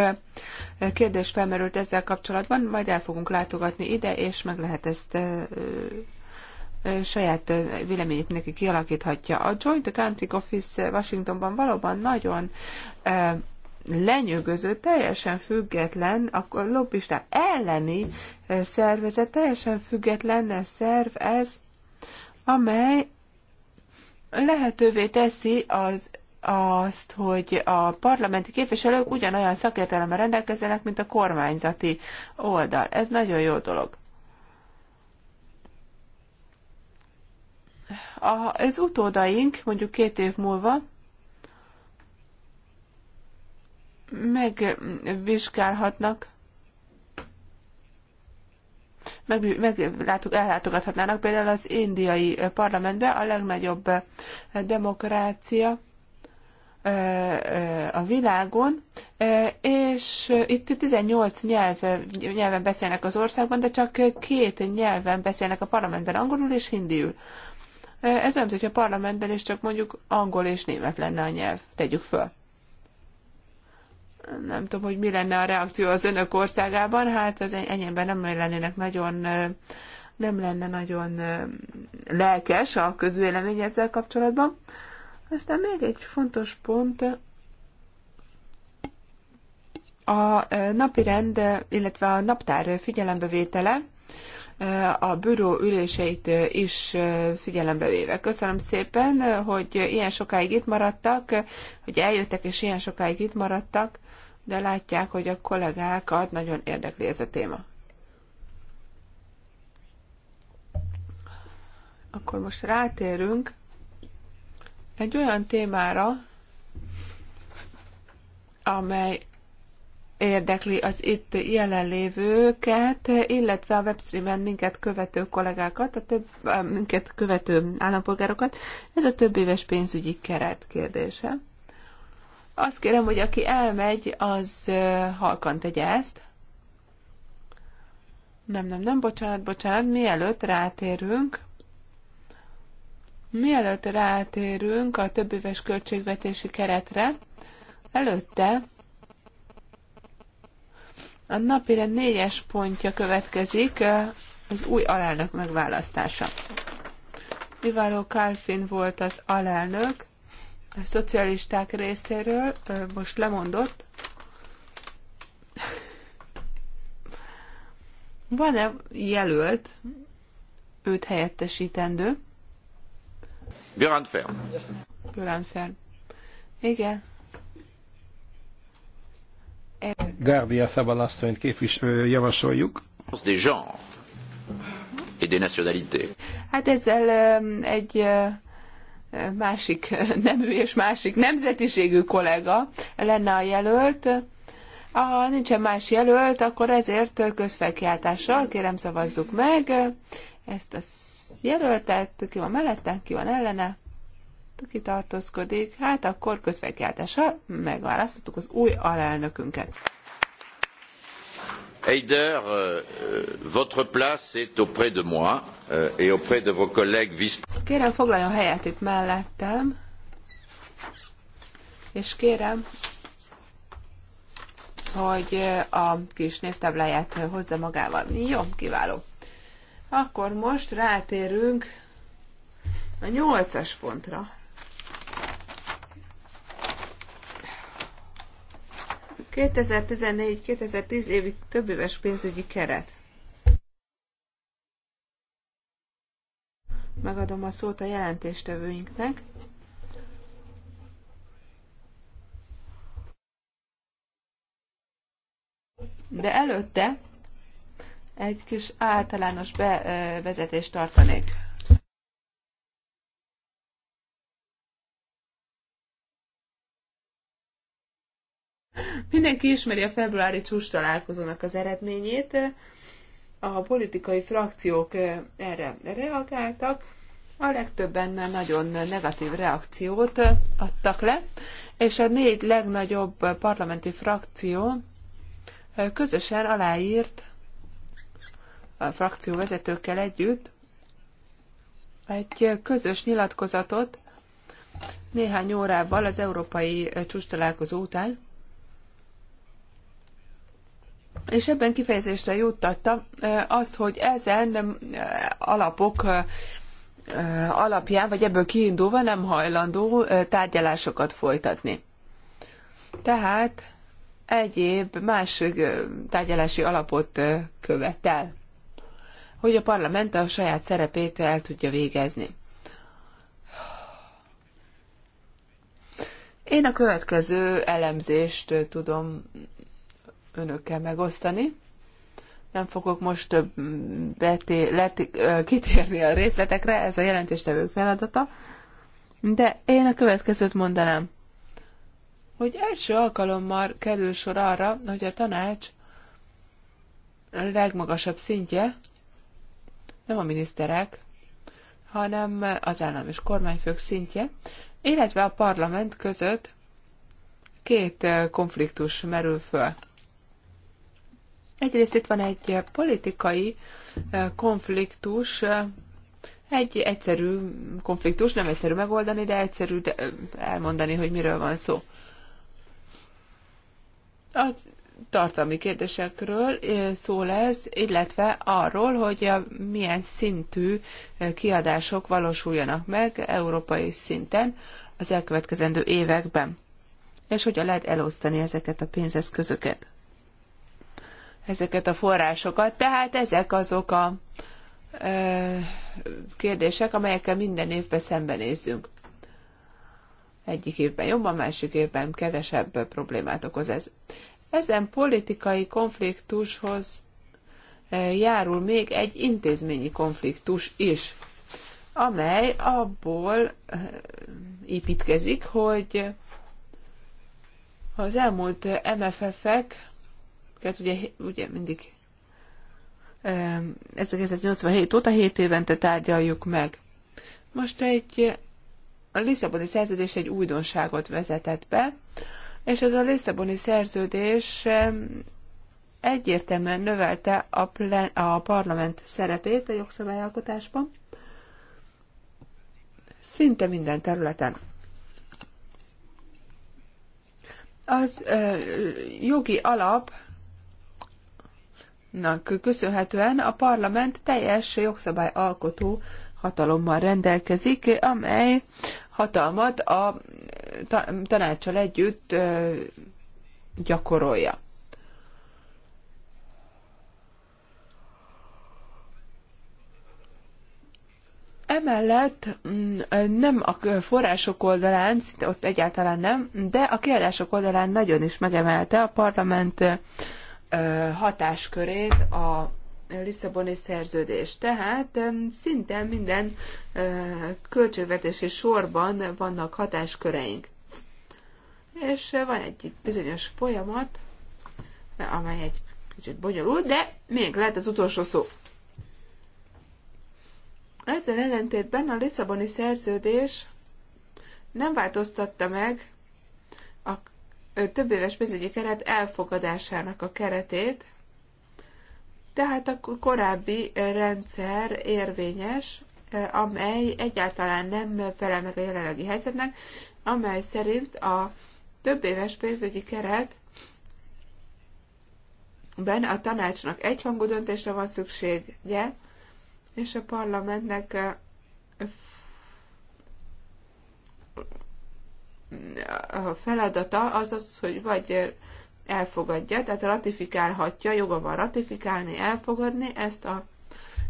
kérdés felmerült ezzel kapcsolatban, majd el fogunk látogatni ide, és meg lehet ezt saját véleményét neki kialakíthatja. A Joint Accounting Office Washingtonban valóban nagyon lenyűgöző, teljesen független, a lobbista elleni szervezet, teljesen független szerv ez, amely lehetővé teszi az azt, hogy a parlamenti képviselők ugyanolyan szakértelemmel rendelkezzenek, mint a kormányzati oldal. Ez nagyon jó dolog. az utódaink, mondjuk két év múlva, megvizsgálhatnak, meg, meglátog, ellátogathatnának például az indiai parlamentbe, a legnagyobb eh, demokrácia eh, eh, a világon, és itt 18 nyelv, nyelven beszélnek az országban, de csak két nyelven beszélnek a parlamentben, angolul és hindiül. Ez olyan, hogy a parlamentben is csak mondjuk angol és német lenne a nyelv. Tegyük föl. Nem tudom, hogy mi lenne a reakció az önök országában, hát az enyémben nem lennének nagyon nem lenne nagyon lelkes a közvélemény ezzel kapcsolatban. Aztán még egy fontos pont, a rend, illetve a naptár figyelembevétele a büró üléseit is figyelembe véve. Köszönöm szépen, hogy ilyen sokáig itt maradtak, hogy eljöttek és ilyen sokáig itt maradtak, de látják, hogy a kollégákat nagyon érdekli ez a téma. Akkor most rátérünk egy olyan témára, amely érdekli az itt jelenlévőket, illetve a webstreamen minket követő kollégákat, a több, minket követő állampolgárokat. Ez a több éves pénzügyi keret kérdése. Azt kérem, hogy aki elmegy, az halkan tegye ezt. Nem, nem, nem, bocsánat, bocsánat, mielőtt rátérünk, mielőtt rátérünk a több éves költségvetési keretre, előtte a napirend négyes pontja következik, az új alelnök megválasztása. Ivaro Kalfin volt az alelnök, a szocialisták részéről, most lemondott. Van-e jelölt, őt helyettesítendő? Björn Fern. Björn Fern. Igen. Gárdia Szabal asszonyt képviselő javasoljuk. Hát ezzel egy másik nemű és másik nemzetiségű kollega lenne a jelölt. Ha nincsen más jelölt, akkor ezért közfelkiáltással kérem szavazzuk meg ezt a jelöltet, ki van mellette, ki van ellene ki tartózkodik, hát akkor közvegjártással megválasztottuk az új alelnökünket. Heider, euh, votre place est auprès de moi euh, et auprès de vos collègues vice Kérem, foglaljon helyet itt mellettem, és kérem, hogy euh, a kis névtábláját hozza magával. Jó, kiváló. Akkor most rátérünk a nyolcas pontra. 2014-2010 évi többéves pénzügyi keret. Megadom a szót a jelentéstevőinknek. De előtte egy kis általános bevezetést tartanék. Mindenki ismeri a februári csúcs találkozónak az eredményét. A politikai frakciók erre reagáltak. A legtöbben nagyon negatív reakciót adtak le, és a négy legnagyobb parlamenti frakció közösen aláírt a frakció vezetőkkel együtt egy közös nyilatkozatot néhány órával az európai csúcs találkozó után, és ebben kifejezésre juttatta azt, hogy ezen alapok alapján, vagy ebből kiindulva nem hajlandó tárgyalásokat folytatni. Tehát egyéb más tárgyalási alapot követel, hogy a parlament a saját szerepét el tudja végezni. Én a következő elemzést tudom önökkel megosztani. Nem fogok most több beté, let, kitérni a részletekre, ez a jelentéstevők feladata, de én a következőt mondanám, hogy első alkalommal kerül sor arra, hogy a tanács legmagasabb szintje nem a miniszterek, hanem az állam és kormányfők szintje, illetve a parlament között két konfliktus merül föl. Egyrészt itt van egy politikai eh, konfliktus, eh, egy egyszerű konfliktus, nem egyszerű megoldani, de egyszerű de eh, elmondani, hogy miről van szó. A tartalmi kérdésekről szó lesz, illetve arról, hogy a milyen szintű kiadások valósuljanak meg európai szinten az elkövetkezendő években, és hogyan lehet elosztani ezeket a pénzeszközöket ezeket a forrásokat. Tehát ezek azok a ö, kérdések, amelyekkel minden évben szembenézzünk. Egyik évben jobban, másik évben kevesebb problémát okoz ez. Ezen politikai konfliktushoz járul még egy intézményi konfliktus is, amely abból építkezik, hogy az elmúlt MFF-ek tehát ugye, ugye mindig 1987 óta 7 évente tárgyaljuk meg. Most egy a Lisszaboni szerződés egy újdonságot vezetett be, és ez a Lisszaboni szerződés egyértelműen növelte a, plen, a parlament szerepét a jogszabályalkotásban, szinte minden területen. Az ö, jogi alap Nak köszönhetően a parlament teljes jogszabályalkotó hatalommal rendelkezik, amely hatalmat a tanácsal együtt gyakorolja. Emellett mm, nem a források oldalán, szinte ott egyáltalán nem, de a kiadások oldalán nagyon is megemelte a parlament hatáskörét a Lisszaboni szerződés. Tehát szinte minden költségvetési sorban vannak hatásköreink. És van egy bizonyos folyamat, amely egy kicsit bonyolult, de még lehet az utolsó szó. Ezzel ellentétben a Lisszaboni szerződés nem változtatta meg több éves pénzügyi keret elfogadásának a keretét, tehát a korábbi rendszer érvényes, amely egyáltalán nem felel meg a jelenlegi helyzetnek, amely szerint a több éves pénzügyi keret Ben a tanácsnak egyhangú döntésre van szüksége, és a parlamentnek a feladata az az, hogy vagy elfogadja, tehát ratifikálhatja, joga van ratifikálni, elfogadni ezt a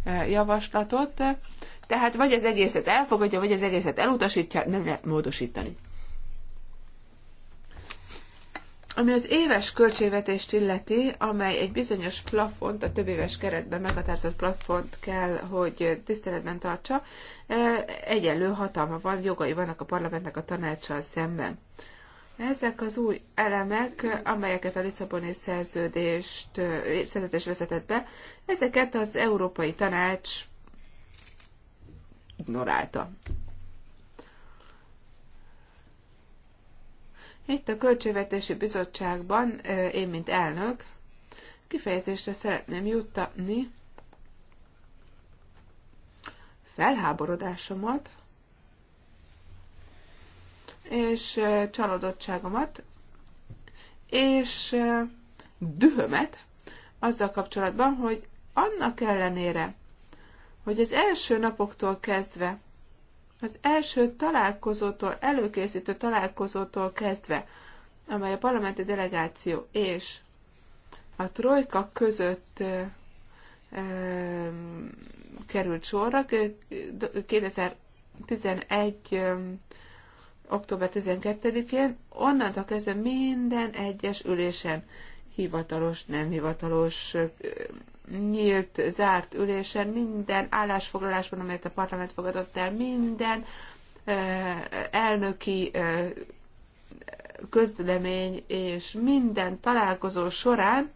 e, javaslatot, tehát vagy az egészet elfogadja, vagy az egészet elutasítja, nem lehet módosítani. Ami az éves költségvetést illeti, amely egy bizonyos plafont, a több éves keretben meghatározott plafont kell, hogy tiszteletben tartsa, e, egyenlő hatalma van, jogai vannak a parlamentnek a tanácsal szemben. Ezek az új elemek, amelyeket a Lisszaboni szerződést, e, szerződést vezetett be, ezeket az Európai Tanács ignorálta. Itt a Költségvetési Bizottságban én, mint elnök, kifejezésre szeretném juttatni felháborodásomat és csalódottságomat és dühömet azzal kapcsolatban, hogy annak ellenére, hogy az első napoktól kezdve az első találkozótól, előkészítő találkozótól kezdve, amely a parlamenti delegáció és a trojka között került sorra. 2011. október 12-én, onnantól kezdve minden egyes ülésen hivatalos, nem hivatalos nyílt, zárt ülésen, minden állásfoglalásban, amelyet a parlament fogadott el, minden elnöki közlemény és minden találkozó során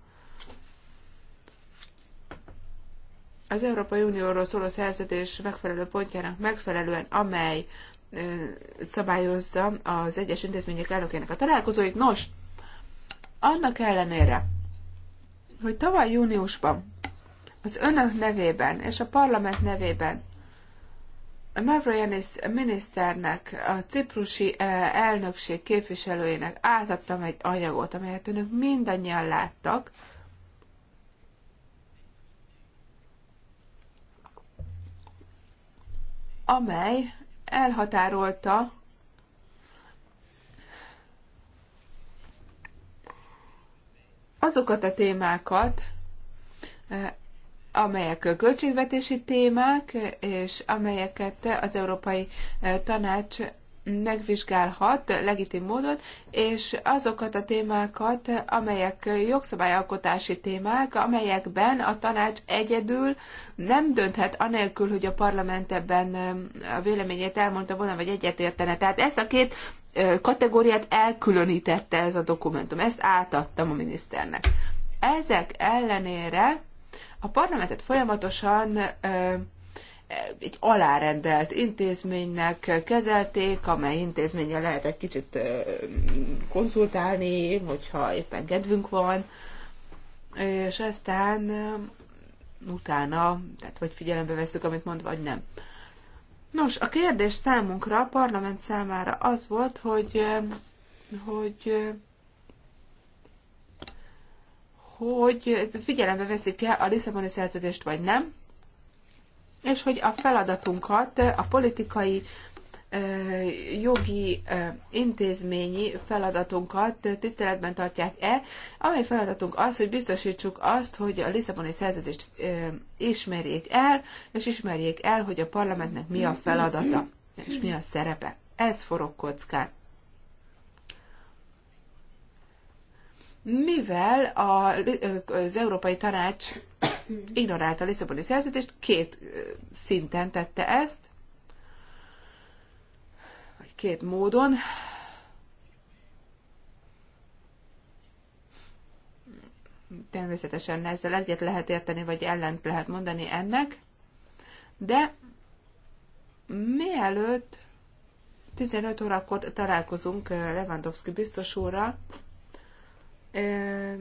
az Európai Unióról szóló szerződés megfelelő pontjának megfelelően, amely szabályozza az egyes intézmények elnökének a találkozóit. Nos, annak ellenére, hogy tavaly júniusban az önök nevében és a parlament nevében Mavroyanis miniszternek, a ciprusi eh, elnökség képviselőjének átadtam egy anyagot, amelyet önök mindannyian láttak. amely elhatárolta azokat a témákat, eh, amelyek költségvetési témák, és amelyeket az Európai eh, Tanács megvizsgálhat legitim módon, és azokat a témákat, amelyek jogszabályalkotási témák, amelyekben a tanács egyedül nem dönthet anélkül, hogy a parlament ebben eh, a véleményét elmondta volna, vagy egyetértene. Tehát ezt a két eh, kategóriát elkülönítette ez a dokumentum. Ezt átadtam a miniszternek. Ezek ellenére a parlamentet folyamatosan egy alárendelt intézménynek kezelték, amely intézménnyel lehet egy kicsit konzultálni, hogyha éppen kedvünk van, és aztán utána, tehát vagy figyelembe veszük, amit mond, vagy nem. Nos, a kérdés számunkra, a parlament számára az volt, hogy, hogy hogy figyelembe veszik-e a Lisszaboni szerződést, vagy nem, és hogy a feladatunkat, a politikai, jogi, intézményi feladatunkat tiszteletben tartják-e, amely feladatunk az, hogy biztosítsuk azt, hogy a Lisszaboni szerződést ismerjék el, és ismerjék el, hogy a parlamentnek mi a feladata, és mi a szerepe. Ez forog kockán. mivel a, az Európai Tanács ignorálta a Lisszaboni szerződést, két szinten tette ezt, vagy két módon. Természetesen ezzel egyet lehet érteni, vagy ellent lehet mondani ennek, de mielőtt 15 órakor találkozunk Lewandowski biztos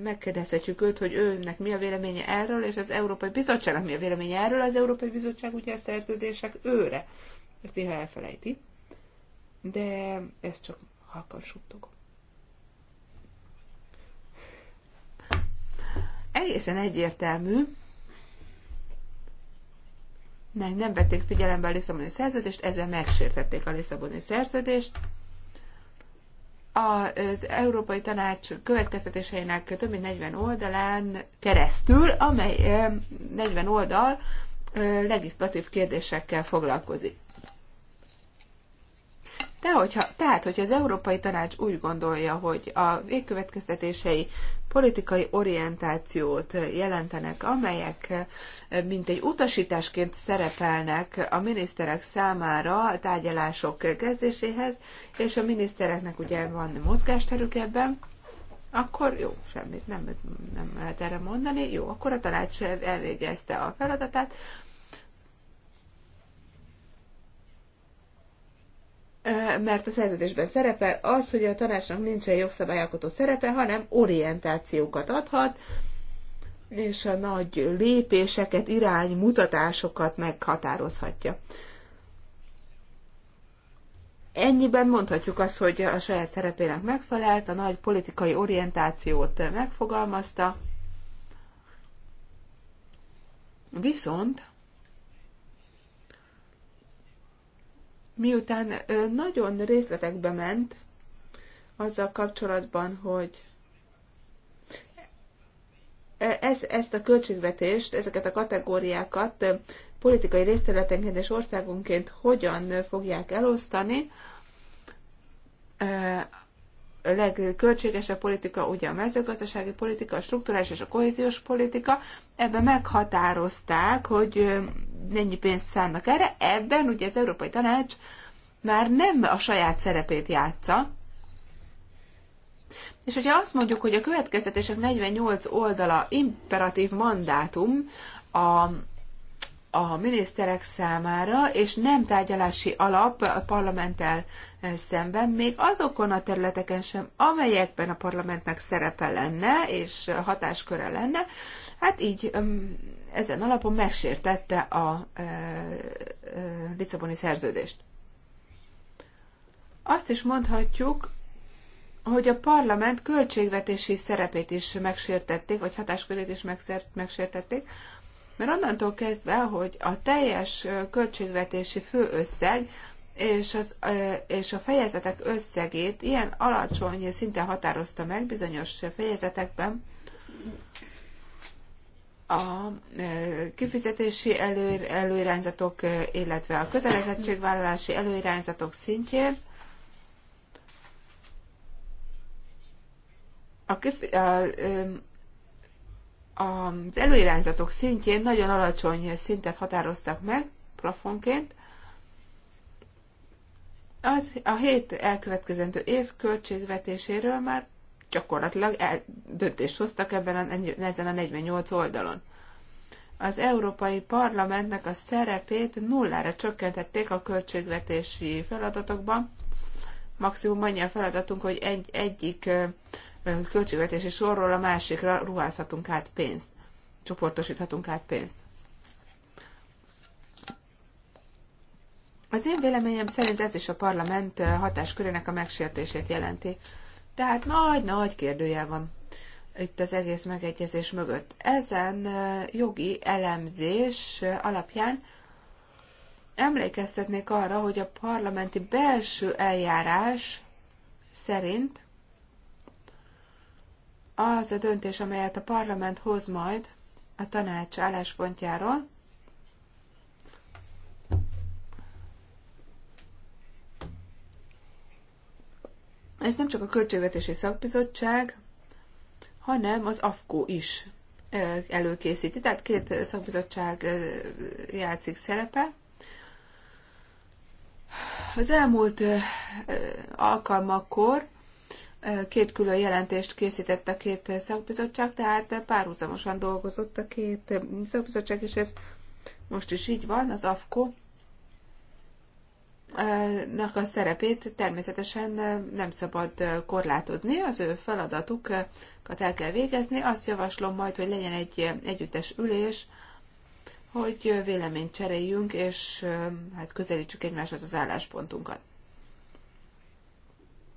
megkérdezhetjük őt, hogy őnek mi a véleménye erről, és az Európai Bizottságnak mi a véleménye erről, az Európai Bizottság ugye a szerződések őre. Ezt néha elfelejti, de ezt csak halkan suttogom. Egészen egyértelmű, nem, nem vették figyelembe a Lisszaboni szerződést, ezzel megsértették a Lisszaboni szerződést, az Európai Tanács következtetéseinek több mint 40 oldalán keresztül, amely 40 oldal legislatív kérdésekkel foglalkozik. De hogyha, tehát, hogyha az Európai Tanács úgy gondolja, hogy a végkövetkeztetései politikai orientációt jelentenek, amelyek eh, mint egy utasításként szerepelnek a miniszterek számára a tárgyalások kezdéséhez, és a minisztereknek ugye van mozgásterük ebben, akkor jó, semmit nem, nem lehet erre mondani, jó, akkor a tanács elvégezte a feladatát, mert a szerződésben szerepel az, hogy a tanácsnak nincsen jogszabályalkotó szerepe, hanem orientációkat adhat, és a nagy lépéseket, iránymutatásokat meghatározhatja. Ennyiben mondhatjuk azt, hogy a saját szerepének megfelelt, a nagy politikai orientációt megfogalmazta, viszont miután nagyon részletekbe ment azzal kapcsolatban, hogy e, ez, ezt a költségvetést, ezeket a kategóriákat politikai részterületenként és országunként hogyan fogják elosztani, legköltségesebb politika ugye a mezőgazdasági politika, a strukturális és a kohéziós politika. Ebben meghatározták, hogy mennyi pénzt szánnak erre. Ebben ugye az Európai Tanács már nem a saját szerepét játsza, és hogyha azt mondjuk, hogy a következtetések 48 oldala imperatív mandátum a a miniszterek számára, és nem tárgyalási alap a parlamenttel eh, szemben, még azokon a területeken sem, amelyekben a parlamentnek szerepe lenne, és hatásköre lenne, hát így ezen alapon megsértette a eh, eh, Lisszaboni szerződést. Azt is mondhatjuk, hogy a parlament költségvetési szerepét is megsértették, vagy hatáskörét is megsért, megsértették, mert onnantól kezdve, hogy a teljes költségvetési főösszeg és, az, és a fejezetek összegét ilyen alacsony szinten határozta meg bizonyos fejezetekben, a kifizetési elő, előirányzatok, illetve a kötelezettségvállalási előirányzatok szintjén a, kif, a, az előirányzatok szintjén nagyon alacsony szintet határoztak meg, plafonként. Az a hét elkövetkezendő év költségvetéséről már gyakorlatilag el, döntést hoztak ebben a, ezen a 48 oldalon. Az Európai Parlamentnek a szerepét nullára csökkentették a költségvetési feladatokban. Maximum annyi a feladatunk, hogy egy, egyik költségvetési sorról a másikra ruházhatunk át pénzt, csoportosíthatunk át pénzt. Az én véleményem szerint ez is a parlament hatáskörének a megsértését jelenti. Tehát nagy-nagy kérdőjel van itt az egész megegyezés mögött. Ezen jogi elemzés alapján emlékeztetnék arra, hogy a parlamenti belső eljárás szerint az a döntés, amelyet a parlament hoz majd a tanács álláspontjáról, ez nem csak a Költségvetési Szakbizottság, hanem az AFKO is előkészíti. Tehát két szakbizottság játszik szerepe. Az elmúlt alkalmakkor két külön jelentést készített a két szakbizottság, tehát párhuzamosan dolgozott a két szakbizottság, és ez most is így van, az AFKO nak a szerepét természetesen nem szabad korlátozni, az ő feladatukat el kell végezni. Azt javaslom majd, hogy legyen egy együttes ülés, hogy véleményt cseréljünk, és hát közelítsük egymáshoz az álláspontunkat.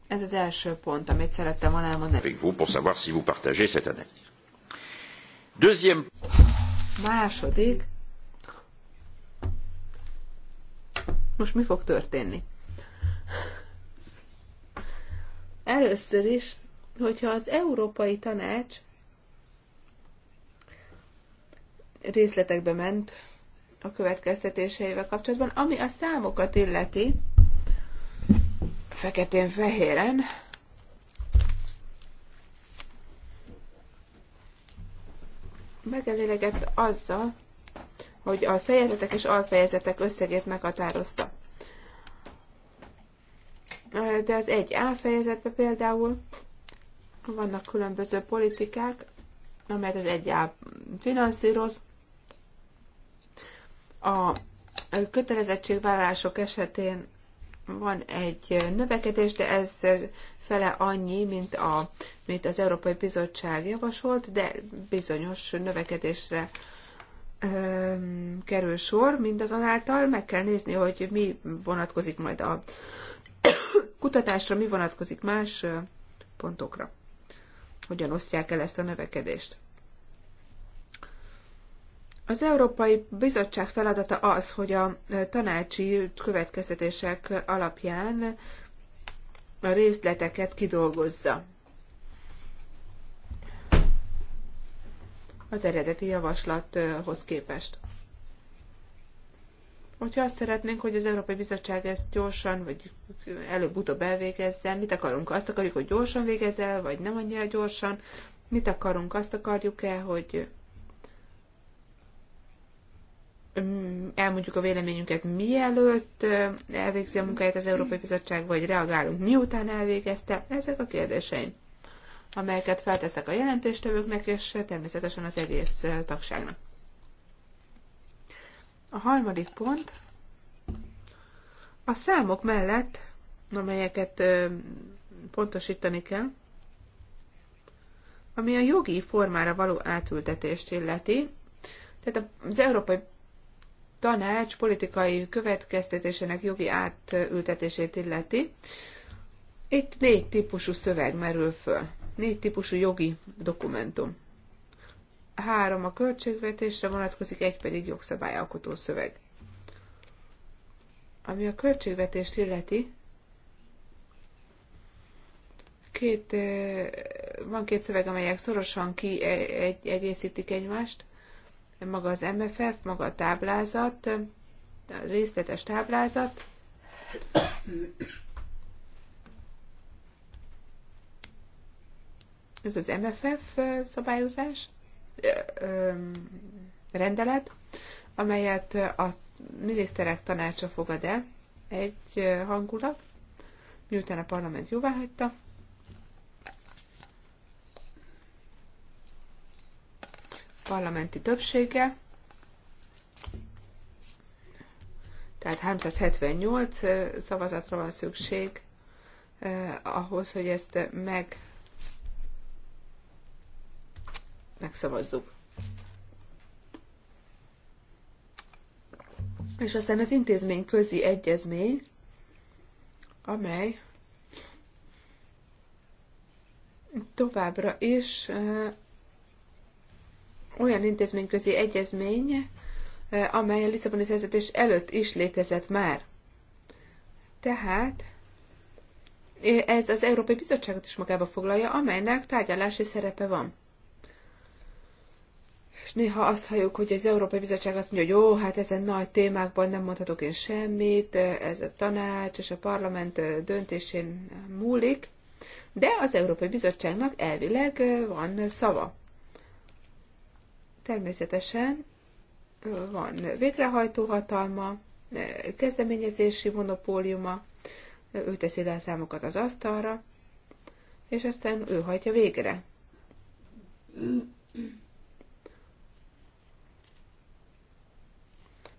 Ez az első pont, amit szerettem volna elmondani. Avec vous pour savoir si vous partagez cette analyse. Deuxième... Második. Most mi fog történni? Először is, hogyha az Európai Tanács részletekbe ment a következtetéseivel kapcsolatban, ami a számokat illeti, feketén-fehéren. Megelégedett azzal, hogy a fejezetek és alfejezetek összegét meghatározta. De az egy A fejezetben például vannak különböző politikák, amelyet az egy A finanszíroz. A kötelezettségvállalások esetén van egy növekedés, de ez fele annyi, mint, a, mint az Európai Bizottság javasolt, de bizonyos növekedésre öm, kerül sor, mindazonáltal meg kell nézni, hogy mi vonatkozik majd a kutatásra, mi vonatkozik más pontokra. Hogyan osztják el ezt a növekedést. Az Európai Bizottság feladata az, hogy a tanácsi következtetések alapján a részleteket kidolgozza. az eredeti javaslathoz képest. Hogyha azt szeretnénk, hogy az Európai Bizottság ezt gyorsan, vagy előbb-utóbb elvégezzen, mit akarunk? Azt akarjuk, hogy gyorsan végezzel, vagy nem annyira gyorsan? Mit akarunk? Azt akarjuk-e, hogy Mm, elmondjuk a véleményünket mielőtt elvégzi a munkáját az Európai Bizottság, vagy reagálunk miután elvégezte. Ezek a kérdéseim, amelyeket felteszek a jelentéstevőknek, és természetesen az egész tagságnak. A harmadik pont a számok mellett, amelyeket pontosítani kell, ami a jogi formára való átültetést illeti, tehát az Európai tanács politikai következtetésének jogi átültetését illeti, itt négy típusú szöveg merül föl, négy típusú jogi dokumentum. Három a költségvetésre vonatkozik, egy pedig jogszabályalkotó szöveg. Ami a költségvetést illeti, két, eh, van két szöveg, amelyek szorosan kiegészítik egymást maga az MFF, maga a táblázat, a részletes táblázat. Ez az MFF szabályozás, rendelet, amelyet a miniszterek tanácsa fogad el egy hangulat, miután a parlament jóváhagyta. parlamenti többsége, Tehát 378 szavazatra van szükség eh, ahhoz, hogy ezt meg megszavazzuk. És aztán az intézmény közi egyezmény, amely továbbra is olyan intézményközi egyezmény, eh, amely a Lisszaboni szerződés előtt is létezett már. Tehát eh, ez az Európai Bizottságot is magába foglalja, amelynek tárgyalási szerepe van. És néha azt halljuk, hogy az Európai Bizottság azt mondja, hogy jó, hát ezen nagy témákban nem mondhatok én semmit, eh, ez a tanács és a parlament döntésén múlik, de az Európai Bizottságnak elvileg van szava. Természetesen van végrehajtó hatalma, kezdeményezési monopóliuma, ő teszi le a számokat az asztalra, és aztán ő hajtja végre.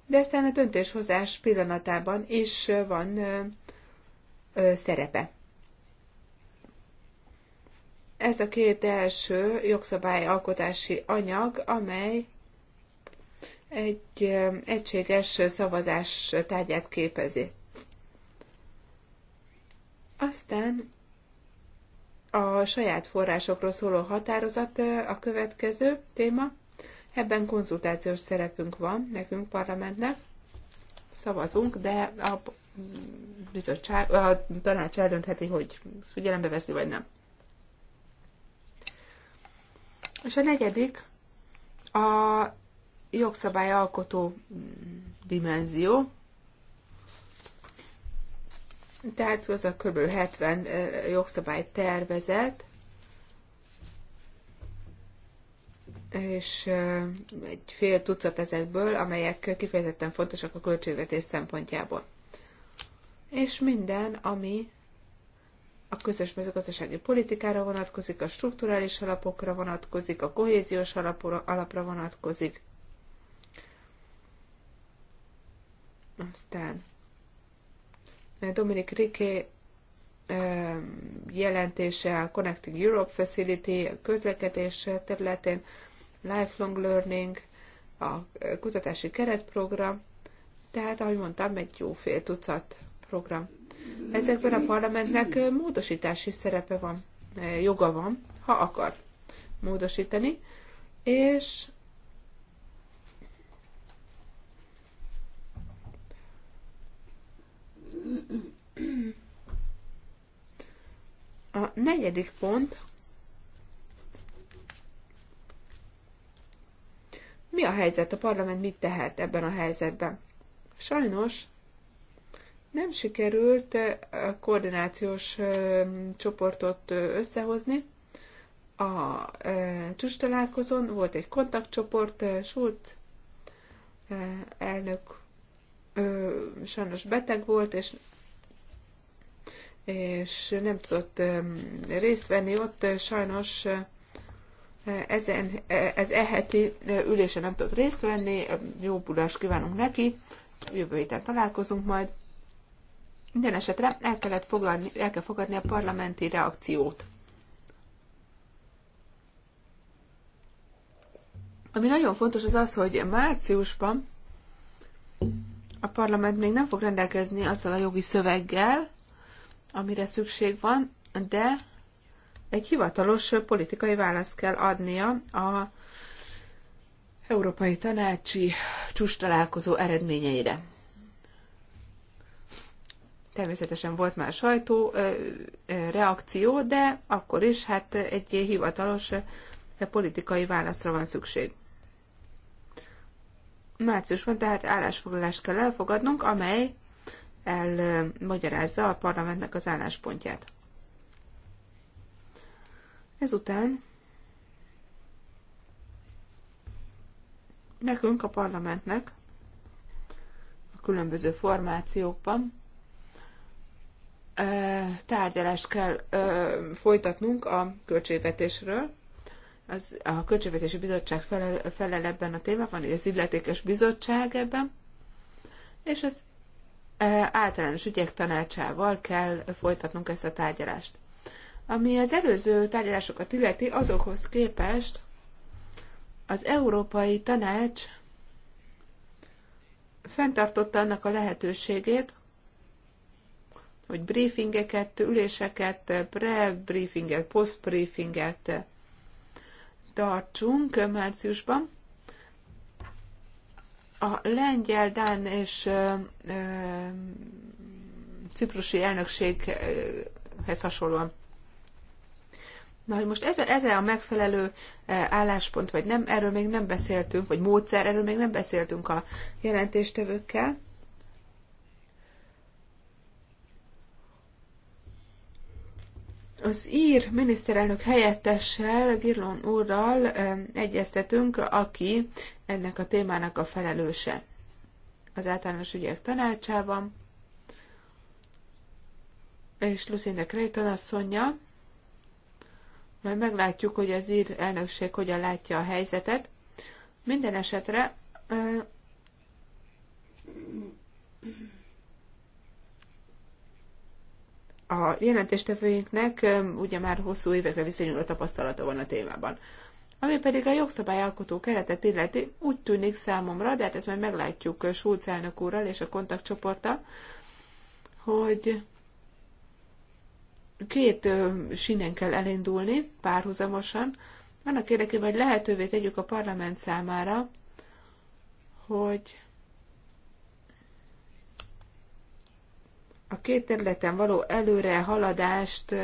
De aztán a döntéshozás pillanatában is van szerepe. Ez a két első jogszabályalkotási anyag, amely egy um, egységes szavazás tárgyát képezi. Aztán a saját forrásokról szóló határozat uh, a következő téma. Ebben konzultációs szerepünk van nekünk parlamentnek. Szavazunk, de a bizottság, a tanács eldöntheti, hogy figyelembe veszi vagy nem. És a negyedik a jogszabályalkotó mm, dimenzió, tehát az a kb. 70 jogszabály tervezet, és egy fél tucat ezekből, amelyek kifejezetten fontosak a költségvetés szempontjából. És minden, ami a közös mezőgazdasági politikára vonatkozik, a strukturális alapokra vonatkozik, a kohéziós alapra, alapra vonatkozik. Aztán eh, Dominik Riké eh, jelentése a Connecting Europe Facility a közlekedés területén, Lifelong Learning, a eh, kutatási keretprogram, tehát ahogy mondtam, egy jó fél tucat program ezekben a parlamentnek módosítási szerepe van, joga van, ha akar módosítani, és a negyedik pont, mi a helyzet, a parlament mit tehet ebben a helyzetben? Sajnos nem sikerült eh, a koordinációs eh, csoportot eh, összehozni. A csúcs találkozón volt egy kontaktcsoport, Schulz elnök sajnos beteg volt, és és nem tudott részt venni ott, sajnos ezen, ez e heti ülésen nem tudott részt venni, jó budást kívánunk neki, jövő héten találkozunk majd, minden esetre el, kellett fogadni, el kell fogadni a parlamenti reakciót. Ami nagyon fontos az az, hogy márciusban a parlament még nem fog rendelkezni azzal a jogi szöveggel, amire szükség van, de egy hivatalos politikai választ kell adnia a Európai Tanácsi csúcs találkozó eredményeire. Természetesen volt már sajtó reakció, de akkor is hát egy hivatalos politikai válaszra van szükség. Márciusban tehát állásfoglalást kell elfogadnunk, amely elmagyarázza a parlamentnek az álláspontját. Ezután nekünk a parlamentnek a különböző formációkban tárgyalást kell folytatnunk a költségvetésről. Az, a Költségvetési Bizottság felel, felel ebben a témában, az illetékes bizottság ebben, és az általános ügyek tanácsával kell folytatnunk ezt a tárgyalást. Ami az előző tárgyalásokat illeti, azokhoz képest az Európai Tanács fenntartotta annak a lehetőségét, hogy briefingeket, üléseket, pre-briefinget, post-briefinget tartsunk márciusban. A lengyel, dán és ö, ö, ciprusi elnökséghez hasonlóan. Na, hogy most ez, ez a megfelelő álláspont, vagy nem, erről még nem beszéltünk, vagy módszer, erről még nem beszéltünk a jelentéstevőkkel. az ír miniszterelnök helyettessel, Girlon úrral egyeztetünk, aki ennek a témának a felelőse az általános ügyek tanácsában, és Lucinda Creighton asszonya, majd meglátjuk, hogy az ír elnökség hogyan látja a helyzetet. Minden esetre a jelentéstevőinknek ugye már hosszú évekre viszonyuló tapasztalata van a témában. Ami pedig a jogszabályalkotó keretet illeti, úgy tűnik számomra, de hát ezt majd meglátjuk Schulz elnök úrral és a kontaktcsoporttal, hogy két sinen kell elindulni párhuzamosan, annak érdekében, hogy lehetővé tegyük a parlament számára, hogy a két területen való előre haladást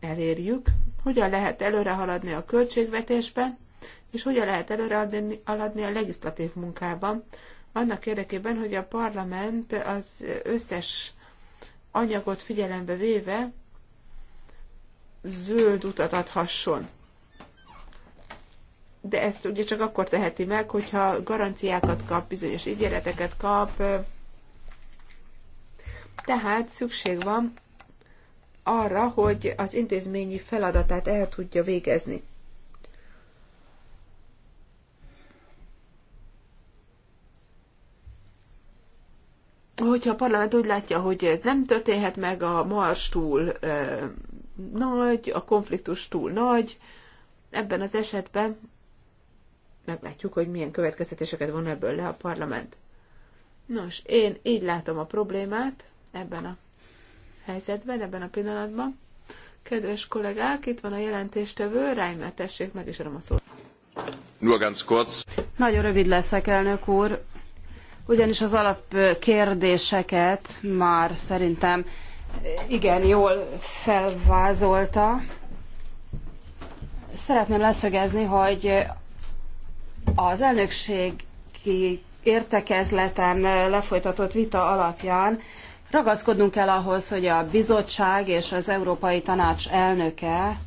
elérjük, hogyan lehet előre haladni a költségvetésben, és hogyan lehet előre haladni a legislatív munkában, annak érdekében, hogy a parlament az összes anyagot figyelembe véve zöld utat adhasson de ezt ugye csak akkor teheti meg, hogyha garanciákat kap, bizonyos ígéreteket kap, tehát szükség van arra, hogy az intézményi feladatát el tudja végezni. Hogyha a parlament úgy látja, hogy ez nem történhet meg, a mars túl ö, nagy, a konfliktus túl nagy, ebben az esetben meglátjuk, hogy milyen következtetéseket von ebből le a parlament. Nos, én így látom a problémát ebben a helyzetben, ebben a pillanatban. Kedves kollégák, itt van a jelentéstevő, Reimer, tessék, meg is adom a szót. Nagyon rövid leszek, elnök úr, ugyanis az alapkérdéseket már szerintem igen jól felvázolta. Szeretném leszögezni, hogy az elnökségi értekezleten eh, lefolytatott vita alapján ragaszkodnunk kell ahhoz, hogy a bizottság és az Európai Tanács elnöke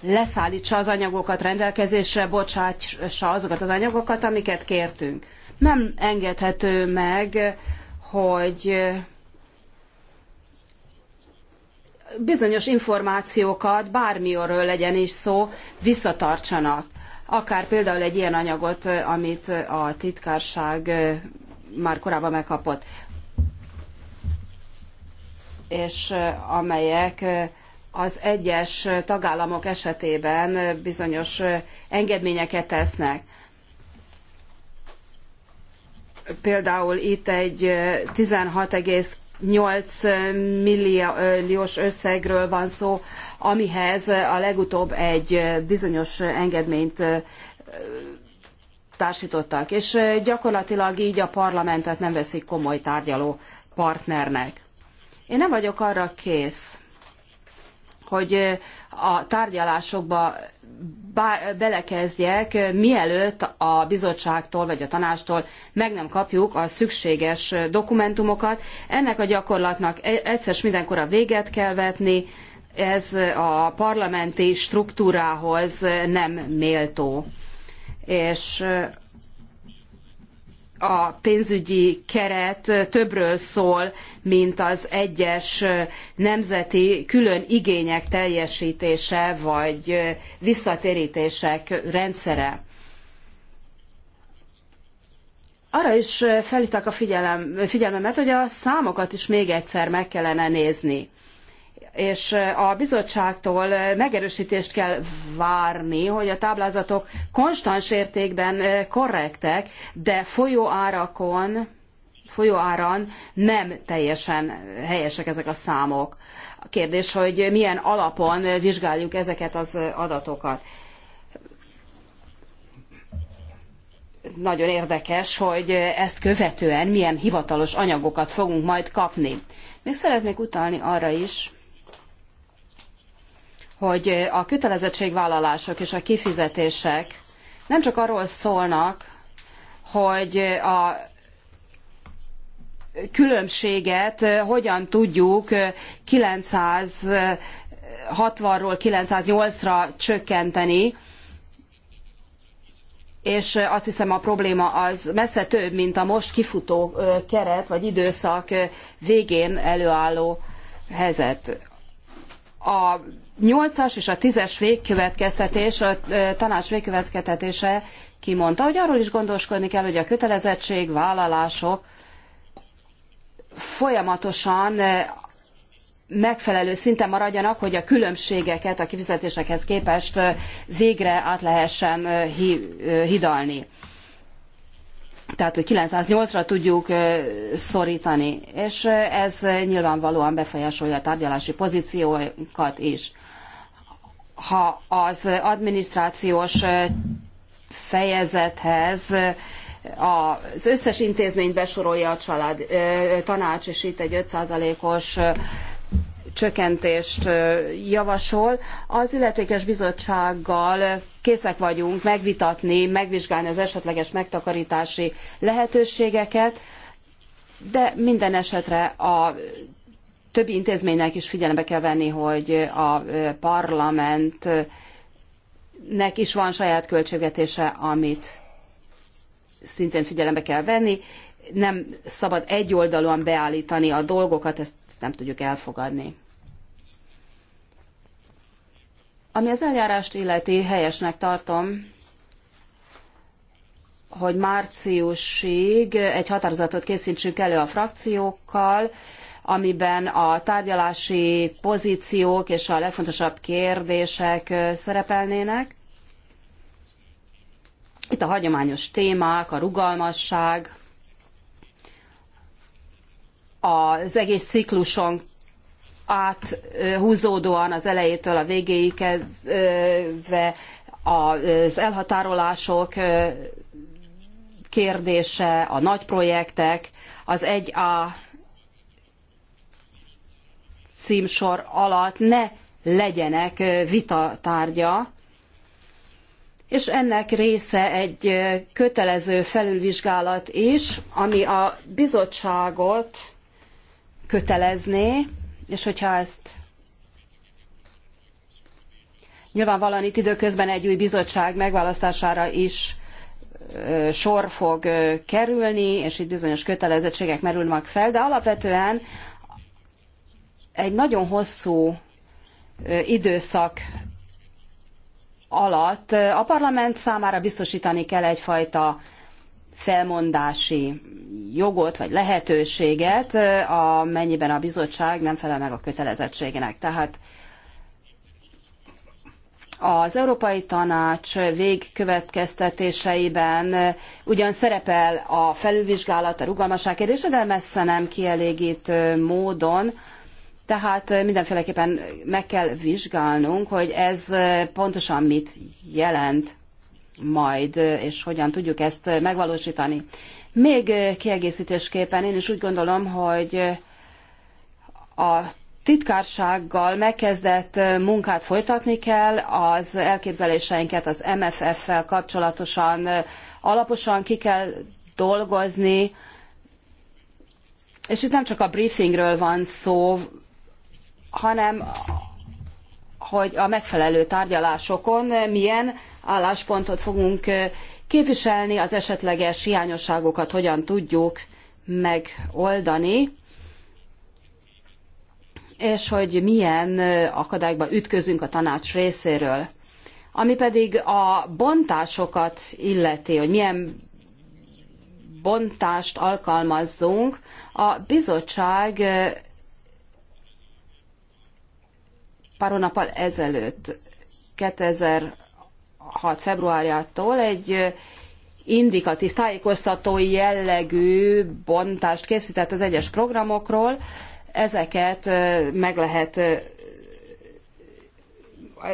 leszállítsa az anyagokat, rendelkezésre bocsássa azokat az anyagokat, amiket kértünk. Nem engedhető meg, hogy eh, bizonyos információkat, bármiről legyen is szó, visszatartsanak akár például egy ilyen anyagot, amit a titkárság már korábban megkapott, és amelyek az egyes tagállamok esetében bizonyos engedményeket tesznek. Például itt egy 16,8 milliós összegről van szó, amihez a legutóbb egy bizonyos engedményt társítottak, és gyakorlatilag így a parlamentet nem veszik komoly tárgyaló partnernek. Én nem vagyok arra kész, hogy a tárgyalásokba belekezdjek, mielőtt a bizottságtól vagy a tanástól meg nem kapjuk a szükséges dokumentumokat. Ennek a gyakorlatnak e-, egyszer mindenkor a véget kell vetni, ez a parlamenti struktúrához nem méltó. És a pénzügyi keret többről szól, mint az egyes nemzeti külön igények teljesítése vagy visszatérítések rendszere. Arra is felhívták a figyelem, figyelmemet, hogy a számokat is még egyszer meg kellene nézni és a bizottságtól megerősítést kell várni, hogy a táblázatok konstans értékben korrektek, de folyóárakon, folyóáran nem teljesen helyesek ezek a számok. A kérdés, hogy milyen alapon vizsgáljuk ezeket az adatokat. Nagyon érdekes, hogy ezt követően milyen hivatalos anyagokat fogunk majd kapni. Még szeretnék utalni arra is, hogy a kötelezettségvállalások és a kifizetések nem csak arról szólnak, hogy a különbséget hogyan tudjuk 960-ról 908-ra csökkenteni, és azt hiszem a probléma az messze több, mint a most kifutó keret vagy időszak végén előálló helyzet. A 8-as és a 10-es végkövetkeztetés, a tanács végkövetkeztetése kimondta, hogy arról is gondoskodni kell, hogy a kötelezettség, vállalások folyamatosan megfelelő szinten maradjanak, hogy a különbségeket a kifizetésekhez képest végre át lehessen hidalni. Tehát, hogy 908-ra tudjuk szorítani, és ez nyilvánvalóan befolyásolja a tárgyalási pozíciókat is ha az adminisztrációs fejezethez az összes intézményt besorolja a család tanács, és itt egy 5%-os csökkentést javasol. Az illetékes bizottsággal készek vagyunk megvitatni, megvizsgálni az esetleges megtakarítási lehetőségeket, de minden esetre a többi intézménynek is figyelembe kell venni, hogy a parlamentnek is van saját költségvetése, amit szintén figyelembe kell venni. Nem szabad egyoldalúan beállítani a dolgokat, ezt nem tudjuk elfogadni. Ami az eljárást illeti, helyesnek tartom, hogy márciusig egy határozatot készítsünk elő a frakciókkal, amiben a tárgyalási pozíciók és a legfontosabb kérdések szerepelnének. Itt a hagyományos témák, a rugalmasság, az egész cikluson áthúzódóan az elejétől a végéig kezdve az elhatárolások kérdése, a nagy projektek, az 1A címsor alatt ne legyenek vita tárgya, és ennek része egy kötelező felülvizsgálat is, ami a bizottságot kötelezné, és hogyha ezt nyilvánvalóan itt időközben egy új bizottság megválasztására is sor fog kerülni, és itt bizonyos kötelezettségek merülnek fel, de alapvetően egy nagyon hosszú időszak alatt a parlament számára biztosítani kell egyfajta felmondási jogot vagy lehetőséget, amennyiben a bizottság nem felel meg a kötelezettségének. Tehát az Európai Tanács végkövetkeztetéseiben ugyan szerepel a felülvizsgálat, a rugalmasság kérdése, de messze nem kielégítő módon tehát mindenféleképpen meg kell vizsgálnunk, hogy ez pontosan mit jelent majd, és hogyan tudjuk ezt megvalósítani. Még kiegészítésképpen én is úgy gondolom, hogy a titkársággal megkezdett munkát folytatni kell, az elképzeléseinket az MFF-fel kapcsolatosan alaposan ki kell dolgozni, és itt nem csak a briefingről van szó, hanem hogy a megfelelő tárgyalásokon milyen álláspontot fogunk képviselni, az esetleges hiányosságokat hogyan tudjuk megoldani, és hogy milyen akadályba ütközünk a tanács részéről. Ami pedig a bontásokat illeti, hogy milyen bontást alkalmazzunk, a bizottság pár hónappal ezelőtt, 2006. februárjától egy indikatív, tájékoztatói jellegű bontást készített az egyes programokról. Ezeket meg lehet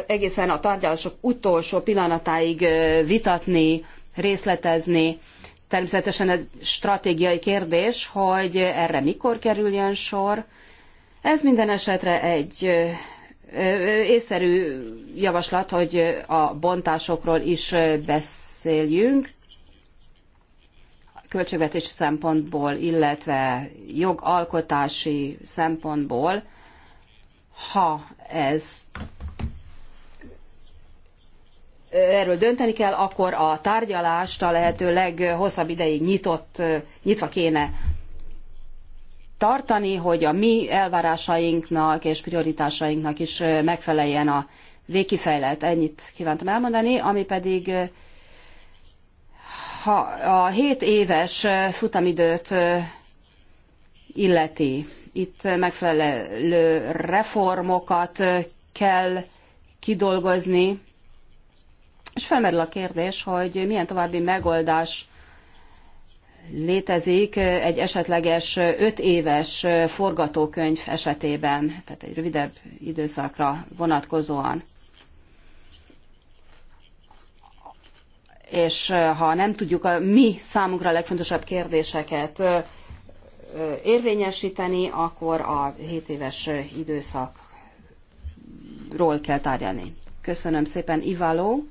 egészen a tárgyalások utolsó pillanatáig vitatni, részletezni. Természetesen egy stratégiai kérdés, hogy erre mikor kerüljön sor. Ez minden esetre egy észszerű javaslat, hogy a bontásokról is beszéljünk, költségvetési szempontból, illetve jogalkotási szempontból, ha ez erről dönteni kell, akkor a tárgyalást a lehető leghosszabb ideig nyitott, nyitva kéne tartani, hogy a mi elvárásainknak és prioritásainknak is megfeleljen a végkifejlet. Ennyit kívántam elmondani, ami pedig ha a 7 éves futamidőt illeti, itt megfelelő reformokat kell kidolgozni, és felmerül a kérdés, hogy milyen további megoldás létezik egy esetleges öt éves forgatókönyv esetében, tehát egy rövidebb időszakra vonatkozóan. És eh, ha nem tudjuk a mi számunkra a legfontosabb kérdéseket eh, eh, érvényesíteni, akkor a 7 éves időszakról kell tárgyalni. Köszönöm szépen, Iváló!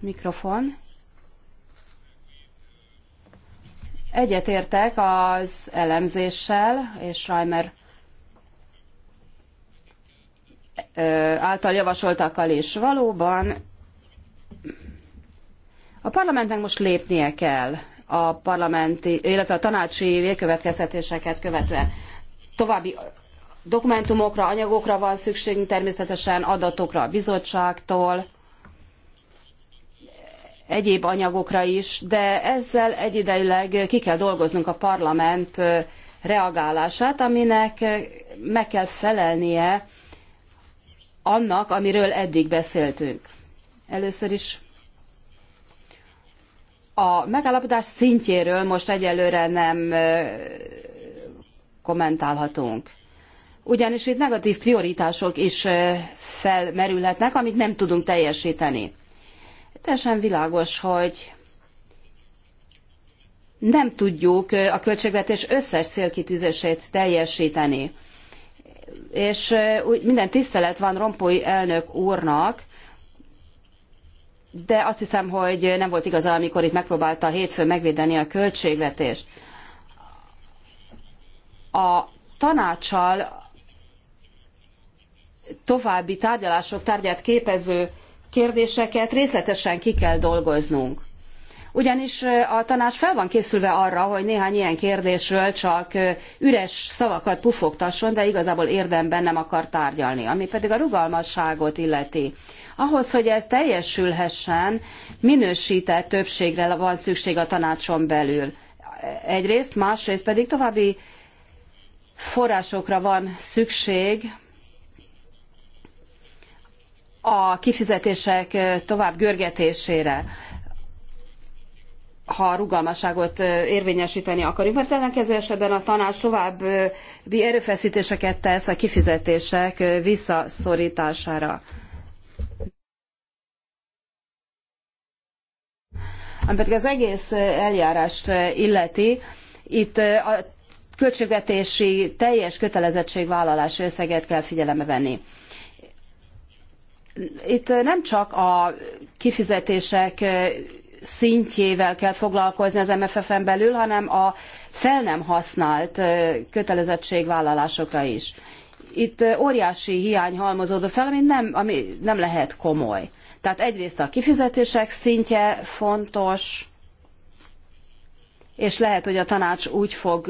Mikrofon. Egyetértek az elemzéssel, és Reimer által javasoltakkal is. Valóban a parlamentnek most lépnie kell a parlamenti, illetve a tanácsi végkövetkeztetéseket követően. További dokumentumokra, anyagokra van szükségünk, természetesen adatokra a bizottságtól, egyéb anyagokra is, de ezzel egyidejűleg ki kell dolgoznunk a parlament reagálását, aminek meg kell felelnie annak, amiről eddig beszéltünk. Először is a megállapodás szintjéről most egyelőre nem kommentálhatunk. Ugyanis itt negatív prioritások is felmerülhetnek, amit nem tudunk teljesíteni teljesen világos, hogy nem tudjuk a költségvetés összes célkitűzését teljesíteni. És minden tisztelet van rompói elnök úrnak, de azt hiszem, hogy nem volt igaza, amikor itt megpróbálta a hétfőn megvédeni a költségvetést. A tanácsal további tárgyalások tárgyát képező kérdéseket részletesen ki kell dolgoznunk. Ugyanis a tanács fel van készülve arra, hogy néhány ilyen kérdésről csak üres szavakat pufogtasson, de igazából érdemben nem akar tárgyalni. Ami pedig a rugalmasságot illeti. Ahhoz, hogy ez teljesülhessen, minősített többségre van szükség a tanácson belül. Egyrészt, másrészt pedig további forrásokra van szükség, a kifizetések tovább görgetésére, ha rugalmasságot érvényesíteni akarjuk, mert ellenkező esetben a tanács további erőfeszítéseket tesz a kifizetések visszaszorítására. Ami pedig az egész eljárást illeti, itt a költségvetési teljes kötelezettségvállalási összeget kell figyelembe venni. Itt nem csak a kifizetések szintjével kell foglalkozni az MFF-en belül, hanem a fel nem használt kötelezettségvállalásokra is. Itt óriási hiány halmozódott fel, ami nem, ami nem lehet komoly. Tehát egyrészt a kifizetések szintje fontos, és lehet, hogy a tanács úgy fog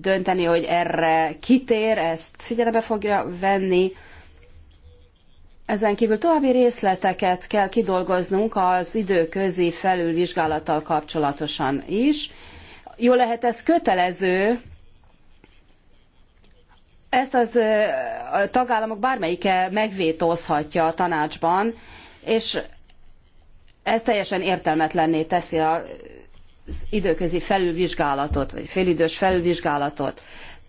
dönteni, hogy erre kitér, ezt figyelembe fogja venni, ezen kívül további részleteket kell kidolgoznunk az időközi felülvizsgálattal kapcsolatosan is. Jó lehet ez kötelező, ezt az a tagállamok bármelyike megvétózhatja a tanácsban, és ez teljesen értelmetlenné teszi az időközi felülvizsgálatot, vagy félidős felülvizsgálatot.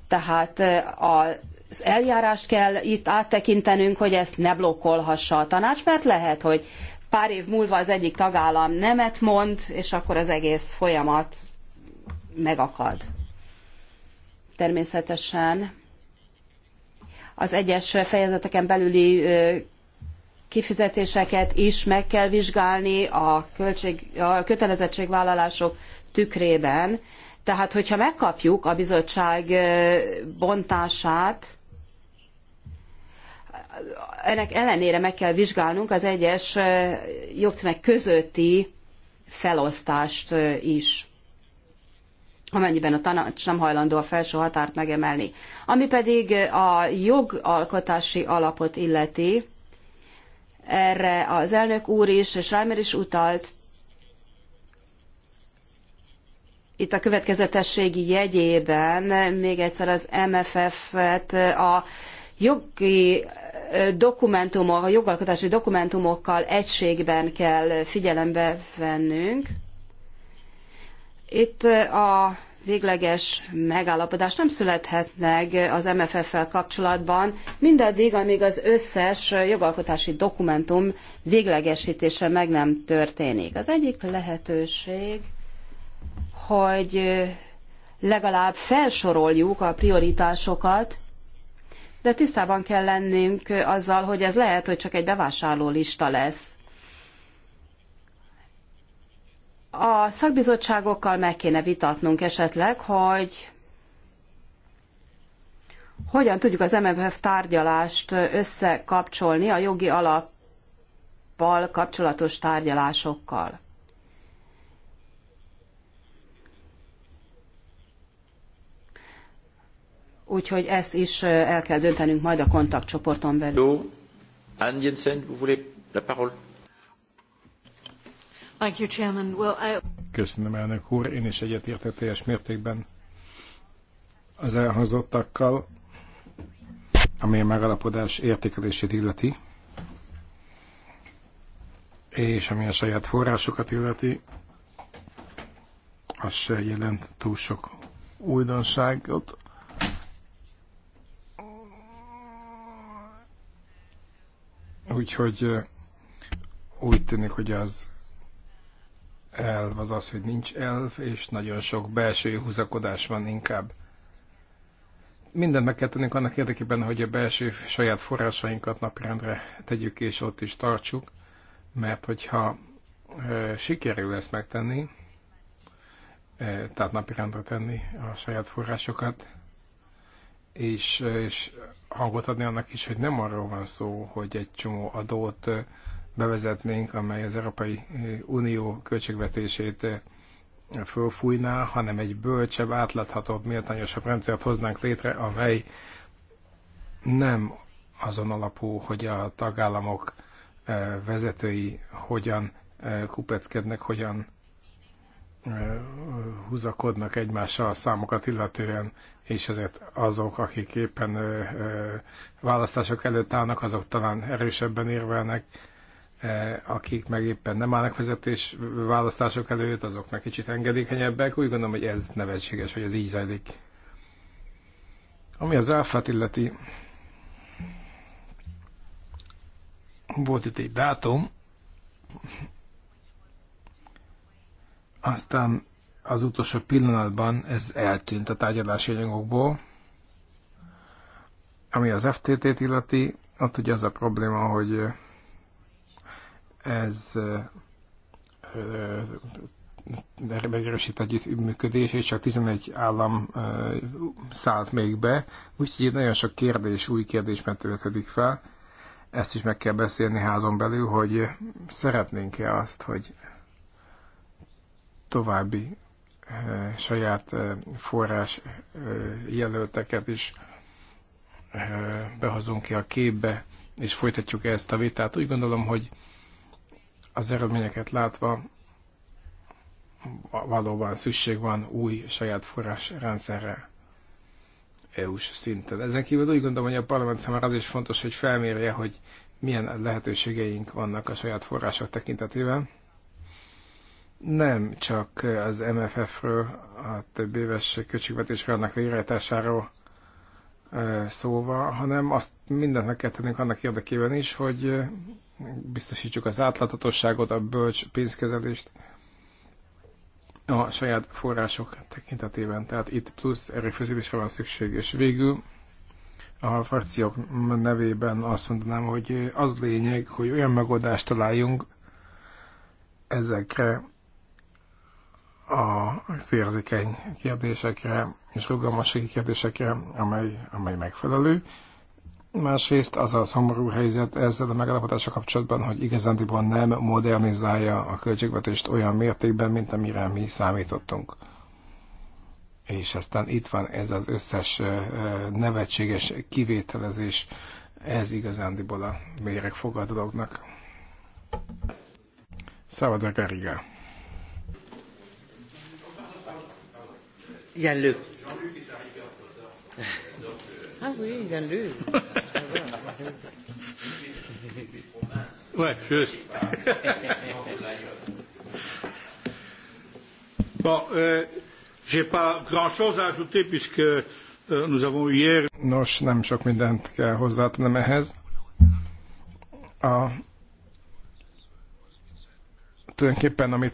Tehát a az eljárást kell itt áttekintenünk, hogy ezt ne blokkolhassa a tanács, mert lehet, hogy pár év múlva az egyik tagállam nemet mond, és akkor az egész folyamat megakad. Természetesen az egyes fejezeteken belüli kifizetéseket is meg kell vizsgálni a, költség, a kötelezettségvállalások tükrében. Tehát, hogyha megkapjuk a bizottság bontását, ennek ellenére meg kell vizsgálnunk az egyes jogszabály közötti felosztást is amennyiben a tanács nem hajlandó a felső határt megemelni. Ami pedig a jogalkotási alapot illeti, erre az elnök úr is, és Reimer is utalt, itt a következetességi jegyében még egyszer az MFF-et a jogi dokumentumok, a jogalkotási dokumentumokkal egységben kell figyelembe vennünk. Itt eh, a végleges megállapodás nem születhet meg az MFF-fel kapcsolatban, mindaddig, amíg az összes jogalkotási dokumentum véglegesítése meg nem történik. Az egyik lehetőség, hogy eh, legalább felsoroljuk a prioritásokat, de tisztában kell lennünk azzal, hogy ez lehet, hogy csak egy bevásárló lista lesz. A szakbizottságokkal meg kéne vitatnunk esetleg, hogy hogyan tudjuk az MFF tárgyalást összekapcsolni a jogi alappal kapcsolatos tárgyalásokkal. Úgyhogy ezt is el kell döntenünk majd a kontaktcsoporton belül. Anne Jensen, vous voulez la parole? Thank you, Chairman. Well, I... Köszönöm, elnök úr. Én is egyetértek teljes mértékben az elhangzottakkal, ami a megalapodás értékelését illeti, és ami a saját forrásokat illeti, az se jelent túl sok újdonságot. Úgyhogy úgy tűnik, hogy az elv az az, hogy nincs elv, és nagyon sok belső húzakodás van inkább. Mindent meg kell tennünk annak érdekében, hogy a belső saját forrásainkat napirendre tegyük és ott is tartsuk, mert hogyha e, sikerül ezt megtenni, e, tehát napirendre tenni a saját forrásokat, és, és hangot adni annak is, hogy nem arról van szó, hogy egy csomó adót bevezetnénk, amely az Európai Unió költségvetését fölfújná, hanem egy bölcsebb, átláthatóbb, méltányosabb rendszert hoznánk létre, amely nem azon alapú, hogy a tagállamok vezetői hogyan kupeckednek, hogyan húzakodnak egymással a számokat illetően, és azért azok, akik éppen választások előtt állnak, azok talán erősebben érvelnek, akik meg éppen nem állnak vezetés választások előtt, azok meg kicsit engedékenyebbek. Úgy gondolom, hogy ez nevetséges, hogy ez így zajlik. Ami az áfát illeti, volt itt egy dátum, aztán az utolsó pillanatban ez eltűnt a tárgyalási anyagokból. Ami az FTT-t illeti, ott ugye az a probléma, hogy ez megerősít és csak 11 állam szállt még be, úgyhogy nagyon sok kérdés, új kérdés vetődik fel. Ezt is meg kell beszélni házon belül, hogy szeretnénk-e azt, hogy további saját forrás jelölteket is behozunk ki a képbe, és folytatjuk ezt a vitát. Úgy gondolom, hogy az eredményeket látva valóban szükség van új saját forrás rendszerre EU-s szinten. Ezen kívül úgy gondolom, hogy a parlament számára az is fontos, hogy felmérje, hogy milyen lehetőségeink vannak a saját források tekintetében nem csak az MFF-ről, a több éves költségvetésről, annak végrehajtásáról szóva, hanem azt mindent meg kell tennünk annak érdekében is, hogy biztosítsuk az átláthatóságot, a bölcs pénzkezelést a saját források tekintetében. Tehát itt plusz erőfeszítésre van szükség. És végül a frakciók nevében azt mondanám, hogy az lényeg, hogy olyan megoldást találjunk ezekre a érzékeny kérdésekre és rugalmassági kérdésekre, amely, amely megfelelő. Másrészt az a szomorú helyzet ezzel a megállapodással kapcsolatban, hogy igazándiból nem modernizálja a költségvetést olyan mértékben, mint amire mi számítottunk. És aztán itt van ez az összes nevetséges kivételezés, ez igazándiból a méreg fog a Garriga. Il y a le. Ah oui, il y a le. ouais, juste. bon, euh, j'ai pas grand-chose à ajouter puisque euh, nous avons hier. Nos, nem sok mindent kell hozzátennem ehhez. A tulajdonképpen, amit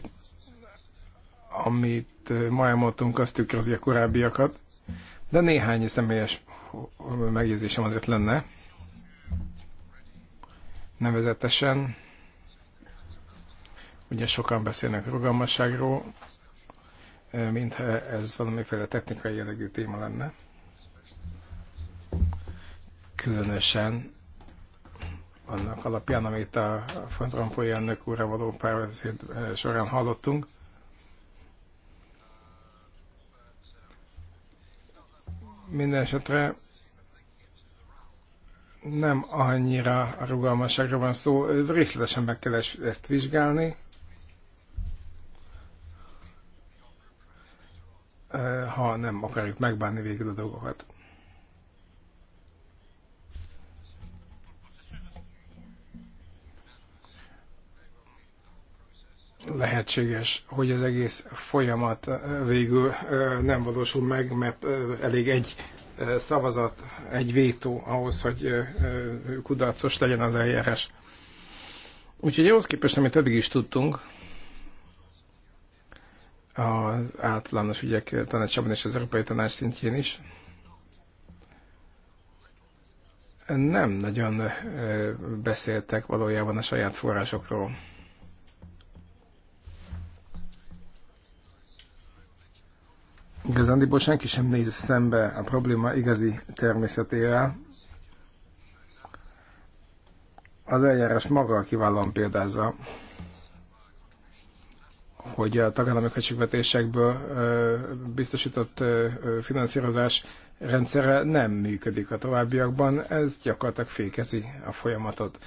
amit ma elmondtunk, azt tükrözi a korábbiakat, de néhány személyes megjegyzésem azért lenne. Nevezetesen, ugye sokan beszélnek rugalmasságról, mintha ez valamiféle technikai jellegű téma lenne. Különösen annak alapján, amit a Van elnök úrra való párbeszéd során hallottunk. Minden esetre nem annyira a rugalmasságra van szó, részletesen meg kell ezt vizsgálni. ha nem akarjuk megbánni végül a dolgokat. lehetséges, hogy az egész folyamat végül nem valósul meg, mert elég egy szavazat, egy vétó ahhoz, hogy kudarcos legyen az eljárás. Úgyhogy ahhoz képest, amit eddig is tudtunk, az általános ügyek tanácsában és az Európai Tanács szintjén is, nem nagyon beszéltek valójában a saját forrásokról Igazándiból senki sem néz szembe a probléma igazi természetével. Az eljárás maga kiválóan példázza, hogy a tagállami költségvetésekből biztosított finanszírozás rendszere nem működik a továbbiakban, ez gyakorlatilag fékezi a folyamatot.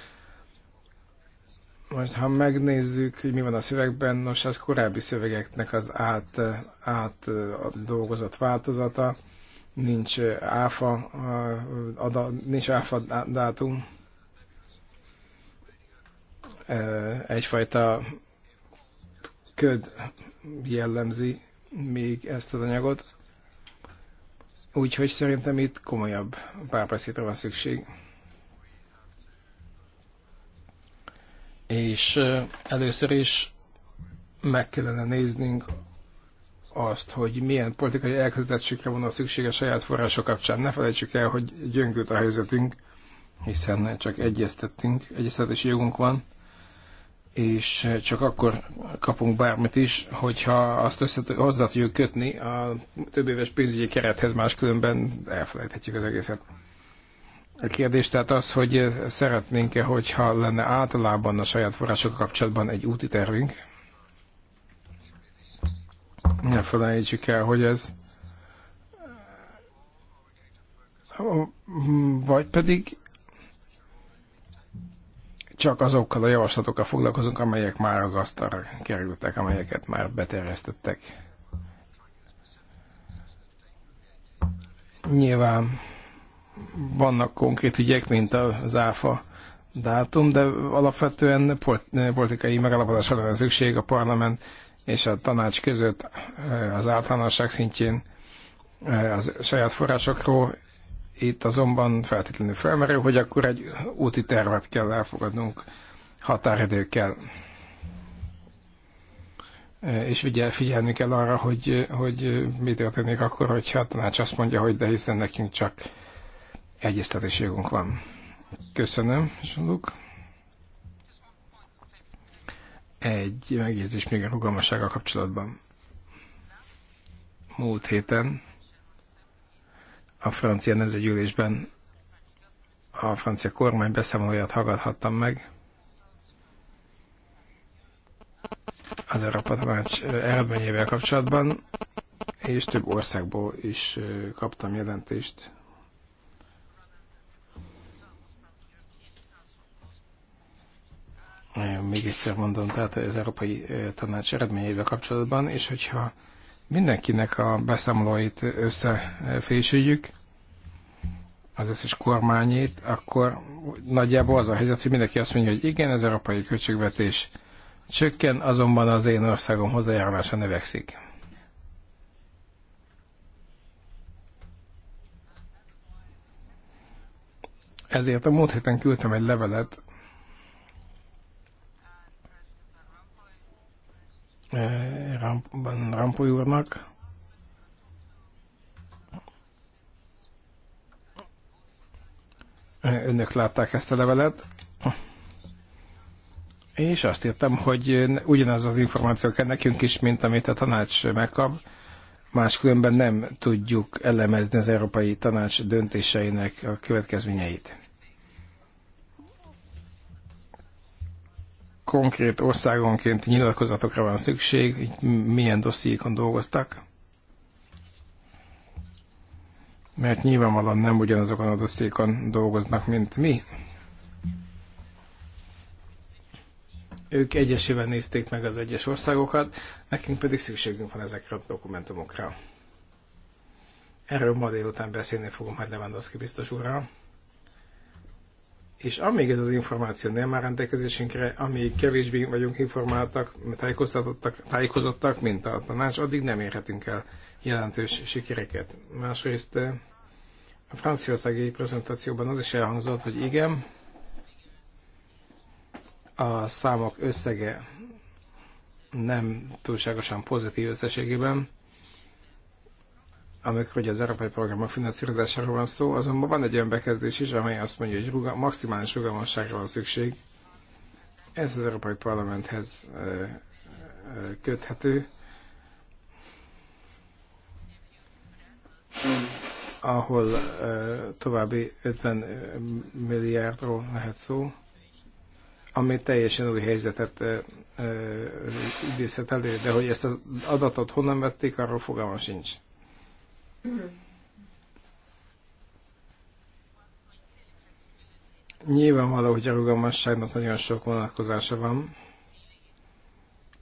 Most ha megnézzük, hogy mi van a szövegben, nos, az korábbi szövegeknek az át, át a dolgozott változata, nincs áfa, nincs áfa dátum, egyfajta köd jellemzi még ezt az anyagot, úgyhogy szerintem itt komolyabb párbeszédre van szükség. És először is meg kellene néznünk azt, hogy milyen politikai elkötelezettségre van a szükség a saját források kapcsán. Ne felejtsük el, hogy gyöngült a helyzetünk, hiszen csak egyeztettünk, egyeztetési jogunk van, és csak akkor kapunk bármit is, hogyha azt össze, hozzá tudjuk kötni a több éves pénzügyi kerethez, máskülönben elfelejthetjük az egészet. A kérdés tehát az, hogy szeretnénk-e, hogyha lenne általában a saját források kapcsolatban egy úti tervünk. Ne felejtsük el, hogy ez vagy pedig csak azokkal a javaslatokkal foglalkozunk, amelyek már az asztalra kerültek, amelyeket már beterjesztettek. Nyilván vannak konkrét ügyek, mint az ÁFA dátum, de alapvetően politikai megállapodásra lenne szükség a parlament és a tanács között eh, az általánosság szintjén eh, az saját forrásokról. Itt azonban feltétlenül felmerül, hogy akkor egy úti tervet kell elfogadnunk határidőkkel. Eh, és ugye figyelni kell arra, hogy, hogy mi történik akkor, hogyha a tanács azt mondja, hogy de hiszen nekünk csak egyeztetési jogunk van. Köszönöm, Zsuluk. Egy megjegyzés még a rugalmassággal kapcsolatban. Múlt héten a francia nemzetgyűlésben a francia kormány beszámolóját hallgathattam meg. az Európa Tanács eredményével kapcsolatban, és több országból is kaptam jelentést Még egyszer mondom, tehát az Európai Tanács eredményeivel kapcsolatban, és hogyha mindenkinek a beszámolóit összefésüljük, az összes kormányét, akkor nagyjából az a helyzet, hogy mindenki azt mondja, hogy igen, az európai költségvetés csökken, azonban az én országom hozzájárulása növekszik. Ezért a múlt héten küldtem egy levelet Eh, Rampoly úrnak. Eh, önök látták ezt a levelet. És azt írtam, hogy ugyanaz az információ kell nekünk is, mint amit a tanács megkap. Máskülönben nem tudjuk elemezni az Európai Tanács döntéseinek a következményeit. konkrét országonként nyilatkozatokra van szükség, milyen dossziékon dolgoztak? Mert nyilvánvalóan nem ugyanazokon a dossziékon dolgoznak, mint mi. Ők egyesével nézték meg az egyes országokat, nekünk pedig szükségünk van ezekre a dokumentumokra. Erről ma délután beszélni fogom hogy Lewandowski biztos úrral. És amíg ez az információ nem áll rendelkezésünkre, amíg kevésbé vagyunk informáltak, tájékoztatottak, tájékozottak, mint a tanács, addig nem érhetünk el jelentős sikereket. Másrészt eh, a franciaországi prezentációban az is elhangzott, hogy igen, a számok összege nem túlságosan pozitív összességében, amikor hogy az európai programok finanszírozásáról van szó, azonban van egy olyan bekezdés is, amely azt mondja, hogy ruga, maximális rugalmasságra van szükség. Ez az Európai Parlamenthez köthető. ahol további 50 milliárdról lehet szó, ami teljesen új helyzetet idézhet elő, de hogy ezt az adatot honnan vették, arról fogalma sincs. Nyilvánvaló, hogy a rugalmasságnak nagyon sok vonatkozása van.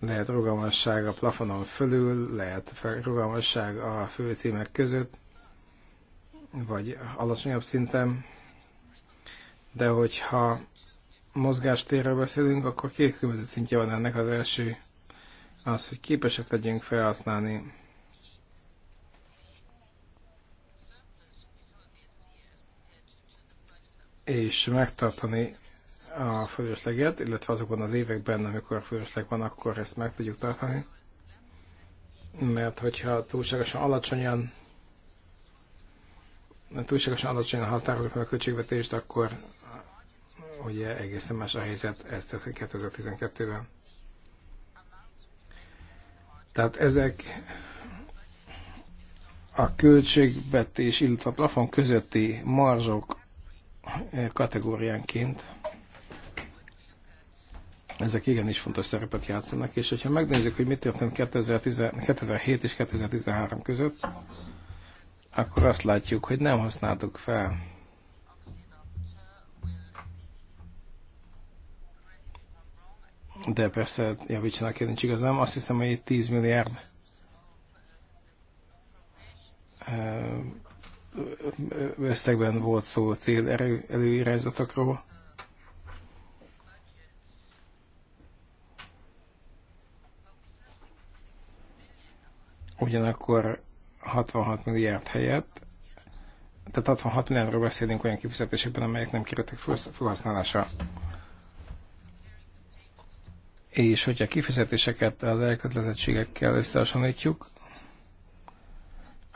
Lehet rugalmasság a plafonon fölül, lehet rugalmasság a főcímek között, vagy alacsonyabb szinten. De hogyha mozgástérről beszélünk, akkor két különböző szintje van ennek az első, az, hogy képesek legyünk felhasználni és megtartani a fölösleget, illetve azokban az években, amikor fölösleg van, akkor ezt meg tudjuk tartani. Mert hogyha túlságosan alacsonyan túlságosan alacsonyan határoljuk meg a költségvetést, akkor ugye egészen más a helyzet, ez 2012-ben. Tehát ezek a költségvetés, illetve a plafon közötti marzsok kategóriánként ezek igenis fontos szerepet játszanak, és hogyha megnézzük, hogy mi történt 2007 és 2013 között, akkor azt látjuk, hogy nem használtuk fel De persze, javítsanak én nincs igazam. Azt hiszem, hogy 10 milliárd összegben volt szó cél erő, előirányzatokról. Ugyanakkor 66 milliárd helyett, tehát 66 milliárdról beszélünk olyan kifizetésekben, amelyek nem kerültek felhasználásra. És hogyha a kifizetéseket az elkötelezettségekkel összehasonlítjuk,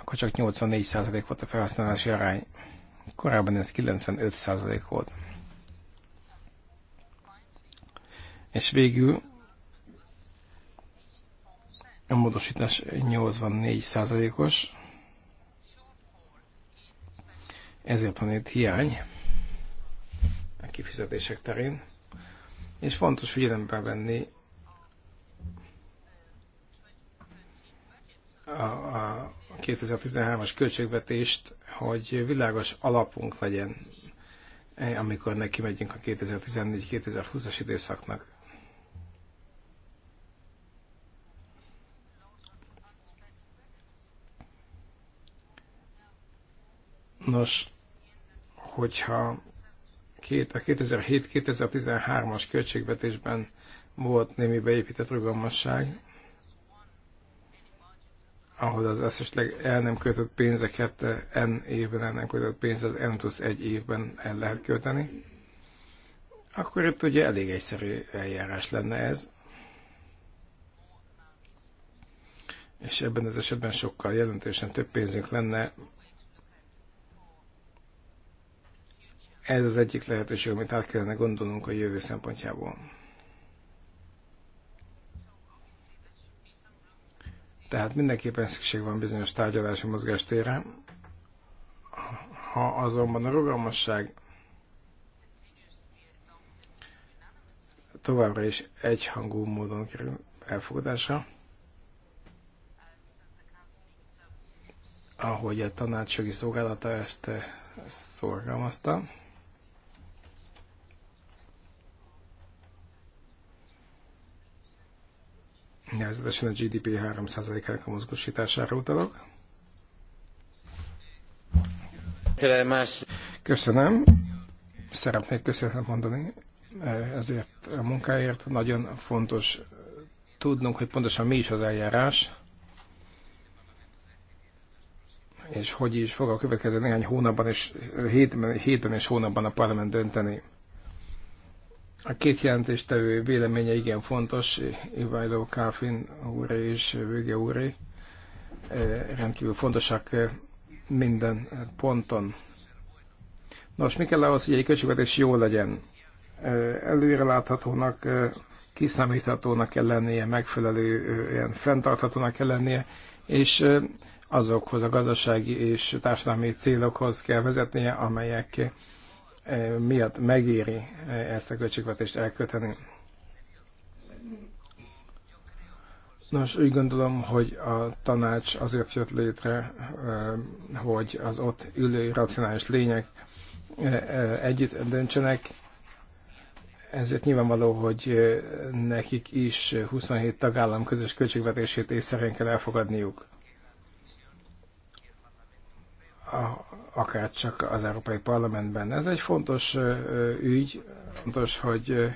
akkor csak 84% volt a felhasználási arány. Korábban ez 95% volt. És végül a módosítás 84%-os, ezért van itt hiány a kifizetések terén, és fontos figyelembe venni a, a, 2013-as költségvetést, hogy világos alapunk legyen, eh, amikor neki megyünk a 2014-2020-as időszaknak. Nos, hogyha két, a 2007-2013-as költségvetésben volt némi beépített rugalmasság, ahol az esetleg el nem költött pénzeket eh, N évben el nem költött pénz, az N plusz egy évben el lehet költeni, akkor itt ugye elég egyszerű eljárás lenne ez. És ebben az esetben sokkal jelentősen több pénzünk lenne. Ez az egyik lehetőség, amit át kellene gondolnunk a jövő szempontjából. Tehát mindenképpen szükség van bizonyos tárgyalási mozgástérre. Ha azonban a rugalmasság továbbra is egyhangú módon kerül elfogadásra, ahogy a tanácsjogi szolgálata ezt eh, szorgalmazta, nevezetesen a GDP 3%-ának a mozgósítására utalok. Köszönöm. Szeretnék köszönetet mondani ezért a munkáért. Nagyon fontos tudnunk, hogy pontosan mi is az eljárás, és hogy is fog a következő néhány hónapban és hétben, hétben és hónapban a parlament dönteni. A két jelentéstevő véleménye igen fontos, Ivajló Káfin úr és Vöge úré eh, rendkívül fontosak eh, minden ponton. Nos, mi kell ahhoz, hogy egy költségvetés jó legyen? Eh, előreláthatónak, kiszámíthatónak kell lennie, megfelelő ilyen fenntarthatónak kell lennie, és azokhoz a gazdasági és társadalmi célokhoz kell vezetnie, amelyek E, miatt megéri e, ezt a költségvetést elköteni. Nos, úgy gondolom, hogy a tanács azért jött létre, e, hogy az ott ülő racionális lények együtt döntsenek, ezért nyilvánvaló, hogy nekik is 27 tagállam közös költségvetését észszerűen kell elfogadniuk. A akár csak az Európai Parlamentben. Ez egy fontos ügy, fontos, hogy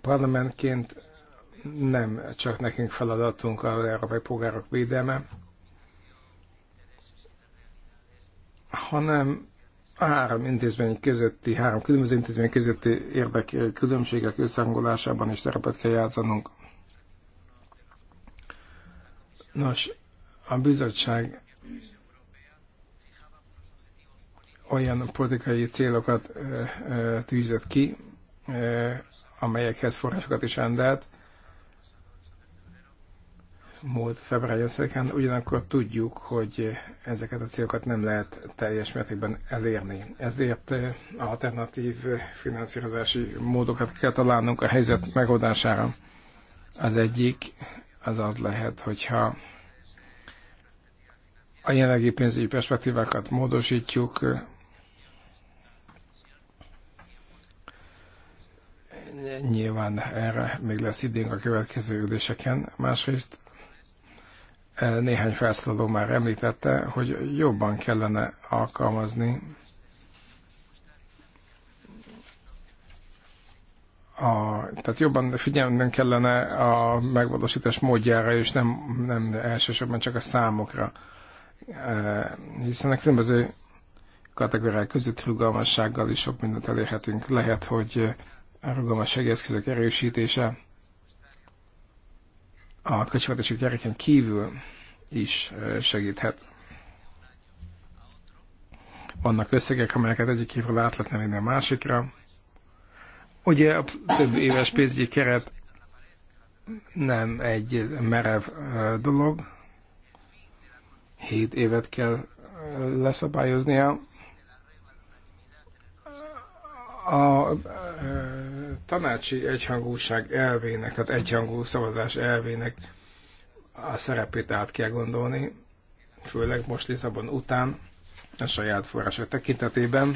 parlamentként nem csak nekünk feladatunk az európai polgárok védelme, hanem három intézmény közötti, három különböző intézmény közötti érdek különbségek összehangolásában is szerepet kell játszanunk. Nos, a bizottság olyan politikai célokat tűzött ki, amelyekhez forrásokat is rendelt múlt február 8-án, ugyanakkor tudjuk, hogy ezeket a célokat nem lehet teljes mértékben elérni. Ezért alternatív finanszírozási módokat kell találnunk a helyzet megoldására. Az egyik az az lehet, hogyha a jelenlegi pénzügyi perspektívákat módosítjuk, Nyilván erre még lesz időnk a következő üléseken. Másrészt e, néhány felszólaló már említette, hogy jobban kellene alkalmazni a, tehát jobban figyelnünk kellene a megvalósítás módjára, és nem, nem elsősorban csak a számokra. E, hiszen a különböző kategóriák között rugalmassággal is sok mindent elérhetünk. Lehet, hogy a rugalmas eszközök erősítése a kölcsönhatási kereken kívül is segíthet. Vannak összegek, amelyeket egyik évről át lehetne vinni a másikra. Ugye a több éves pénzügyi keret nem egy merev dolog. Hét évet kell leszabályoznia a tanácsi egyhangúság elvének, tehát egyhangú szavazás elvének a szerepét át kell gondolni, főleg most Lisszabon után, a saját források tekintetében,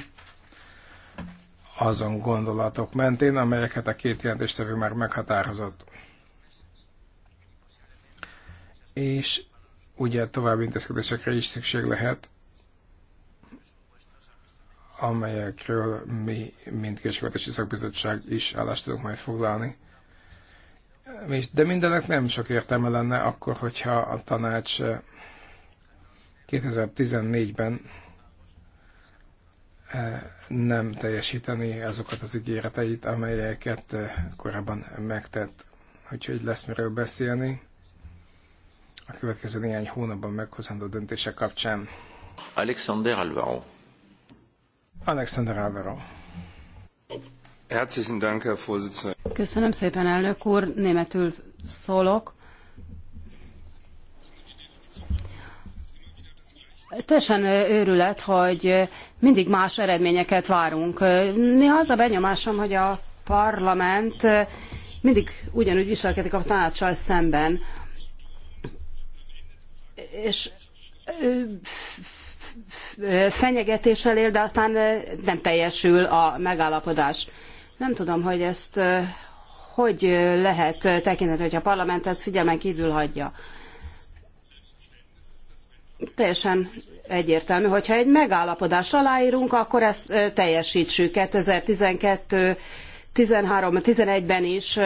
azon gondolatok mentén, amelyeket a két jelentéstevő már meghatározott. És ugye további intézkedésekre is szükség lehet, amelyekről mi, mint Költségvetési Szakbizottság is állást tudunk majd foglalni. De mindenek nem sok értelme lenne akkor, hogyha a tanács 2014-ben eh, eh, nem teljesíteni azokat az ígéreteit, amelyeket eh, korábban megtett. Úgyhogy lesz miről beszélni a következő néhány hónapban meghozandó döntések kapcsán. Alexander Alvaro. Alexander Álvaro. Herzlichen Dank, Herr Vorsitzender. Köszönöm szépen, elnök úr. Németül szólok. Teljesen őrület, hogy mindig más eredményeket várunk. Néha az a benyomásom, hogy a parlament mindig ugyanúgy viselkedik a tanácssal szemben. És fenyegetéssel él, de aztán nem teljesül a megállapodás. Nem tudom, hogy ezt hogy lehet tekinteni, hogy a parlament ezt figyelmen kívül hagyja. Teljesen egyértelmű, hogyha egy megállapodást aláírunk, akkor ezt teljesítsük 2012 13 11 ben is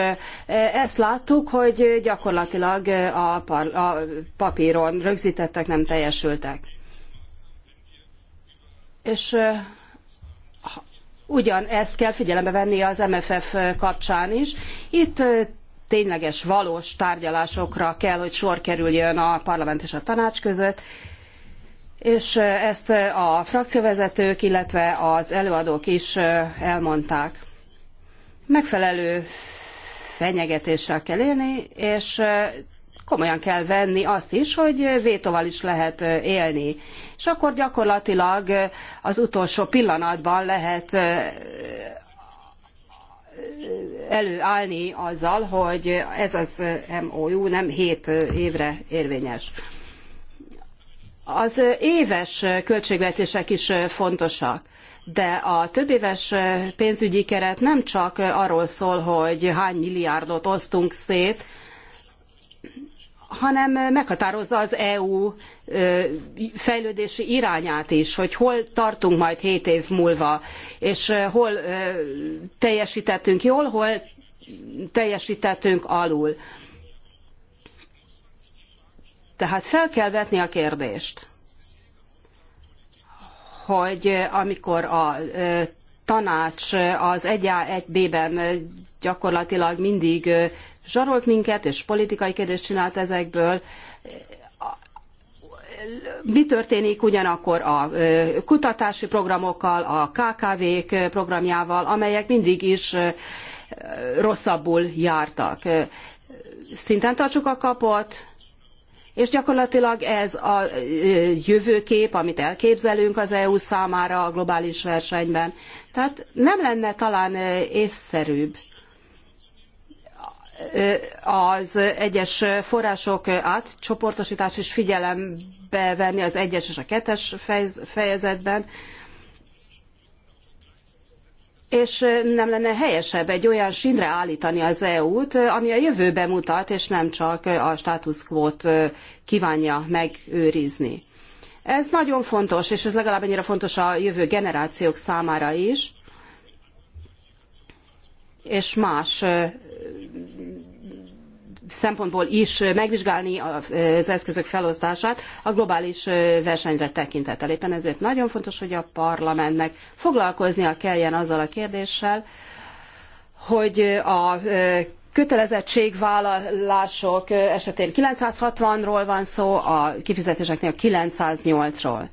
ezt láttuk, hogy gyakorlatilag a, par, a papíron rögzítettek nem teljesültek. És ugyanezt kell figyelembe venni az MFF kapcsán is. Itt tényleges, valós tárgyalásokra kell, hogy sor kerüljön a parlament és a tanács között, és ezt a frakcióvezetők, illetve az előadók is elmondták. Megfelelő fenyegetéssel kell élni, és komolyan kell venni azt is, hogy vétóval is lehet élni. És akkor gyakorlatilag az utolsó pillanatban lehet előállni azzal, hogy ez az MOU nem 7 évre érvényes. Az éves költségvetések is fontosak, de a többéves pénzügyi keret nem csak arról szól, hogy hány milliárdot osztunk szét, hanem meghatározza az EU fejlődési irányát is, hogy hol tartunk majd 7 év múlva, és hol teljesítettünk jól, hol teljesítettünk alul. Tehát fel kell vetni a kérdést, hogy amikor a tanács az 1A, 1B-ben gyakorlatilag mindig zsarolt minket, és politikai kérdést csinált ezekből. Mi történik ugyanakkor a kutatási programokkal, a KKV-k programjával, amelyek mindig is rosszabbul jártak? Szinten tartsuk a kapot, és gyakorlatilag ez a jövőkép, amit elképzelünk az EU számára a globális versenyben. Tehát nem lenne talán észszerűbb az egyes források átcsoportosítás is figyelembe venni az egyes és a kettes fejezetben. És nem lenne helyesebb egy olyan sínre állítani az EU-t, ami a jövőbe mutat, és nem csak a status quo-t kívánja megőrizni. Ez nagyon fontos, és ez legalább ennyire fontos a jövő generációk számára is, és más szempontból is megvizsgálni az eszközök felosztását a globális versenyre tekintettel. Éppen ezért nagyon fontos, hogy a parlamentnek foglalkoznia kelljen azzal a kérdéssel, hogy a kötelezettségvállalások esetén 960-ról van szó, a kifizetéseknél 908-ról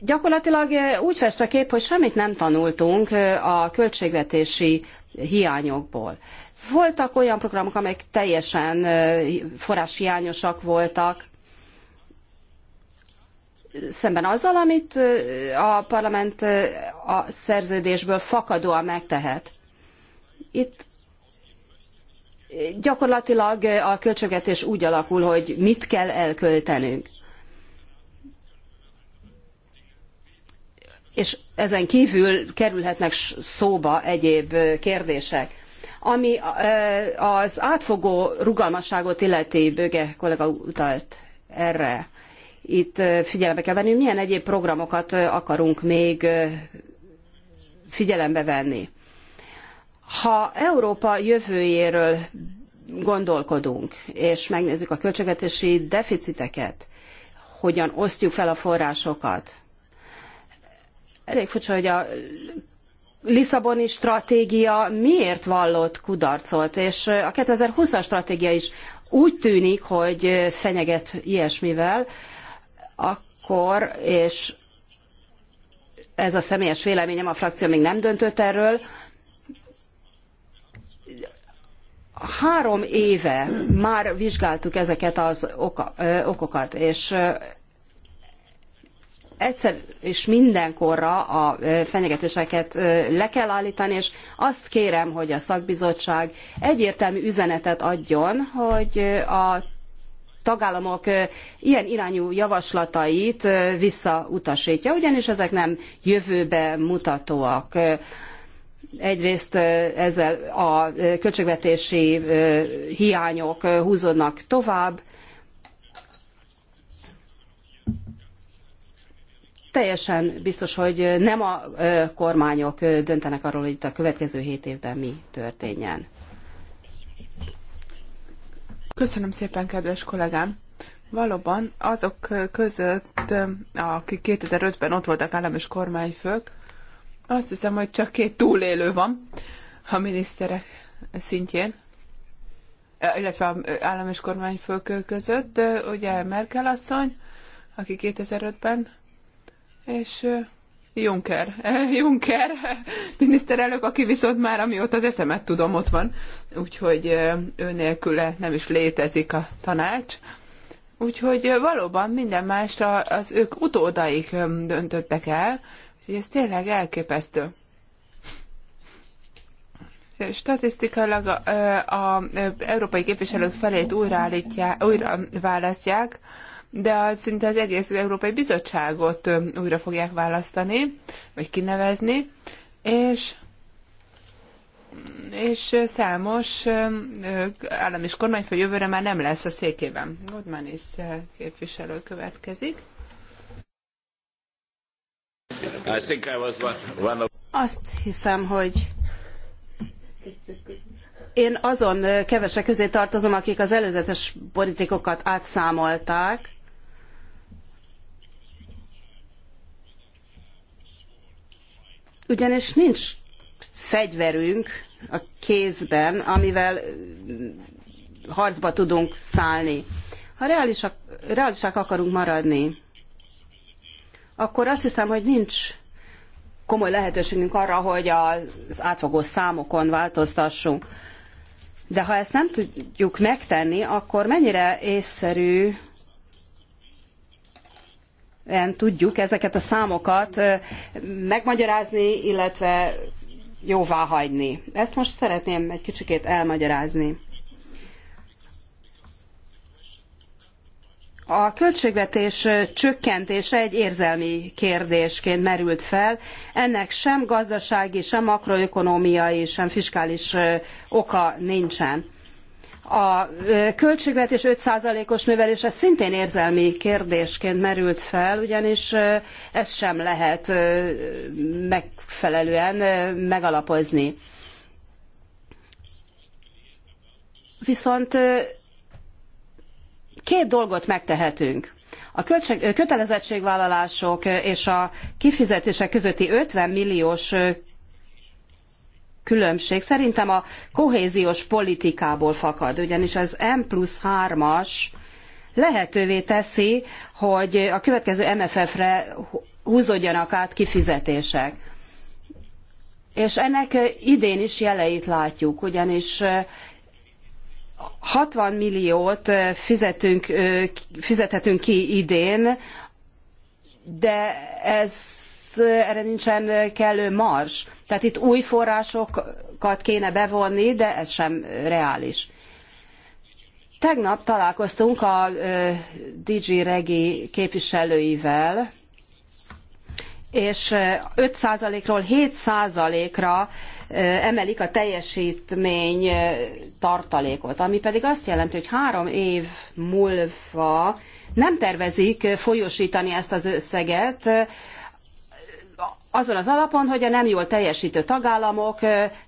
gyakorlatilag eh, úgy fest a kép, hogy semmit nem tanultunk eh, a költségvetési hiányokból. Voltak olyan programok, amelyek teljesen eh, forráshiányosak voltak, szemben azzal, amit a parlament a szerződésből fakadóan megtehet. Itt gyakorlatilag a költségvetés úgy alakul, hogy mit kell elköltenünk. és ezen kívül kerülhetnek szóba egyéb kérdések. Ami az átfogó rugalmasságot illeti, Böge kollega utalt erre, itt figyelembe kell venni, milyen egyéb programokat akarunk még figyelembe venni. Ha Európa jövőjéről gondolkodunk, és megnézzük a költségvetési deficiteket, hogyan osztjuk fel a forrásokat, Elég furcsa, hogy a Lisszaboni stratégia miért vallott kudarcot, és a 2020-as stratégia is úgy tűnik, hogy fenyeget ilyesmivel, akkor, és ez a személyes véleményem, a frakció még nem döntött erről, három éve már vizsgáltuk ezeket az oka, ö, okokat, és egyszer és mindenkorra a fenyegetéseket le kell állítani, és azt kérem, hogy a szakbizottság egyértelmű üzenetet adjon, hogy a tagállamok ilyen irányú javaslatait visszautasítja, ugyanis ezek nem jövőbe mutatóak. Egyrészt ezzel a költségvetési hiányok húzódnak tovább, teljesen biztos, hogy nem a kormányok döntenek arról, hogy itt a következő hét évben mi történjen. Köszönöm szépen, kedves kollégám! Valóban azok között, akik 2005-ben ott voltak állam és kormányfők, azt hiszem, hogy csak két túlélő van a miniszterek szintjén, illetve az állam és kormányfők között, ugye Merkel asszony, aki 2005-ben és Juncker, Juncker miniszterelnök, aki viszont már amióta az eszemet tudom, ott van, úgyhogy ő nélküle nem is létezik a tanács. Úgyhogy valóban minden másra az ők utódaik döntöttek el, úgyhogy ez tényleg elképesztő. Statisztikailag az európai képviselők felét újra, állítják, újra választják, de az, szinte az egész Európai Bizottságot újra fogják választani, vagy kinevezni, és és számos állam és kormányfő jövőre már nem lesz a székében. is képviselő következik. I think I was one of... Azt hiszem, hogy én azon kevesek közé tartozom, akik az előzetes politikokat átszámolták, ugyanis nincs fegyverünk a kézben, amivel harcba tudunk szállni. Ha reálisak, reálisak akarunk maradni, akkor azt hiszem, hogy nincs komoly lehetőségünk arra, hogy az átfogó számokon változtassunk. De ha ezt nem tudjuk megtenni, akkor mennyire észszerű tudjuk ezeket a számokat megmagyarázni, illetve jóváhagyni. Ezt most szeretném egy kicsikét elmagyarázni. A költségvetés csökkentése egy érzelmi kérdésként merült fel. Ennek sem gazdasági, sem makroökonómiai, sem fiskális oka nincsen. A költségvetés 5%-os növelése szintén érzelmi kérdésként merült fel, ugyanis ezt sem lehet megfelelően megalapozni. Viszont két dolgot megtehetünk. A költség, kötelezettségvállalások és a kifizetések közötti 50 milliós különbség szerintem a kohéziós politikából fakad, ugyanis az M plusz 3-as lehetővé teszi, hogy a következő MFF-re húzódjanak át kifizetések. És ennek idén is jeleit látjuk, ugyanis 60 milliót fizetünk, fizethetünk ki idén, de ez erre nincsen kellő mars. Tehát itt új forrásokat kéne bevonni, de ez sem reális. Tegnap találkoztunk a DG Regi képviselőivel, és 5%-ról 7%-ra emelik a teljesítmény tartalékot, ami pedig azt jelenti, hogy három év múlva nem tervezik folyosítani ezt az összeget, azon az alapon, hogy a nem jól teljesítő tagállamok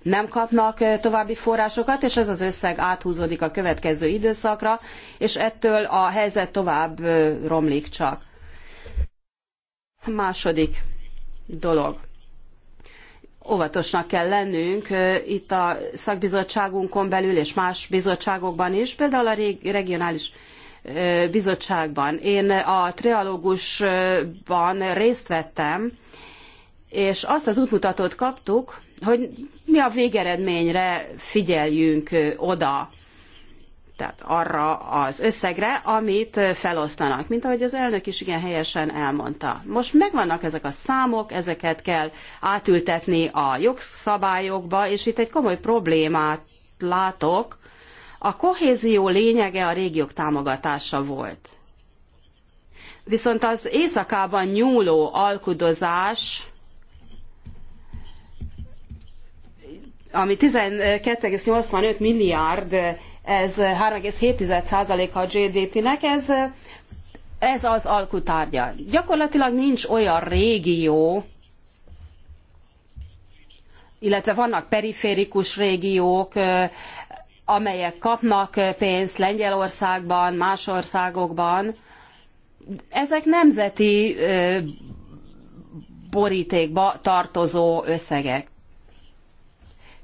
nem kapnak további forrásokat, és ez az összeg áthúzódik a következő időszakra, és ettől a helyzet tovább romlik csak. Második dolog. Óvatosnak kell lennünk itt a szakbizottságunkon belül és más bizottságokban is, például a regionális bizottságban. Én a trialógusban részt vettem, és azt az útmutatót kaptuk, hogy mi a végeredményre figyeljünk oda, tehát arra az összegre, amit felosztanak, mint ahogy az elnök is igen helyesen elmondta. Most megvannak ezek a számok, ezeket kell átültetni a jogszabályokba, és itt egy komoly problémát látok. A kohézió lényege a régiók támogatása volt. Viszont az éjszakában nyúló alkudozás ami 12,85 milliárd, ez 3,7%-a a GDP-nek, ez, ez az alkutárgya. Gyakorlatilag nincs olyan régió, illetve vannak periférikus régiók, amelyek kapnak pénzt Lengyelországban, más országokban. Ezek nemzeti borítékba tartozó összegek.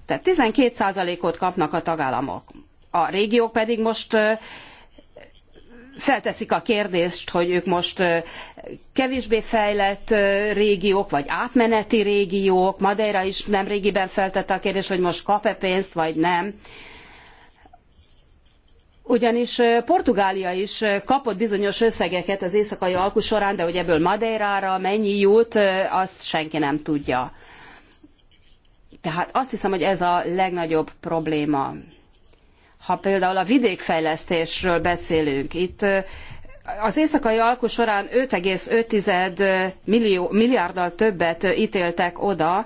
Tehát 12%-ot kapnak a tagállamok. A régiók pedig most felteszik a kérdést, hogy ők most kevésbé fejlett régiók, vagy átmeneti régiók. Madeira is nem régiben feltette a kérdést, hogy most kap-e pénzt, vagy nem. Ugyanis Portugália is kapott bizonyos összegeket az éjszakai alku során, de hogy ebből Madeirára mennyi jut, azt senki nem tudja. Tehát azt hiszem, hogy ez a legnagyobb probléma. Ha például a vidékfejlesztésről beszélünk, itt az éjszakai alkú során 5,5 millió, milliárddal többet ítéltek oda,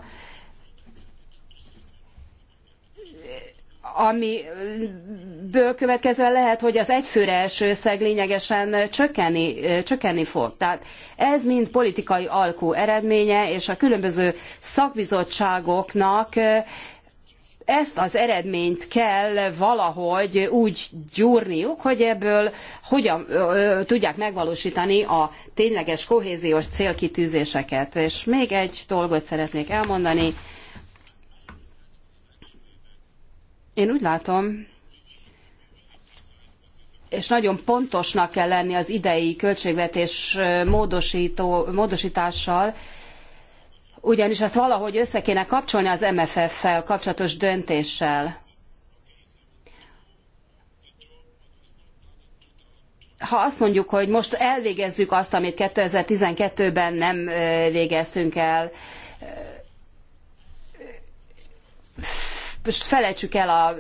amiből következően lehet, hogy az egyfőre első összeg lényegesen csökkenni, csökkenni fog. Tehát ez mind politikai alkú eredménye, és a különböző szakbizottságoknak ezt az eredményt kell valahogy úgy gyúrniuk, hogy ebből hogyan ö, tudják megvalósítani a tényleges kohéziós célkitűzéseket. És még egy dolgot szeretnék elmondani. Én úgy látom, és nagyon pontosnak kell lenni az idei költségvetés módosító, módosítással, ugyanis ezt valahogy össze kéne kapcsolni az MFF-fel kapcsolatos döntéssel. Ha azt mondjuk, hogy most elvégezzük azt, amit 2012-ben nem végeztünk el, most felejtsük el a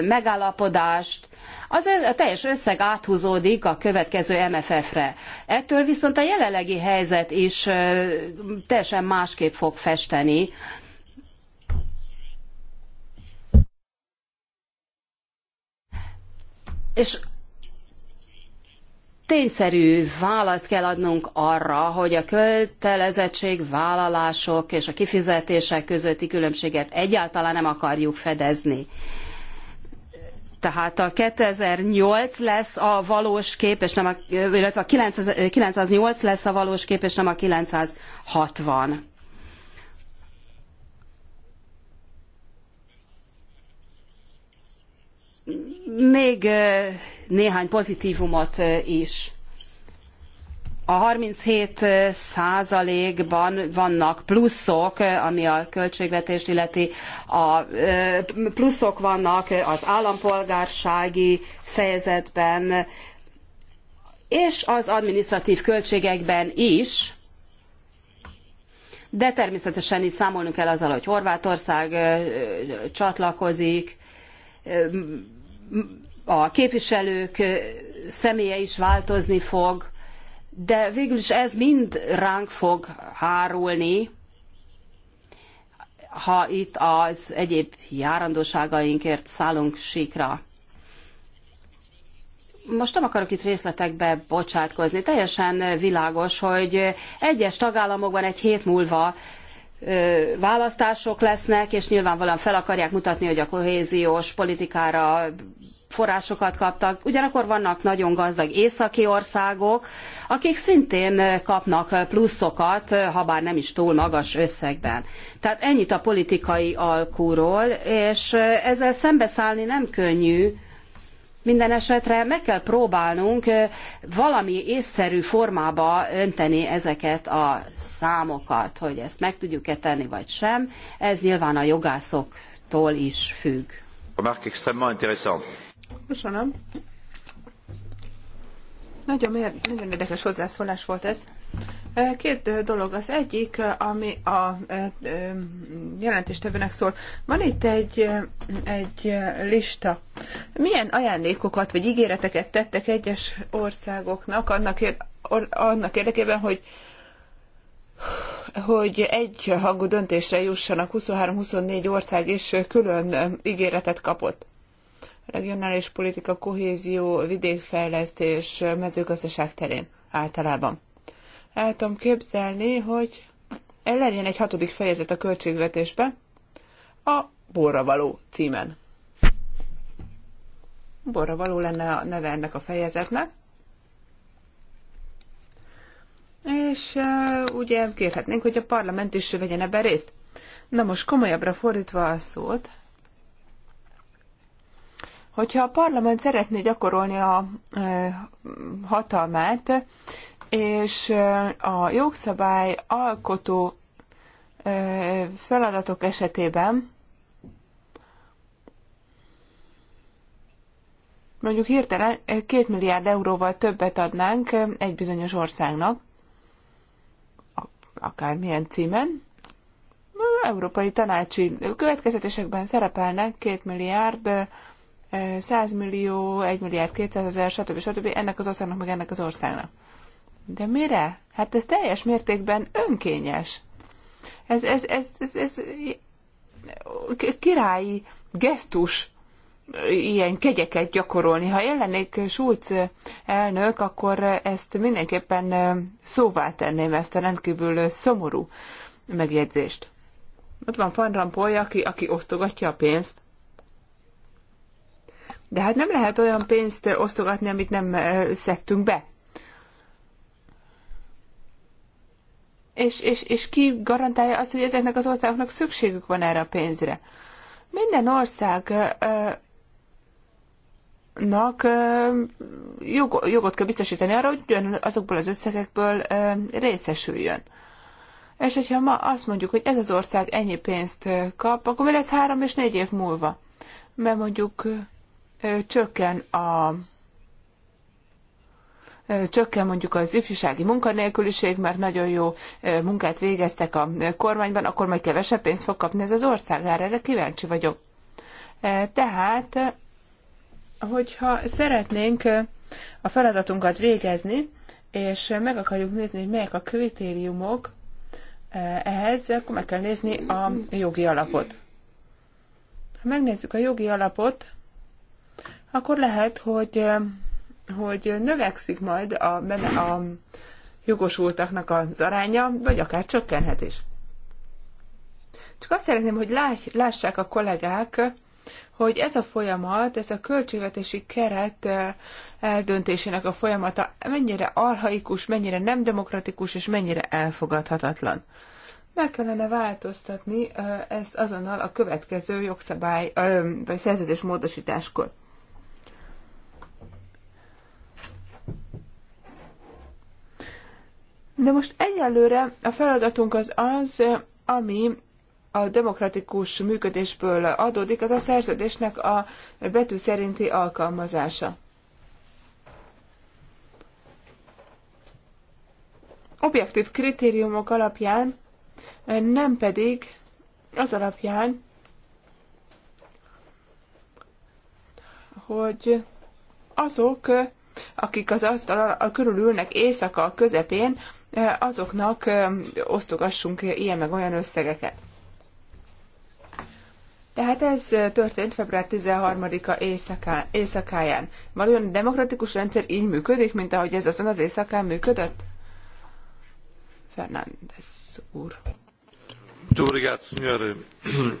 megállapodást, az a teljes összeg áthúzódik a következő MFF-re. Ettől viszont a jelenlegi helyzet is teljesen másképp fog festeni. És tényszerű választ kell adnunk arra, hogy a kötelezettségvállalások és a kifizetések közötti különbséget egyáltalán nem akarjuk fedezni. Tehát a 2008 lesz a valós kép, és nem a, illetve a 900, 908 lesz a valós kép, és nem a 960. még néhány pozitívumot is. A 37 százalékban vannak pluszok, ami a költségvetést illeti. A pluszok vannak az állampolgársági fejezetben, és az administratív költségekben is, de természetesen itt számolnunk kell azzal, hogy Horvátország csatlakozik, a képviselők személye is változni fog, de végül is ez mind ránk fog hárulni, ha itt az egyéb járandóságainkért szállunk síkra. Most nem akarok itt részletekbe bocsátkozni. Teljesen világos, hogy egyes tagállamokban egy hét múlva választások lesznek, és nyilvánvalóan fel akarják mutatni, hogy a kohéziós politikára forrásokat kaptak. Ugyanakkor vannak nagyon gazdag északi országok, akik szintén kapnak pluszokat, ha bár nem is túl magas összegben. Tehát ennyit a politikai alkúról, és ezzel szembeszállni nem könnyű, minden esetre meg kell próbálnunk valami észszerű formába önteni ezeket a számokat, hogy ezt meg tudjuk-e tenni vagy sem. Ez nyilván a jogászoktól is függ. Remarque extrêmement intéressant. Köszönöm. Nagyon, nagyon érdekes hozzászólás volt ez. Két dolog. Az egyik, ami a jelentéstevőnek szól. Van itt egy, egy lista. Milyen ajándékokat vagy ígéreteket tettek egyes országoknak annak, ér, annak érdekében, hogy hogy egy hangú döntésre jussanak, 23-24 ország is külön ígéretet kapott regionális politika, kohézió, vidékfejlesztés, mezőgazdaság terén általában el tudom képzelni, hogy legyen egy hatodik fejezet a költségvetésben, a borravaló címen. Borravaló lenne a neve ennek a fejezetnek. És uh, ugye kérhetnénk, hogy a parlament is vegyen ebben részt. Na most komolyabbra fordítva a szót, hogyha a parlament szeretné gyakorolni a hatalmát, és a jogszabály alkotó feladatok esetében mondjuk hirtelen két milliárd euróval többet adnánk egy bizonyos országnak, akármilyen címen, európai tanácsi következetésekben szerepelnek 2 milliárd, 100 millió, 1 milliárd 200 ezer, stb. stb. ennek az országnak, meg ennek az országnak. De mire? Hát ez teljes mértékben önkényes. Ez, ez, ez, ez, ez királyi gesztus ilyen kegyeket gyakorolni. Ha én lennék Schulz elnök, akkor ezt mindenképpen szóvá tenném ezt a rendkívül szomorú megjegyzést. Ott van Van Rampoy, aki, aki osztogatja a pénzt. De hát nem lehet olyan pénzt osztogatni, amit nem szedtünk be. és, és, és ki garantálja azt, hogy ezeknek az országoknak szükségük van erre a pénzre. Minden ország nak jogot kell biztosítani arra, hogy azokból az összegekből részesüljön. És hogyha ma azt mondjuk, hogy ez az ország ennyi pénzt kap, akkor mi lesz három és négy év múlva? Mert mondjuk csökken a csökken mondjuk az ifjúsági munkanélküliség, mert nagyon jó munkát végeztek a kormányban, akkor majd kevesebb pénzt fog kapni ez az ország. Erre kíváncsi vagyok. Tehát, hogyha szeretnénk a feladatunkat végezni, és meg akarjuk nézni, hogy melyek a kritériumok ehhez, akkor meg kell nézni a jogi alapot. Ha megnézzük a jogi alapot, akkor lehet, hogy hogy növekszik majd a, a jogosultaknak az aránya, vagy akár csökkenhet is. Csak azt szeretném, hogy láss, lássák a kollégák, hogy ez a folyamat, ez a költségvetési keret eh, eldöntésének a folyamata mennyire arhaikus, mennyire nem demokratikus és mennyire elfogadhatatlan. Meg kellene változtatni eh, ezt azonnal a következő jogszabály eh, vagy szerződés módosításkor. De most egyelőre a feladatunk az az, ami a demokratikus működésből adódik, az a szerződésnek a betű szerinti alkalmazása. Objektív kritériumok alapján, nem pedig az alapján, hogy azok, akik az asztal körül ülnek éjszaka a közepén, azoknak osztogassunk ilyen meg olyan összegeket. Tehát ez történt február 13-a éjszakáján. Valójában a demokratikus rendszer így működik, mint ahogy ez azon az éjszakán működött? Fernández úr. Eh,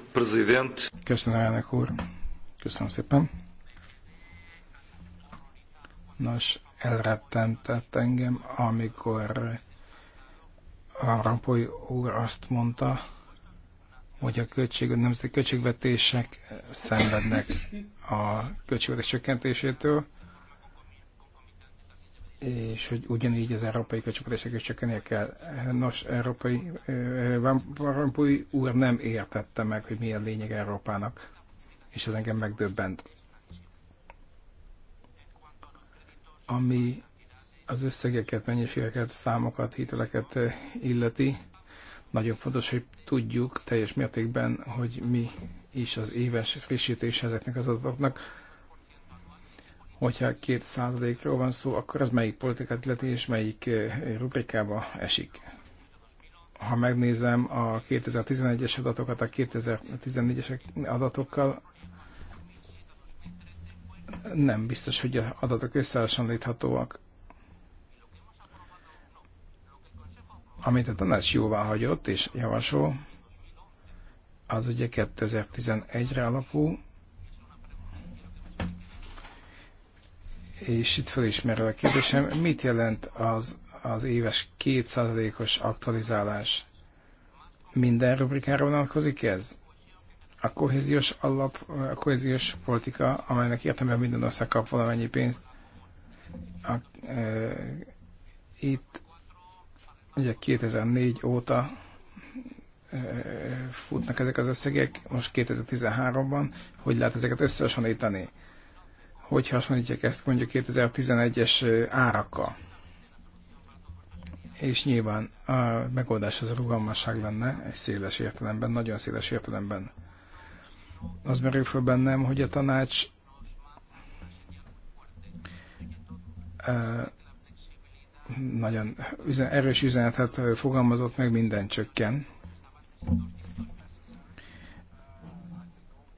Köszönöm, elnök úr. Köszönöm szépen. Nos, elrettentett engem, amikor a Rampoly úr azt mondta, hogy a költség, a nemzeti költségvetések szenvednek a költségvetés csökkentésétől, és hogy ugyanígy az európai költségvetések is csökkennie kell. Nos, európai eh, Rampoly úr nem értette meg, hogy milyen lényeg Európának, és ez engem megdöbbent. Ami az összegeket, mennyiségeket, számokat, hiteleket eh, illeti, nagyon fontos, hogy tudjuk teljes mértékben, hogy mi is az éves frissítés ezeknek az adatoknak. Hogyha két százalékról van szó, akkor az melyik politikát illeti és melyik eh, rubrikába esik. Ha megnézem a 2011-es adatokat a 2014-es adatokkal, nem biztos, hogy az adatok összehasonlíthatóak Amit a tanács jóvá hagyott és javasol, az ugye 2011-re alapú, és itt felismerül a kérdésem, mit jelent az, az éves 200%-os aktualizálás? Minden rubrikára vonatkozik ez? A kohéziós alap, a kohéziós politika, amelynek értelemben minden ország kap valamennyi pénzt, a, e, itt Ugye 2004 óta e, e, futnak ezek az összegek, most 2013-ban, hogy lehet ezeket összehasonlítani? Hogy hasonlítják ezt mondjuk 2011-es e, árakkal? És nyilván a megoldás az a rugalmasság lenne, egy széles értelemben, nagyon széles értelemben. Az merül föl bennem, hogy a tanács nagyon üzen, erős üzenetet fogalmazott meg, minden csökken.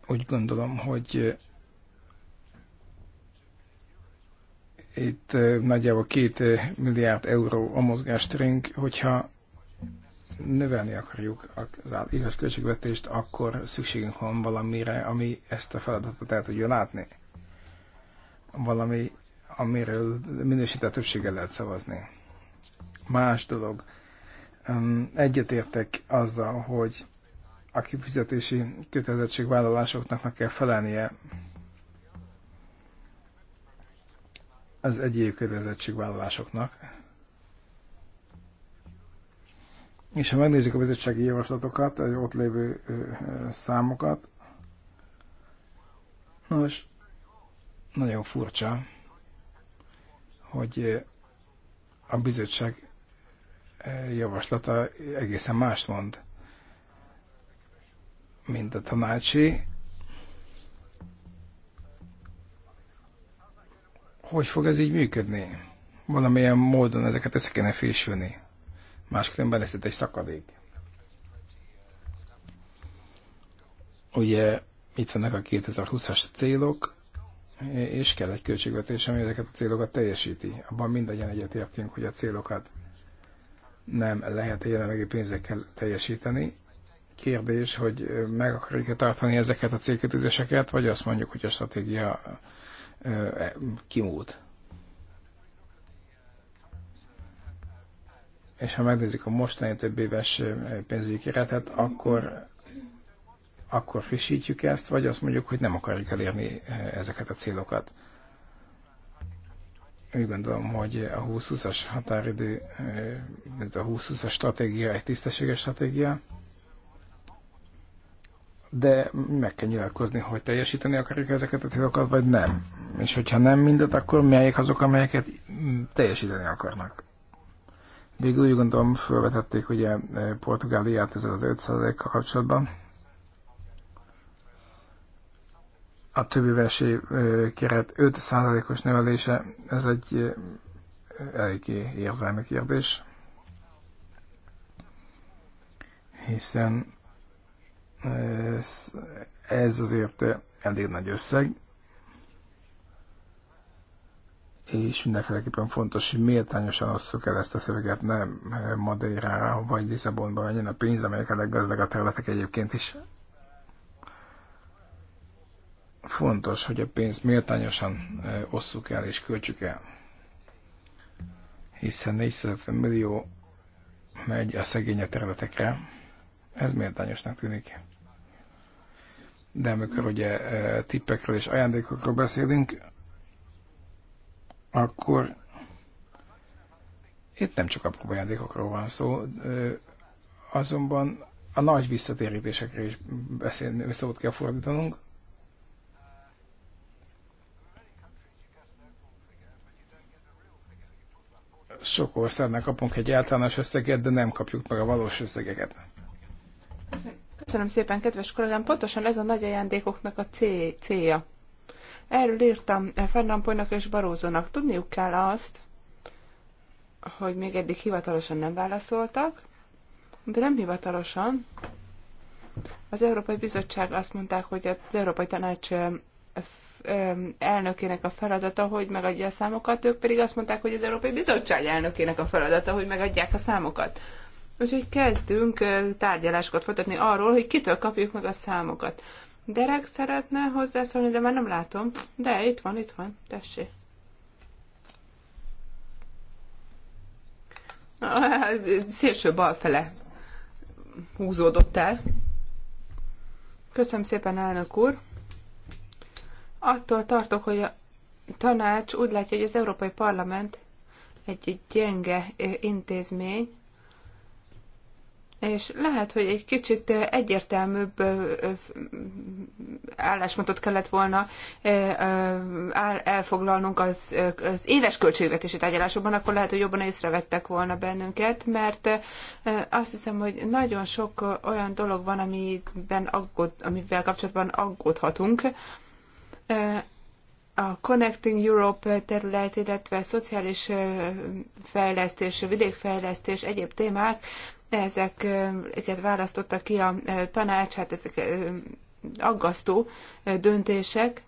Úgy gondolom, hogy itt nagyjából két milliárd euró a mozgástörünk, hogyha növelni akarjuk az éves költségvetést, akkor szükségünk van valamire, ami ezt a feladatot el tudja látni. Valami amiről minősített többséggel lehet szavazni. Más dolog. Egyetértek azzal, hogy a kifizetési kötelezettségvállalásoknak meg kell felelnie az egyéb kötelezettségvállalásoknak. És ha megnézzük a bizottsági javaslatokat, az ott lévő számokat, nos, nagyon furcsa hogy eh, a bizottság eh, javaslata egészen mást mond, mint a tanácsi. Hogy fog ez így működni? Valamilyen módon ezeket össze kéne fésülni. Máskülönben lesz itt egy szakadék. Ugye itt vannak a 2020-as célok, és kell egy költségvetés, ami ezeket a célokat teljesíti. Abban mindannyian egyetértünk, hogy a célokat nem lehet a jelenlegi pénzekkel teljesíteni. Kérdés, hogy meg akarjuk-e tartani ezeket a célkötőzéseket, vagy azt mondjuk, hogy a stratégia e, kimúlt. És ha megnézzük a mostani több éves pénzügyi keretet, akkor akkor frissítjük ezt, vagy azt mondjuk, hogy nem akarjuk elérni eh, ezeket a célokat. Úgy gondolom, hogy a 2020-as határidő, eh, a 2020-as stratégia egy tisztességes stratégia, de meg kell nyilatkozni, hogy teljesíteni akarjuk ezeket a célokat, vagy nem. És hogyha nem mindet, akkor melyek azok, amelyeket teljesíteni akarnak. Végül úgy gondolom, felvetették ugye eh, Portugáliát ezzel az 5%-kal kapcsolatban. a többi versi keret 5%-os növelése, ez egy eléggé érzelmi kérdés, hiszen ez, ez azért elég nagy összeg, és mindenféleképpen fontos, hogy méltányosan osszuk el ezt a szöveget, nem Madeira vagy Lisszabonban menjen a pénz, amelyek a leggazdagabb területek egyébként is Fontos, hogy a pénzt méltányosan e, osszuk el és költsük el. Hiszen 450 millió megy a szegénye területekre. Ez méltányosnak tűnik. De amikor ugye e, tippekről és ajándékokról beszélünk, akkor itt nem csak a ajándékokról van szó, e, azonban a nagy visszatérítésekre is beszélni, szót kell fordítanunk. sok országnak kapunk egy általános összeget, de nem kapjuk meg a valós összegeket. Köszönöm szépen, kedves kollégám. Pontosan ez a nagy ajándékoknak a célja. Erről írtam Fernampolynak és Barózónak. Tudniuk kell azt, hogy még eddig hivatalosan nem válaszoltak, de nem hivatalosan. Az Európai Bizottság azt mondták, hogy az Európai Tanács elnökének a feladata, hogy megadja a számokat, ők pedig azt mondták, hogy az Európai Bizottság elnökének a feladata, hogy megadják a számokat. Úgyhogy kezdünk tárgyalásokat folytatni arról, hogy kitől kapjuk meg a számokat. Derek szeretne hozzászólni, de már nem látom. De itt van, itt van, tessék. szélső bal fele húzódott el. Köszönöm szépen, elnök úr. Attól tartok, hogy a tanács úgy látja, hogy az Európai Parlament egy gyenge intézmény, és lehet, hogy egy kicsit egyértelműbb álláspontot kellett volna elfoglalnunk az, az éves költségvetési tárgyalásokban, akkor lehet, hogy jobban észrevettek volna bennünket, mert azt hiszem, hogy nagyon sok olyan dolog van, amiben aggód, amivel kapcsolatban aggódhatunk, a Connecting Europe terület, illetve a szociális fejlesztés, vidékfejlesztés, egyéb témák, ezeket választotta ki a tanács, hát ezek aggasztó döntések.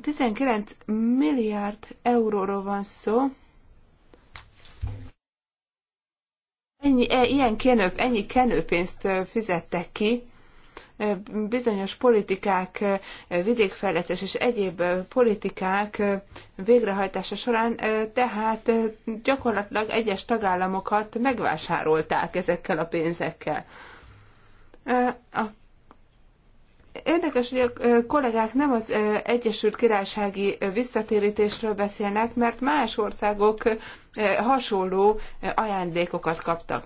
19 milliárd euróról van szó, Ennyi, e, ilyen kenő, ennyi kenőpénzt fizettek ki, bizonyos politikák, vidékfejlesztés és egyéb politikák végrehajtása során, tehát gyakorlatilag egyes tagállamokat megvásárolták ezekkel a pénzekkel. A Érdekes, hogy a kollégák nem az Egyesült Királysági visszatérítésről beszélnek, mert más országok hasonló ajándékokat kaptak.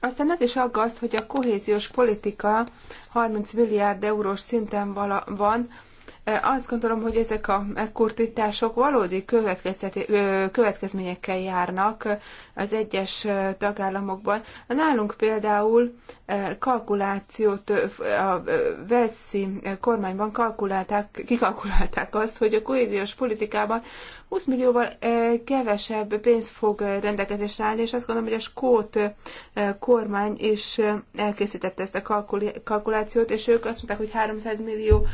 Aztán ez is aggaszt, hogy a kohéziós politika 30 milliárd eurós szinten van, azt gondolom, hogy ezek a kurtítások valódi következményekkel járnak az egyes tagállamokban. Nálunk például kalkulációt, a Veszi kormányban kalkulálták, kikalkulálták azt, hogy a kohéziós politikában 20 millióval kevesebb pénz fog rendelkezésre állni, és azt gondolom, hogy a Skót kormány is elkészítette ezt a kalkulációt, és ők azt mondták, hogy 300 millió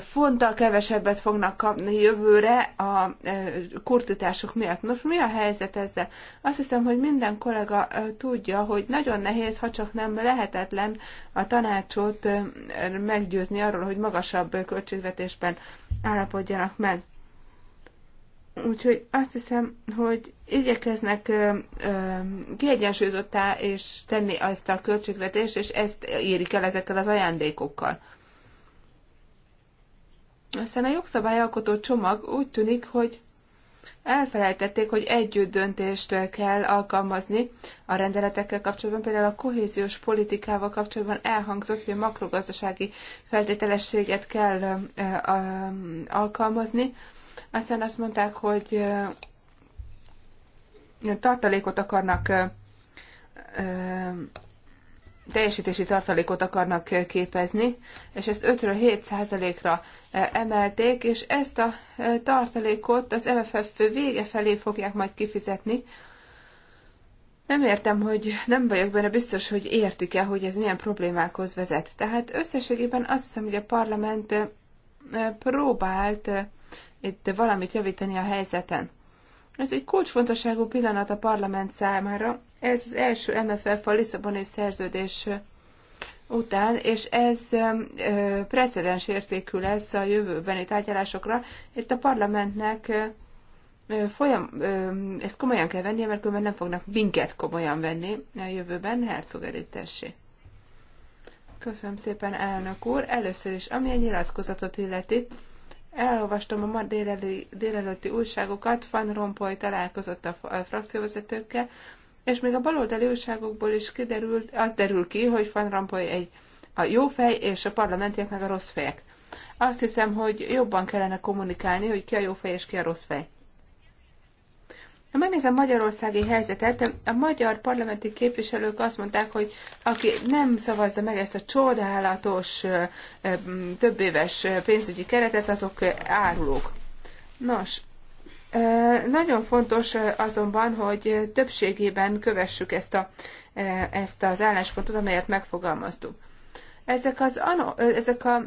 fonttal kevesebbet fognak kapni jövőre a kurtítások miatt. Nos, mi a helyzet ezzel? Azt hiszem, hogy minden kollega tudja, hogy nagyon nehéz, ha csak nem lehetetlen a tanácsot meggyőzni arról, hogy magasabb költségvetésben állapodjanak meg. Úgyhogy azt hiszem, hogy igyekeznek kiegyensúlyozottá és tenni azt a költségvetést, és ezt érik el ezekkel az ajándékokkal. Aztán a jogszabályalkotó csomag úgy tűnik, hogy elfelejtették, hogy együtt döntést kell alkalmazni a rendeletekkel kapcsolatban. Például a kohéziós politikával kapcsolatban elhangzott, hogy a makrogazdasági feltételességet kell alkalmazni. Aztán azt mondták, hogy tartalékot akarnak teljesítési tartalékot akarnak eh, képezni, és ezt 5-ről 7 százalékra eh, emelték, és ezt a eh, tartalékot az MFF vége felé fogják majd kifizetni. Nem értem, hogy nem vagyok benne biztos, hogy értik-e, hogy ez milyen problémákhoz vezet. Tehát összességében azt hiszem, hogy a parlament próbált itt valamit javítani a helyzeten. Ez egy kulcsfontosságú pillanat a parlament számára. Ez az első MFF a Lisszaboni szerződés után, és ez precedens értékű lesz a jövőbeni tárgyalásokra. Itt a parlamentnek folyam, ezt komolyan kell vennie, mert különben nem fognak minket komolyan venni a jövőben, Herzog tessék. Köszönöm szépen, elnök úr. Először is, ami a nyilatkozatot illeti, elolvastam a ma délelő, délelőtti újságokat, Van Rompuy találkozott a, a frakcióvezetőkkel, és még a baloldali újságokból is kiderült, az derül ki, hogy Van Rompuy egy a jó fej, és a parlamentiek meg a rossz fejek. Azt hiszem, hogy jobban kellene kommunikálni, hogy ki a jó fej és ki a rossz fej. Ha megnézem magyarországi helyzetet, a magyar parlamenti képviselők azt mondták, hogy aki nem szavazza meg ezt a csodálatos többéves pénzügyi keretet, azok árulók. Nos, nagyon fontos azonban, hogy többségében kövessük ezt, a, ezt az álláspontot, amelyet megfogalmaztuk. Ezek, az, ezek a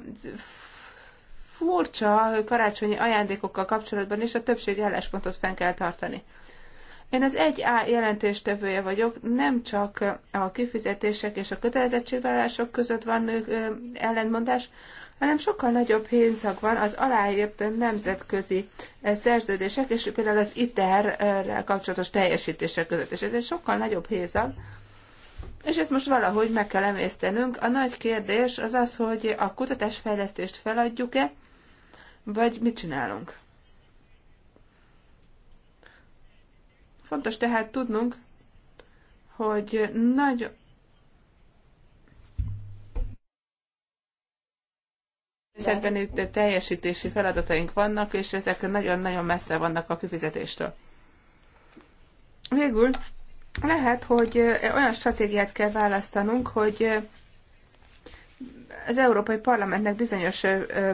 furcsa karácsonyi ajándékokkal kapcsolatban is a többség álláspontot fenn kell tartani. Én az egy a jelentéstevője vagyok, nem csak a kifizetések és a kötelezettségvállalások között van ellentmondás, hanem sokkal nagyobb pénzak van az aláírt nemzetközi szerződések, és például az ITER-rel kapcsolatos teljesítések között. És ez egy sokkal nagyobb pénzak, és ezt most valahogy meg kell emésztenünk. A nagy kérdés az az, hogy a kutatásfejlesztést feladjuk-e, vagy mit csinálunk. Fontos tehát tudnunk, hogy nagy Hiszen itt teljesítési feladataink vannak, és ezek nagyon-nagyon messze vannak a kifizetéstől. Végül lehet, hogy olyan stratégiát kell választanunk, hogy az Európai Parlamentnek bizonyos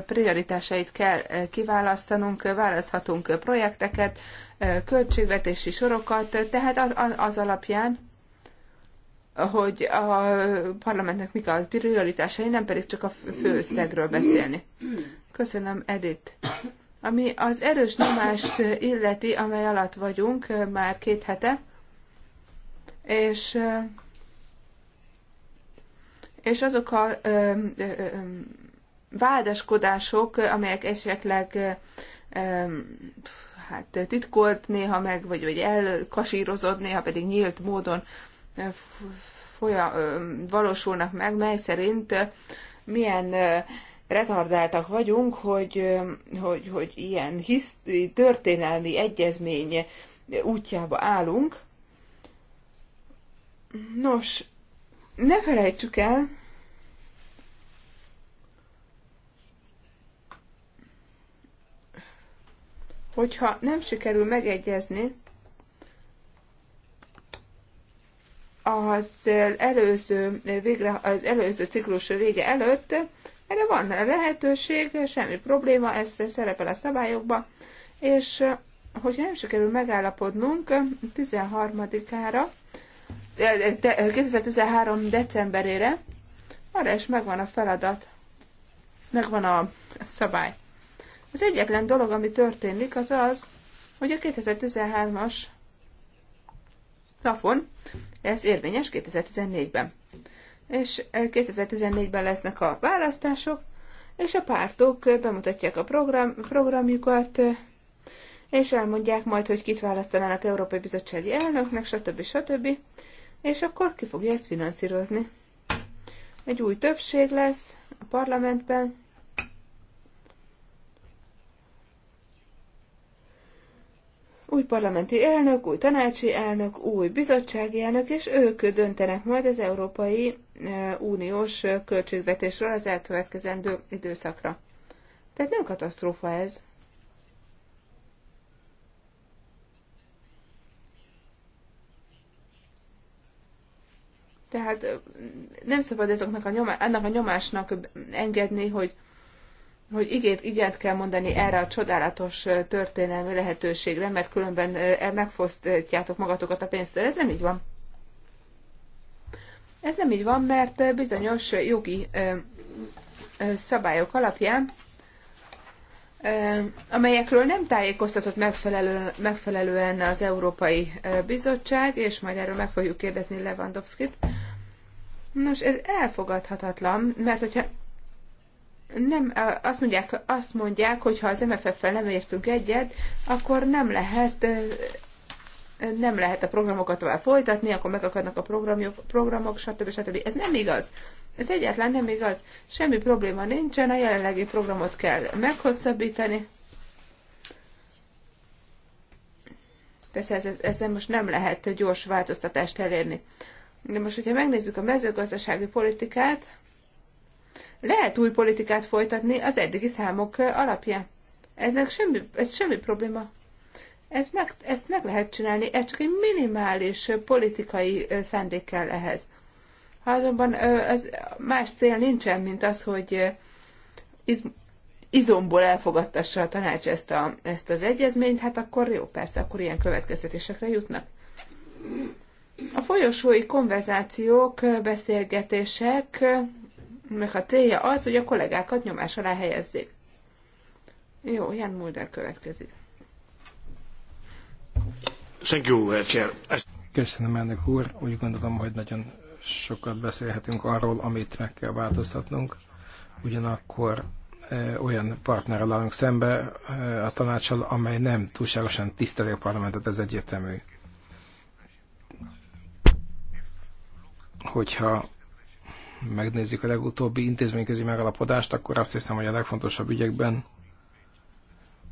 prioritásait kell kiválasztanunk, választhatunk projekteket, költségvetési sorokat, tehát az alapján, hogy a parlamentnek mik a prioritásai, nem pedig csak a főszegről beszélni. Köszönöm, Edith. Ami az erős nyomást illeti, amely alatt vagyunk már két hete, és, és azok a vádaskodások, amelyek esetleg hát titkolt néha meg, vagy, vagy elkasírozott, néha pedig nyílt módon folya, valósulnak meg, mely szerint milyen retardáltak vagyunk, hogy, hogy, hogy ilyen hisz, történelmi egyezmény útjába állunk. Nos, ne felejtsük el, hogyha nem sikerül megegyezni az előző, végre, az előző ciklus vége előtt, erre van lehetőség, semmi probléma, ez szerepel a szabályokban, és hogyha nem sikerül megállapodnunk 13-ára, 2013. decemberére, arra is megvan a feladat, megvan a szabály. Az egyetlen dolog, ami történik, az az, hogy a 2013-as plafon, ez érvényes 2014-ben. És 2014-ben e, lesznek a választások, és a pártok e, bemutatják a program, programjukat, e, és elmondják majd, hogy kit választanának Európai Bizottsági elnöknek, stb. stb. És akkor ki fogja ezt finanszírozni. Egy új többség lesz a parlamentben, új parlamenti elnök, új tanácsi elnök, új bizottsági elnök, és ők döntenek majd az Európai e, Uniós költségvetésről az elkövetkezendő időszakra. Tehát nem katasztrófa ez. Tehát nem szabad ezeknek a ennek a nyomásnak engedni, hogy hogy igét, igent kell mondani erre a csodálatos történelmi lehetőségre, mert különben e, megfosztjátok magatokat a pénztől. Ez nem így van. Ez nem így van, mert bizonyos jogi szabályok alapján, amelyekről nem tájékoztatott megfelelően, megfelelően az Európai Bizottság, és majd erről meg fogjuk kérdezni Lewandowskit. Nos, ez elfogadhatatlan, mert hogyha nem, azt mondják, azt mondják, hogy ha az MFF-fel nem értünk egyet, akkor nem lehet nem lehet a programokat tovább folytatni, akkor megakadnak a programok, programok stb. stb. Ez nem igaz. Ez egyáltalán nem igaz. Semmi probléma nincsen, a jelenlegi programot kell meghosszabbítani. Persze ezzel, ezzel most nem lehet gyors változtatást elérni. De most, hogyha megnézzük a mezőgazdasági politikát, lehet új politikát folytatni az eddigi számok alapján. Ennek semmi, ez semmi probléma. Ez meg, ezt meg lehet csinálni, ez csak egy minimális politikai szándék kell ehhez. Ha azonban az más cél nincsen, mint az, hogy iz, izomból elfogadtassa a tanács ezt, a, ezt az egyezményt, hát akkor jó, persze, akkor ilyen következtetésekre jutnak. A folyosói konverzációk, beszélgetések meg a célja az, hogy a kollégákat nyomás alá helyezzék. Jó, Jan Mulder következik. Thank you, Köszönöm, elnök úr. Úgy gondolom, hogy nagyon sokat beszélhetünk arról, amit meg kell változtatnunk. Ugyanakkor e, olyan partnerrel állunk szembe e, a tanácsal, amely nem túlságosan tiszteli a parlamentet, ez egyértelmű. Hogyha megnézzük a legutóbbi intézményközi megalapodást, akkor azt hiszem, hogy a legfontosabb ügyekben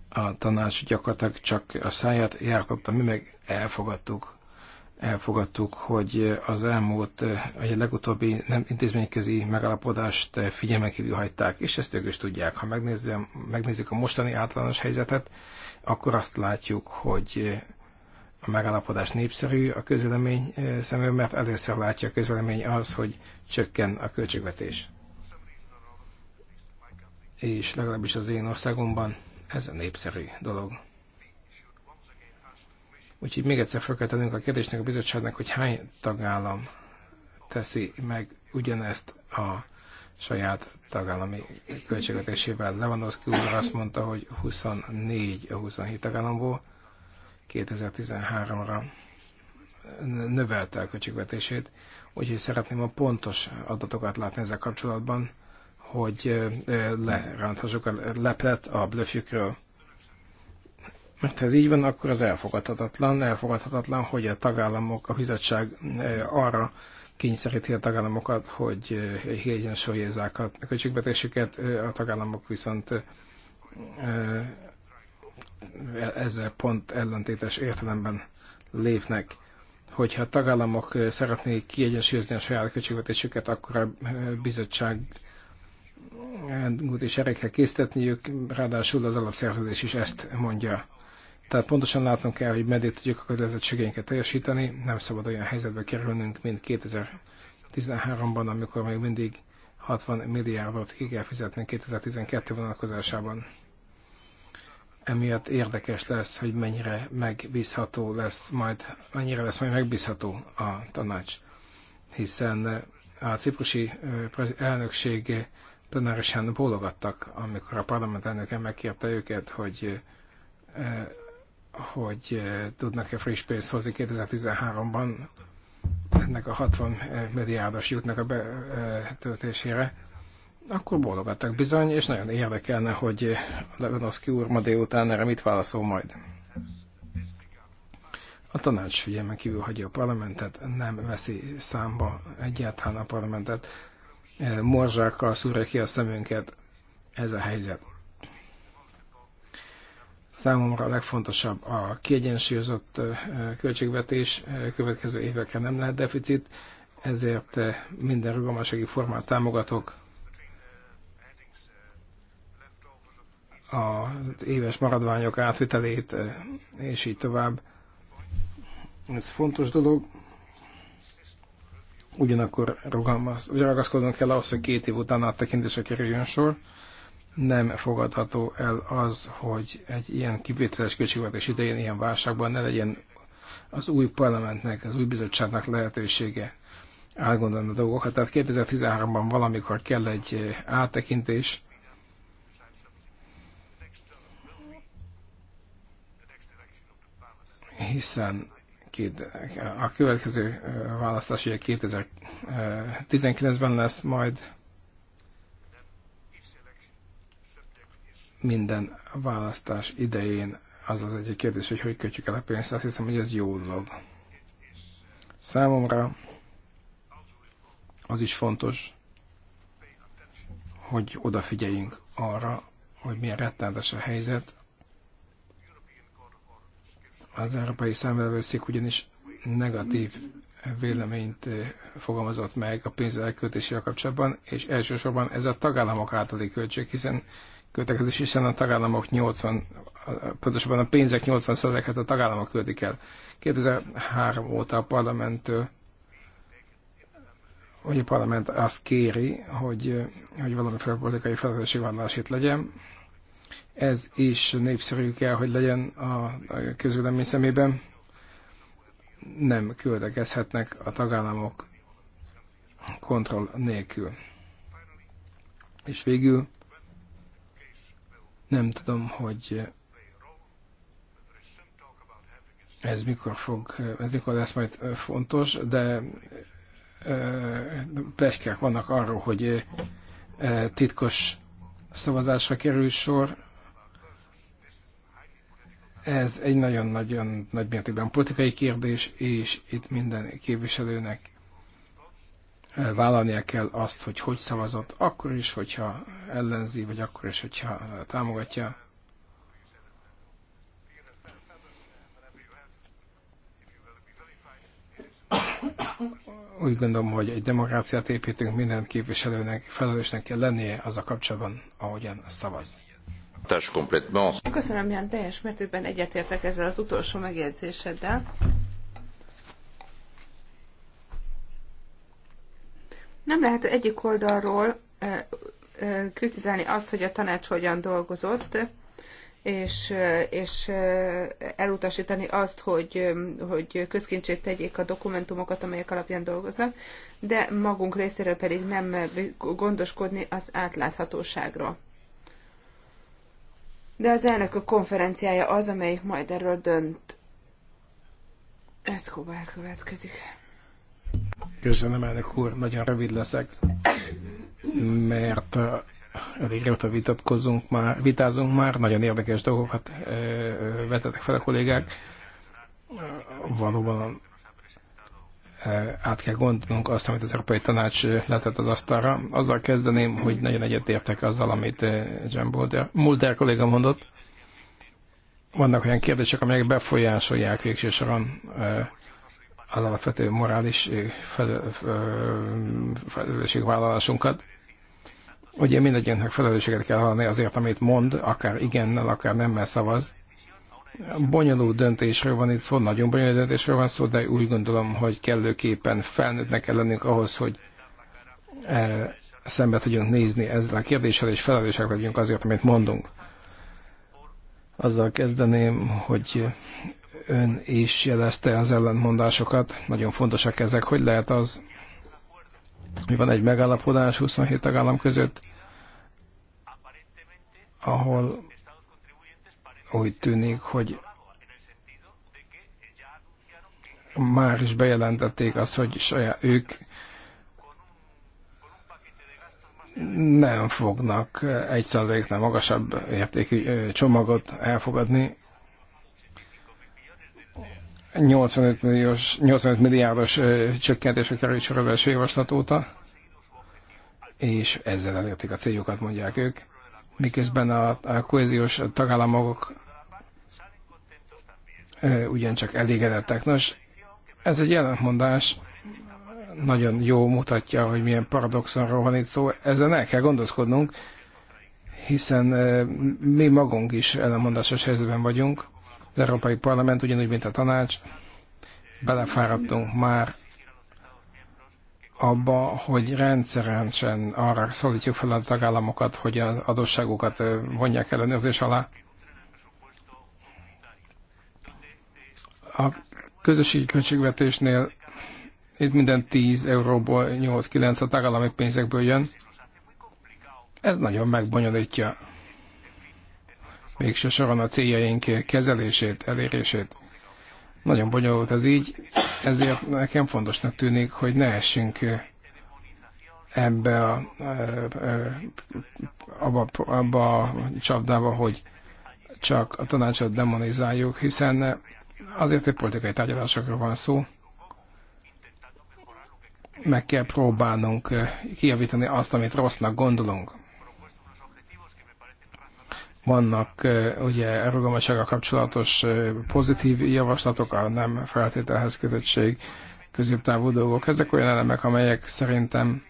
a tanács gyakorlatilag csak a száját jártotta, mi meg elfogadtuk elfogadtuk, hogy az elmúlt, vagy a legutóbbi nem intézményközi megalapodást figyelmen kívül hagyták, és ezt ők is tudják. Ha megnézzük, megnézzük a mostani általános helyzetet, akkor azt látjuk, hogy a megállapodás népszerű a közvélemény eh, szemében, mert először látja a közvélemény az, hogy csökken a költségvetés. És legalábbis az én országomban ez a népszerű dolog. Úgyhogy még egyszer fel kell a kérdésnek a bizottságnak, hogy hány tagállam teszi meg ugyanezt a saját tagállami költségvetésével. Lewandowski úr azt mondta, hogy 24 a 27 tagállamból, 2013-ra növelte a költségvetését, úgyhogy szeretném a pontos adatokat látni ezzel kapcsolatban, hogy leránthassuk a leplet a blöfjükről. Mert ha ez így van, akkor az elfogadhatatlan, elfogadhatatlan, hogy a tagállamok, a bizottság arra kényszeríti a tagállamokat, hogy hiányosolják a költségvetésüket, a tagállamok viszont ezzel pont ellentétes értelemben lépnek. Hogyha a tagállamok szeretnék kiegyensúlyozni a saját költségvetésüket, akkor a bizottság és erre kell késztetniük, ráadásul az alapszerződés is ezt mondja. Tehát pontosan látnunk kell, hogy meddig tudjuk a kötelezettségeinket teljesíteni, nem szabad olyan helyzetbe kerülnünk, mint 2013-ban, amikor még mindig 60 milliárdot ki kell fizetni 2012 vonatkozásában emiatt érdekes lesz, hogy mennyire megbízható lesz majd, mennyire lesz majd megbízható a tanács, hiszen a ciprusi elnökség plenárisan bólogattak, amikor a parlament elnöke megkérte őket, hogy hogy tudnak-e friss pénzt hozni 2013-ban ennek a 60 milliárdos jutnak a betöltésére akkor bólogattak bizony, és nagyon érdekelne, hogy Levenoszki úr ma délután erre mit válaszol majd. A tanács figyelmen kívül hagyja a parlamentet, nem veszi számba egyáltalán a parlamentet, morzsákkal szúrja ki a szemünket, ez a helyzet. Számomra a legfontosabb a kiegyensúlyozott költségvetés, következő évekre nem lehet deficit, ezért minden rugalmassági formát támogatok, az éves maradványok átvitelét, eh, és így tovább. Ez fontos dolog. Ugyanakkor rugalmaz, ragaszkodnunk kell ahhoz, hogy két év után áttekintésre kerüljön sor. Nem fogadható el az, hogy egy ilyen kivételes költségvetés idején, ilyen válságban ne legyen az új parlamentnek, az új bizottságnak lehetősége átgondolni a dolgokat. Tehát 2013-ban valamikor kell egy eh, áttekintés, hiszen a következő választás ugye 2019-ben lesz, majd minden választás idején az az egyik kérdés, hogy hogy kötjük el a pénzt, azt hiszem, hogy ez jó dolog. Számomra az is fontos, hogy odafigyeljünk arra, hogy milyen rettenetes a helyzet az Európai Számvevőszék ugyanis negatív véleményt eh, fogalmazott meg a pénz elköltésével kapcsolatban, és elsősorban ez a tagállamok általi költség, hiszen költekezés, hiszen a tagállamok 80, pontosabban a pénzek 80 százalékát a tagállamok költik el. 2003 óta a parlament hogy a parlament azt kéri, hogy, eh, hogy valami politikai felelősségvállalás itt legyen, ez is népszerű kell, hogy legyen a közvélemény szemében. Nem küldekezhetnek a tagállamok kontroll nélkül. És végül nem tudom, hogy ez mikor fog, ez mikor lesz majd fontos, de plegykák vannak arról, hogy titkos szavazásra kerül sor. Ez egy nagyon-nagyon nagy mértékben politikai kérdés, és itt minden képviselőnek eh, vállalnia kell azt, hogy hogy szavazott, akkor is, hogyha ellenzi, vagy akkor is, hogyha támogatja. úgy gondolom, hogy egy demokráciát építünk, minden képviselőnek felelősnek kell lennie az a kapcsolatban, ahogyan szavaz. Köszönöm, Jan, teljes mértékben egyetértek ezzel az utolsó megjegyzéseddel. Nem lehet egyik oldalról kritizálni azt, hogy a tanács hogyan dolgozott, és, és eh, elutasítani azt, hogy, eh, hogy közkincsét tegyék a dokumentumokat, amelyek alapján dolgoznak, de magunk részéről pedig nem gondoskodni az átláthatóságról. De az a konferenciája az, amelyik majd erről dönt. kuba következik. Köszönöm, elnök úr, nagyon rövid leszek, mert elég régóta vitatkozunk már, vitázunk már, nagyon érdekes dolgokat vetettek fel a kollégák. Valóban át kell gondolnunk azt, amit az Európai Tanács letett az asztalra. Azzal kezdeném, hogy nagyon egyetértek azzal, amit John Mulder, Mulder kolléga mondott. Vannak olyan kérdések, amelyek befolyásolják végső soron az alapvető morális felelősségvállalásunkat. Fel, fel, fel, Ugye mindegyiknek felelősséget kell hallani azért, amit mond, akár igennel, akár nemmel szavaz. Bonyolult döntésről van itt szó, nagyon bonyolult döntésről van szó, de úgy gondolom, hogy kellőképpen felnőttnek kell lennünk ahhoz, hogy e, szembe tudjunk nézni ezzel a kérdéssel, és felelősek legyünk azért, amit mondunk. Azzal kezdeném, hogy ön is jelezte az ellentmondásokat, nagyon fontosak ezek. Hogy lehet az, hogy van egy megállapodás 27 tagállam között, ahol úgy tűnik, hogy már is bejelentették azt, hogy saját ők nem fognak egy százaléknál magasabb értékű csomagot elfogadni, 85, milliós, 85 milliárdos csökkentésre került sor az első javaslat óta, és ezzel elérték a céljukat, mondják ők, miközben a, a kohéziós tagállamok ugyancsak elégedettek. Nos, ez egy jelentmondás, nagyon jó mutatja, hogy milyen paradoxonról van itt szó. Ezen el kell gondoskodnunk, hiszen mi magunk is ellenmondásos helyzetben vagyunk, az Európai Parlament, ugyanúgy, mint a tanács, belefáradtunk már abba, hogy rendszeresen arra szólítjuk fel a tagállamokat, hogy az adósságokat vonják ellenőrzés alá. A közösségi költségvetésnél itt minden 10 euróból 8-9 a tagállami pénzekből jön. Ez nagyon megbonyolítja végső soron a céljaink kezelését, elérését. Nagyon bonyolult ez így, ezért nekem fontosnak tűnik, hogy ne essünk ebbe a, abba, abba a csapdába, hogy csak a tanácsot demonizáljuk, hiszen azért, egy politikai tárgyalásokról van szó, meg kell próbálnunk kijavítani azt, amit rossznak gondolunk. Vannak ugye rugalmasága kapcsolatos pozitív javaslatok, a nem feltételhez kötöttség, középtávú dolgok. Ezek olyan elemek, amelyek szerintem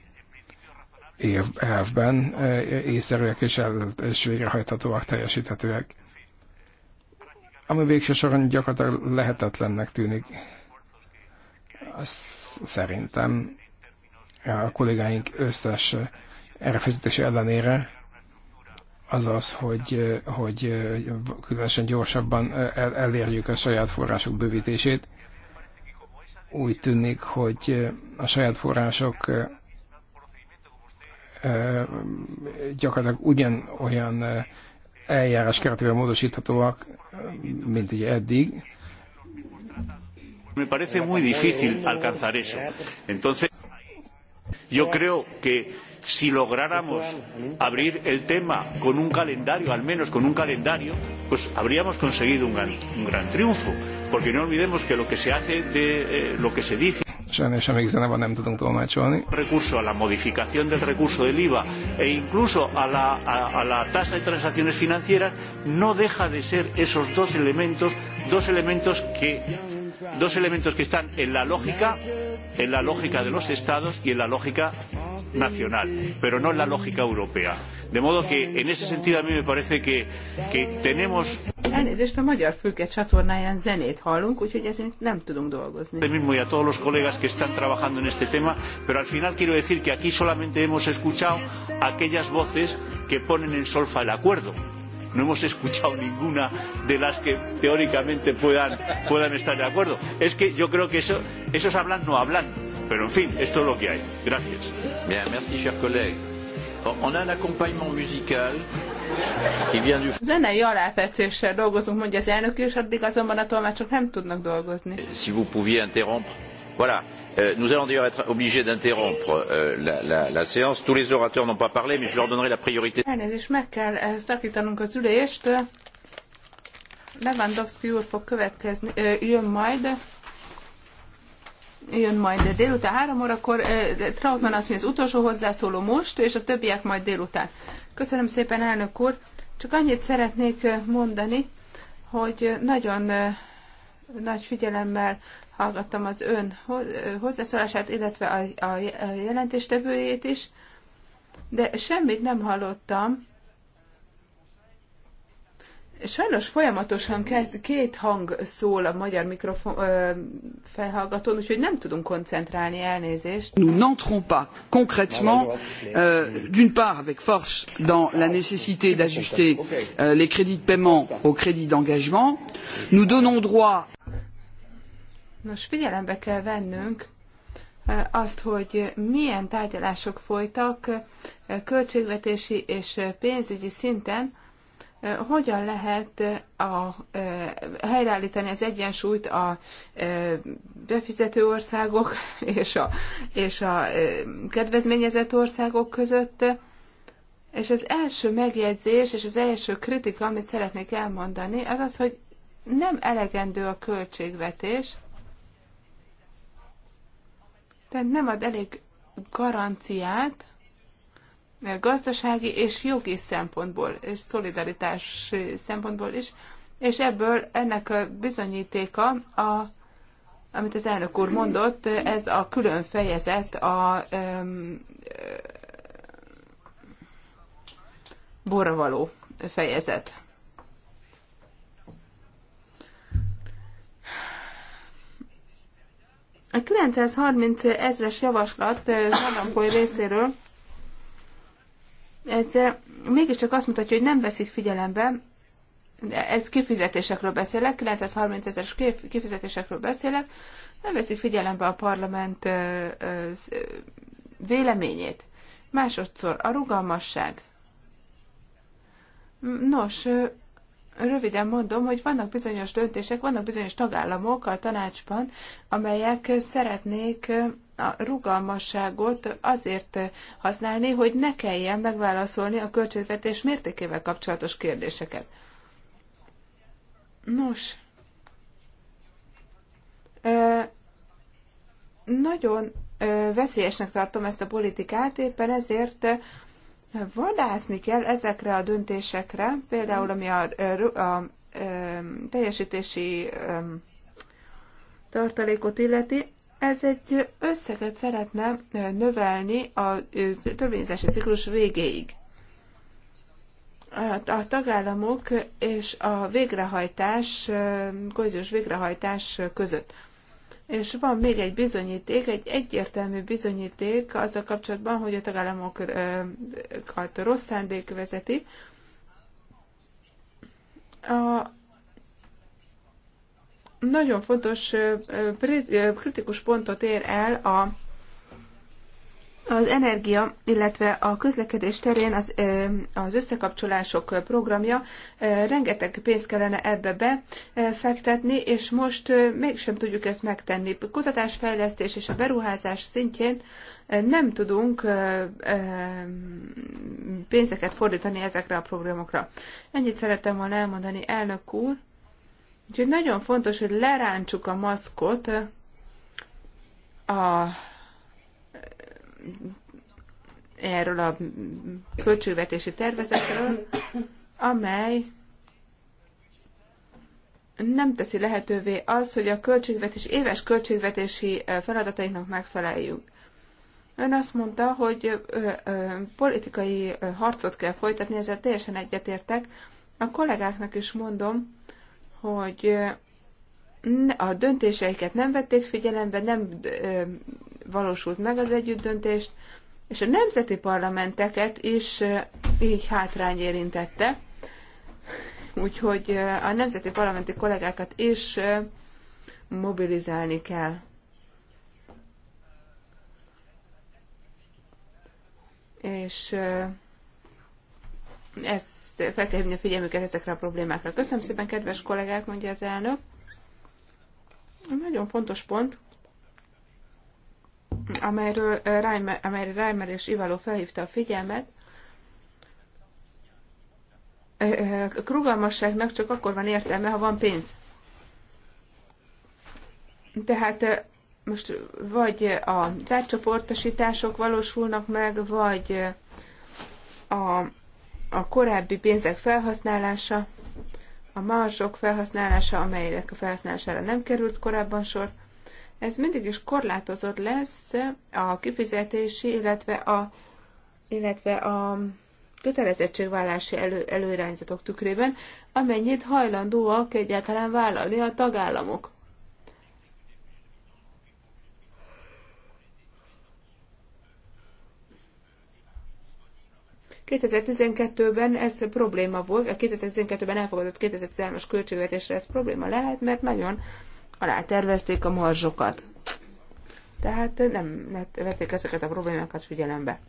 év, elvben észszerűek és, el, és végrehajthatóak, teljesíthetőek. Ami végső soron gyakorlatilag lehetetlennek tűnik. Azt szerintem a kollégáink összes erre ellenére az az, hogy, eh, hogy eh, különösen gyorsabban eh, elérjük a saját források bővítését. Úgy tűnik, hogy a saját források gyakorlatilag ugyanolyan eljárás keretében módosíthatóak, mint ugye eddig. Me parece muy difícil alcanzar eso. Entonces, yo creo que si lográramos abrir el tema con un calendario, al menos con un calendario, pues habríamos conseguido un gran, un gran triunfo. Porque no olvidemos que lo que se hace de eh, lo que se dice. Sajnos amíg zenében nem tudunk tolmácsolni. Recurso a la modificación del recurso del IVA e incluso a la, a, a la tasa de transacciones financieras no deja de ser esos dos elementos, dos elementos que, dos elementos que están en la lógica en la lógica de los Estados y en la lógica nacional, pero no en la lógica europea. De modo que en ese sentido a mí me parece que, que tenemos... Elnézést, a magyar fülke csatornáján zenét hallunk, úgyhogy ezen nem tudunk dolgozni. Mismo y a todos los colegas que están trabajando en este tema, pero al final quiero decir que aquí solamente hemos escuchado aquellas voces que ponen en solfa el acuerdo no hemos escuchado ninguna de las que teóricamente puedan, puedan estar de acuerdo. Es que yo creo que eso, esos hablan no hablan. Pero en fin, esto es lo que hay. Gracias. Bien, merci, cher collègue. On a un accompagnement musical qui vient du... Zenei aláfestéssel dolgozunk, mondja az elnök, és addig azonban a tolmácsok nem tudnak dolgozni. Si vous pouviez interrompre. Voilà. Euh, nous allons d'ailleurs être obligés d'interrompre euh, la, la, la séance. Tous les orateurs n'ont pas parlé, mais je leur donnerai la priorité. Elnézést, meg kell eh, szakítanunk az ülést. Lewandowski úr fog következni, eh, jön majd jön majd délután három órakor. Eh, Trautmann azt mondja, az utolsó hozzászóló most, és a többiek majd délután. Köszönöm szépen, elnök úr. Csak annyit szeretnék mondani, hogy nagyon nagy figyelemmel hallgattam az ön hozzászólását, illetve a, a jelentéstevőjét is, de semmit nem hallottam. Sajnos folyamatosan két, két hang szól a magyar mikrofon ö, felhallgatón, úgyhogy nem tudunk koncentrálni elnézést. Nous n'entrons pas concrètement, euh, d'une part avec force dans la nécessité d'ajuster euh, les crédits de paiement aux crédits d'engagement. Nous donnons droit. Nos, figyelembe kell vennünk e, azt, hogy milyen tárgyalások folytak e, költségvetési és pénzügyi szinten, e, hogyan lehet a, helyreállítani az egyensúlyt a befizető országok és a, és a kedvezményezett országok között. És az első megjegyzés és az első kritika, amit szeretnék elmondani, az az, hogy nem elegendő a költségvetés, de nem ad elég garanciát eh, gazdasági és jogi szempontból, és szolidaritás eh, szempontból is, és ebből ennek a bizonyítéka, a, amit az elnök úr mondott, eh, ez a külön fejezet a um, borravaló fejezet. A 930 ezres javaslat Van részéről ez mégiscsak azt mutatja, hogy nem veszik figyelembe, ez kifizetésekről beszélek, 930 ezeres kifizetésekről beszélek, nem veszik figyelembe a parlament véleményét. Másodszor a rugalmasság. Nos, röviden mondom, hogy vannak bizonyos döntések, vannak bizonyos tagállamok a tanácsban, amelyek szeretnék a rugalmasságot azért használni, hogy ne kelljen megválaszolni a költségvetés mértékével kapcsolatos kérdéseket. Nos, nagyon veszélyesnek tartom ezt a politikát, éppen ezért vadászni kell ezekre a döntésekre, például ami a, a, a, a teljesítési a, tartalékot illeti, ez egy összeget szeretne növelni a törvényzési ciklus végéig. Hát a tagállamok és a végrehajtás, kohéziós végrehajtás között. És van még egy bizonyíték, egy egyértelmű bizonyíték azzal kapcsolatban, hogy a tagállamokat hát rossz szándék vezeti. A nagyon fontos kritikus pontot ér el a az energia, illetve a közlekedés terén az, az összekapcsolások programja rengeteg pénzt kellene ebbe befektetni, és most mégsem tudjuk ezt megtenni. Kutatásfejlesztés és a beruházás szintjén nem tudunk pénzeket fordítani ezekre a programokra. Ennyit szerettem volna elmondani, elnök úr. Úgyhogy nagyon fontos, hogy lerántsuk a maszkot a erről a költségvetési tervezetről, amely nem teszi lehetővé az, hogy a költségvetés, éves költségvetési feladatainknak megfeleljünk. Ön azt mondta, hogy ö, ö, politikai harcot kell folytatni, ezzel teljesen egyetértek. A kollégáknak is mondom, hogy a döntéseiket nem vették figyelembe, nem valósult meg az együttdöntést, és a nemzeti parlamenteket is így hátrány érintette. Úgyhogy a nemzeti parlamenti kollégákat is mobilizálni kell. És ez fel kell hívni a figyelmüket ezekre a problémákra. Köszönöm szépen, kedves kollégák, mondja az elnök. Nagyon fontos pont amelyről Reimer, amelyre Reimer és Ivaló felhívta a figyelmet, a rugalmasságnak csak akkor van értelme, ha van pénz. Tehát most vagy a zárcsoportosítások valósulnak meg, vagy a, a korábbi pénzek felhasználása, a mások felhasználása, amelyek a felhasználására nem került korábban sor ez mindig is korlátozott lesz a kifizetési, illetve a, illetve a kötelezettségvállási elő, előirányzatok tükrében, amennyit hajlandóak egyáltalán vállalni a tagállamok. ben ez probléma volt, a 2012-ben elfogadott 2013-as költségvetésre ez probléma lehet, mert nagyon alá tervezték a marzsokat. Tehát nem vették ezeket a problémákat figyelembe.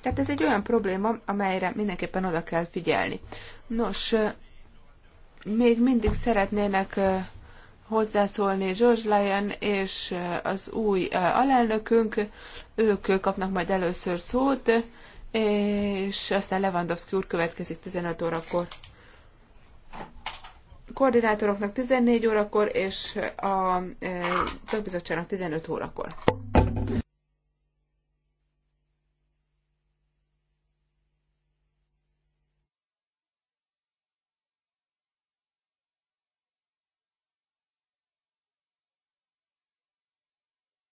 Tehát ez egy olyan probléma, amelyre mindenképpen oda kell figyelni. Nos, még mindig szeretnének hozzászólni George Lyon és az új alelnökünk. Ők kapnak majd először szót, és aztán Lewandowski úr következik 15 órakor koordinátoroknak 14 órakor és a szakbizottságnak 15 órakor.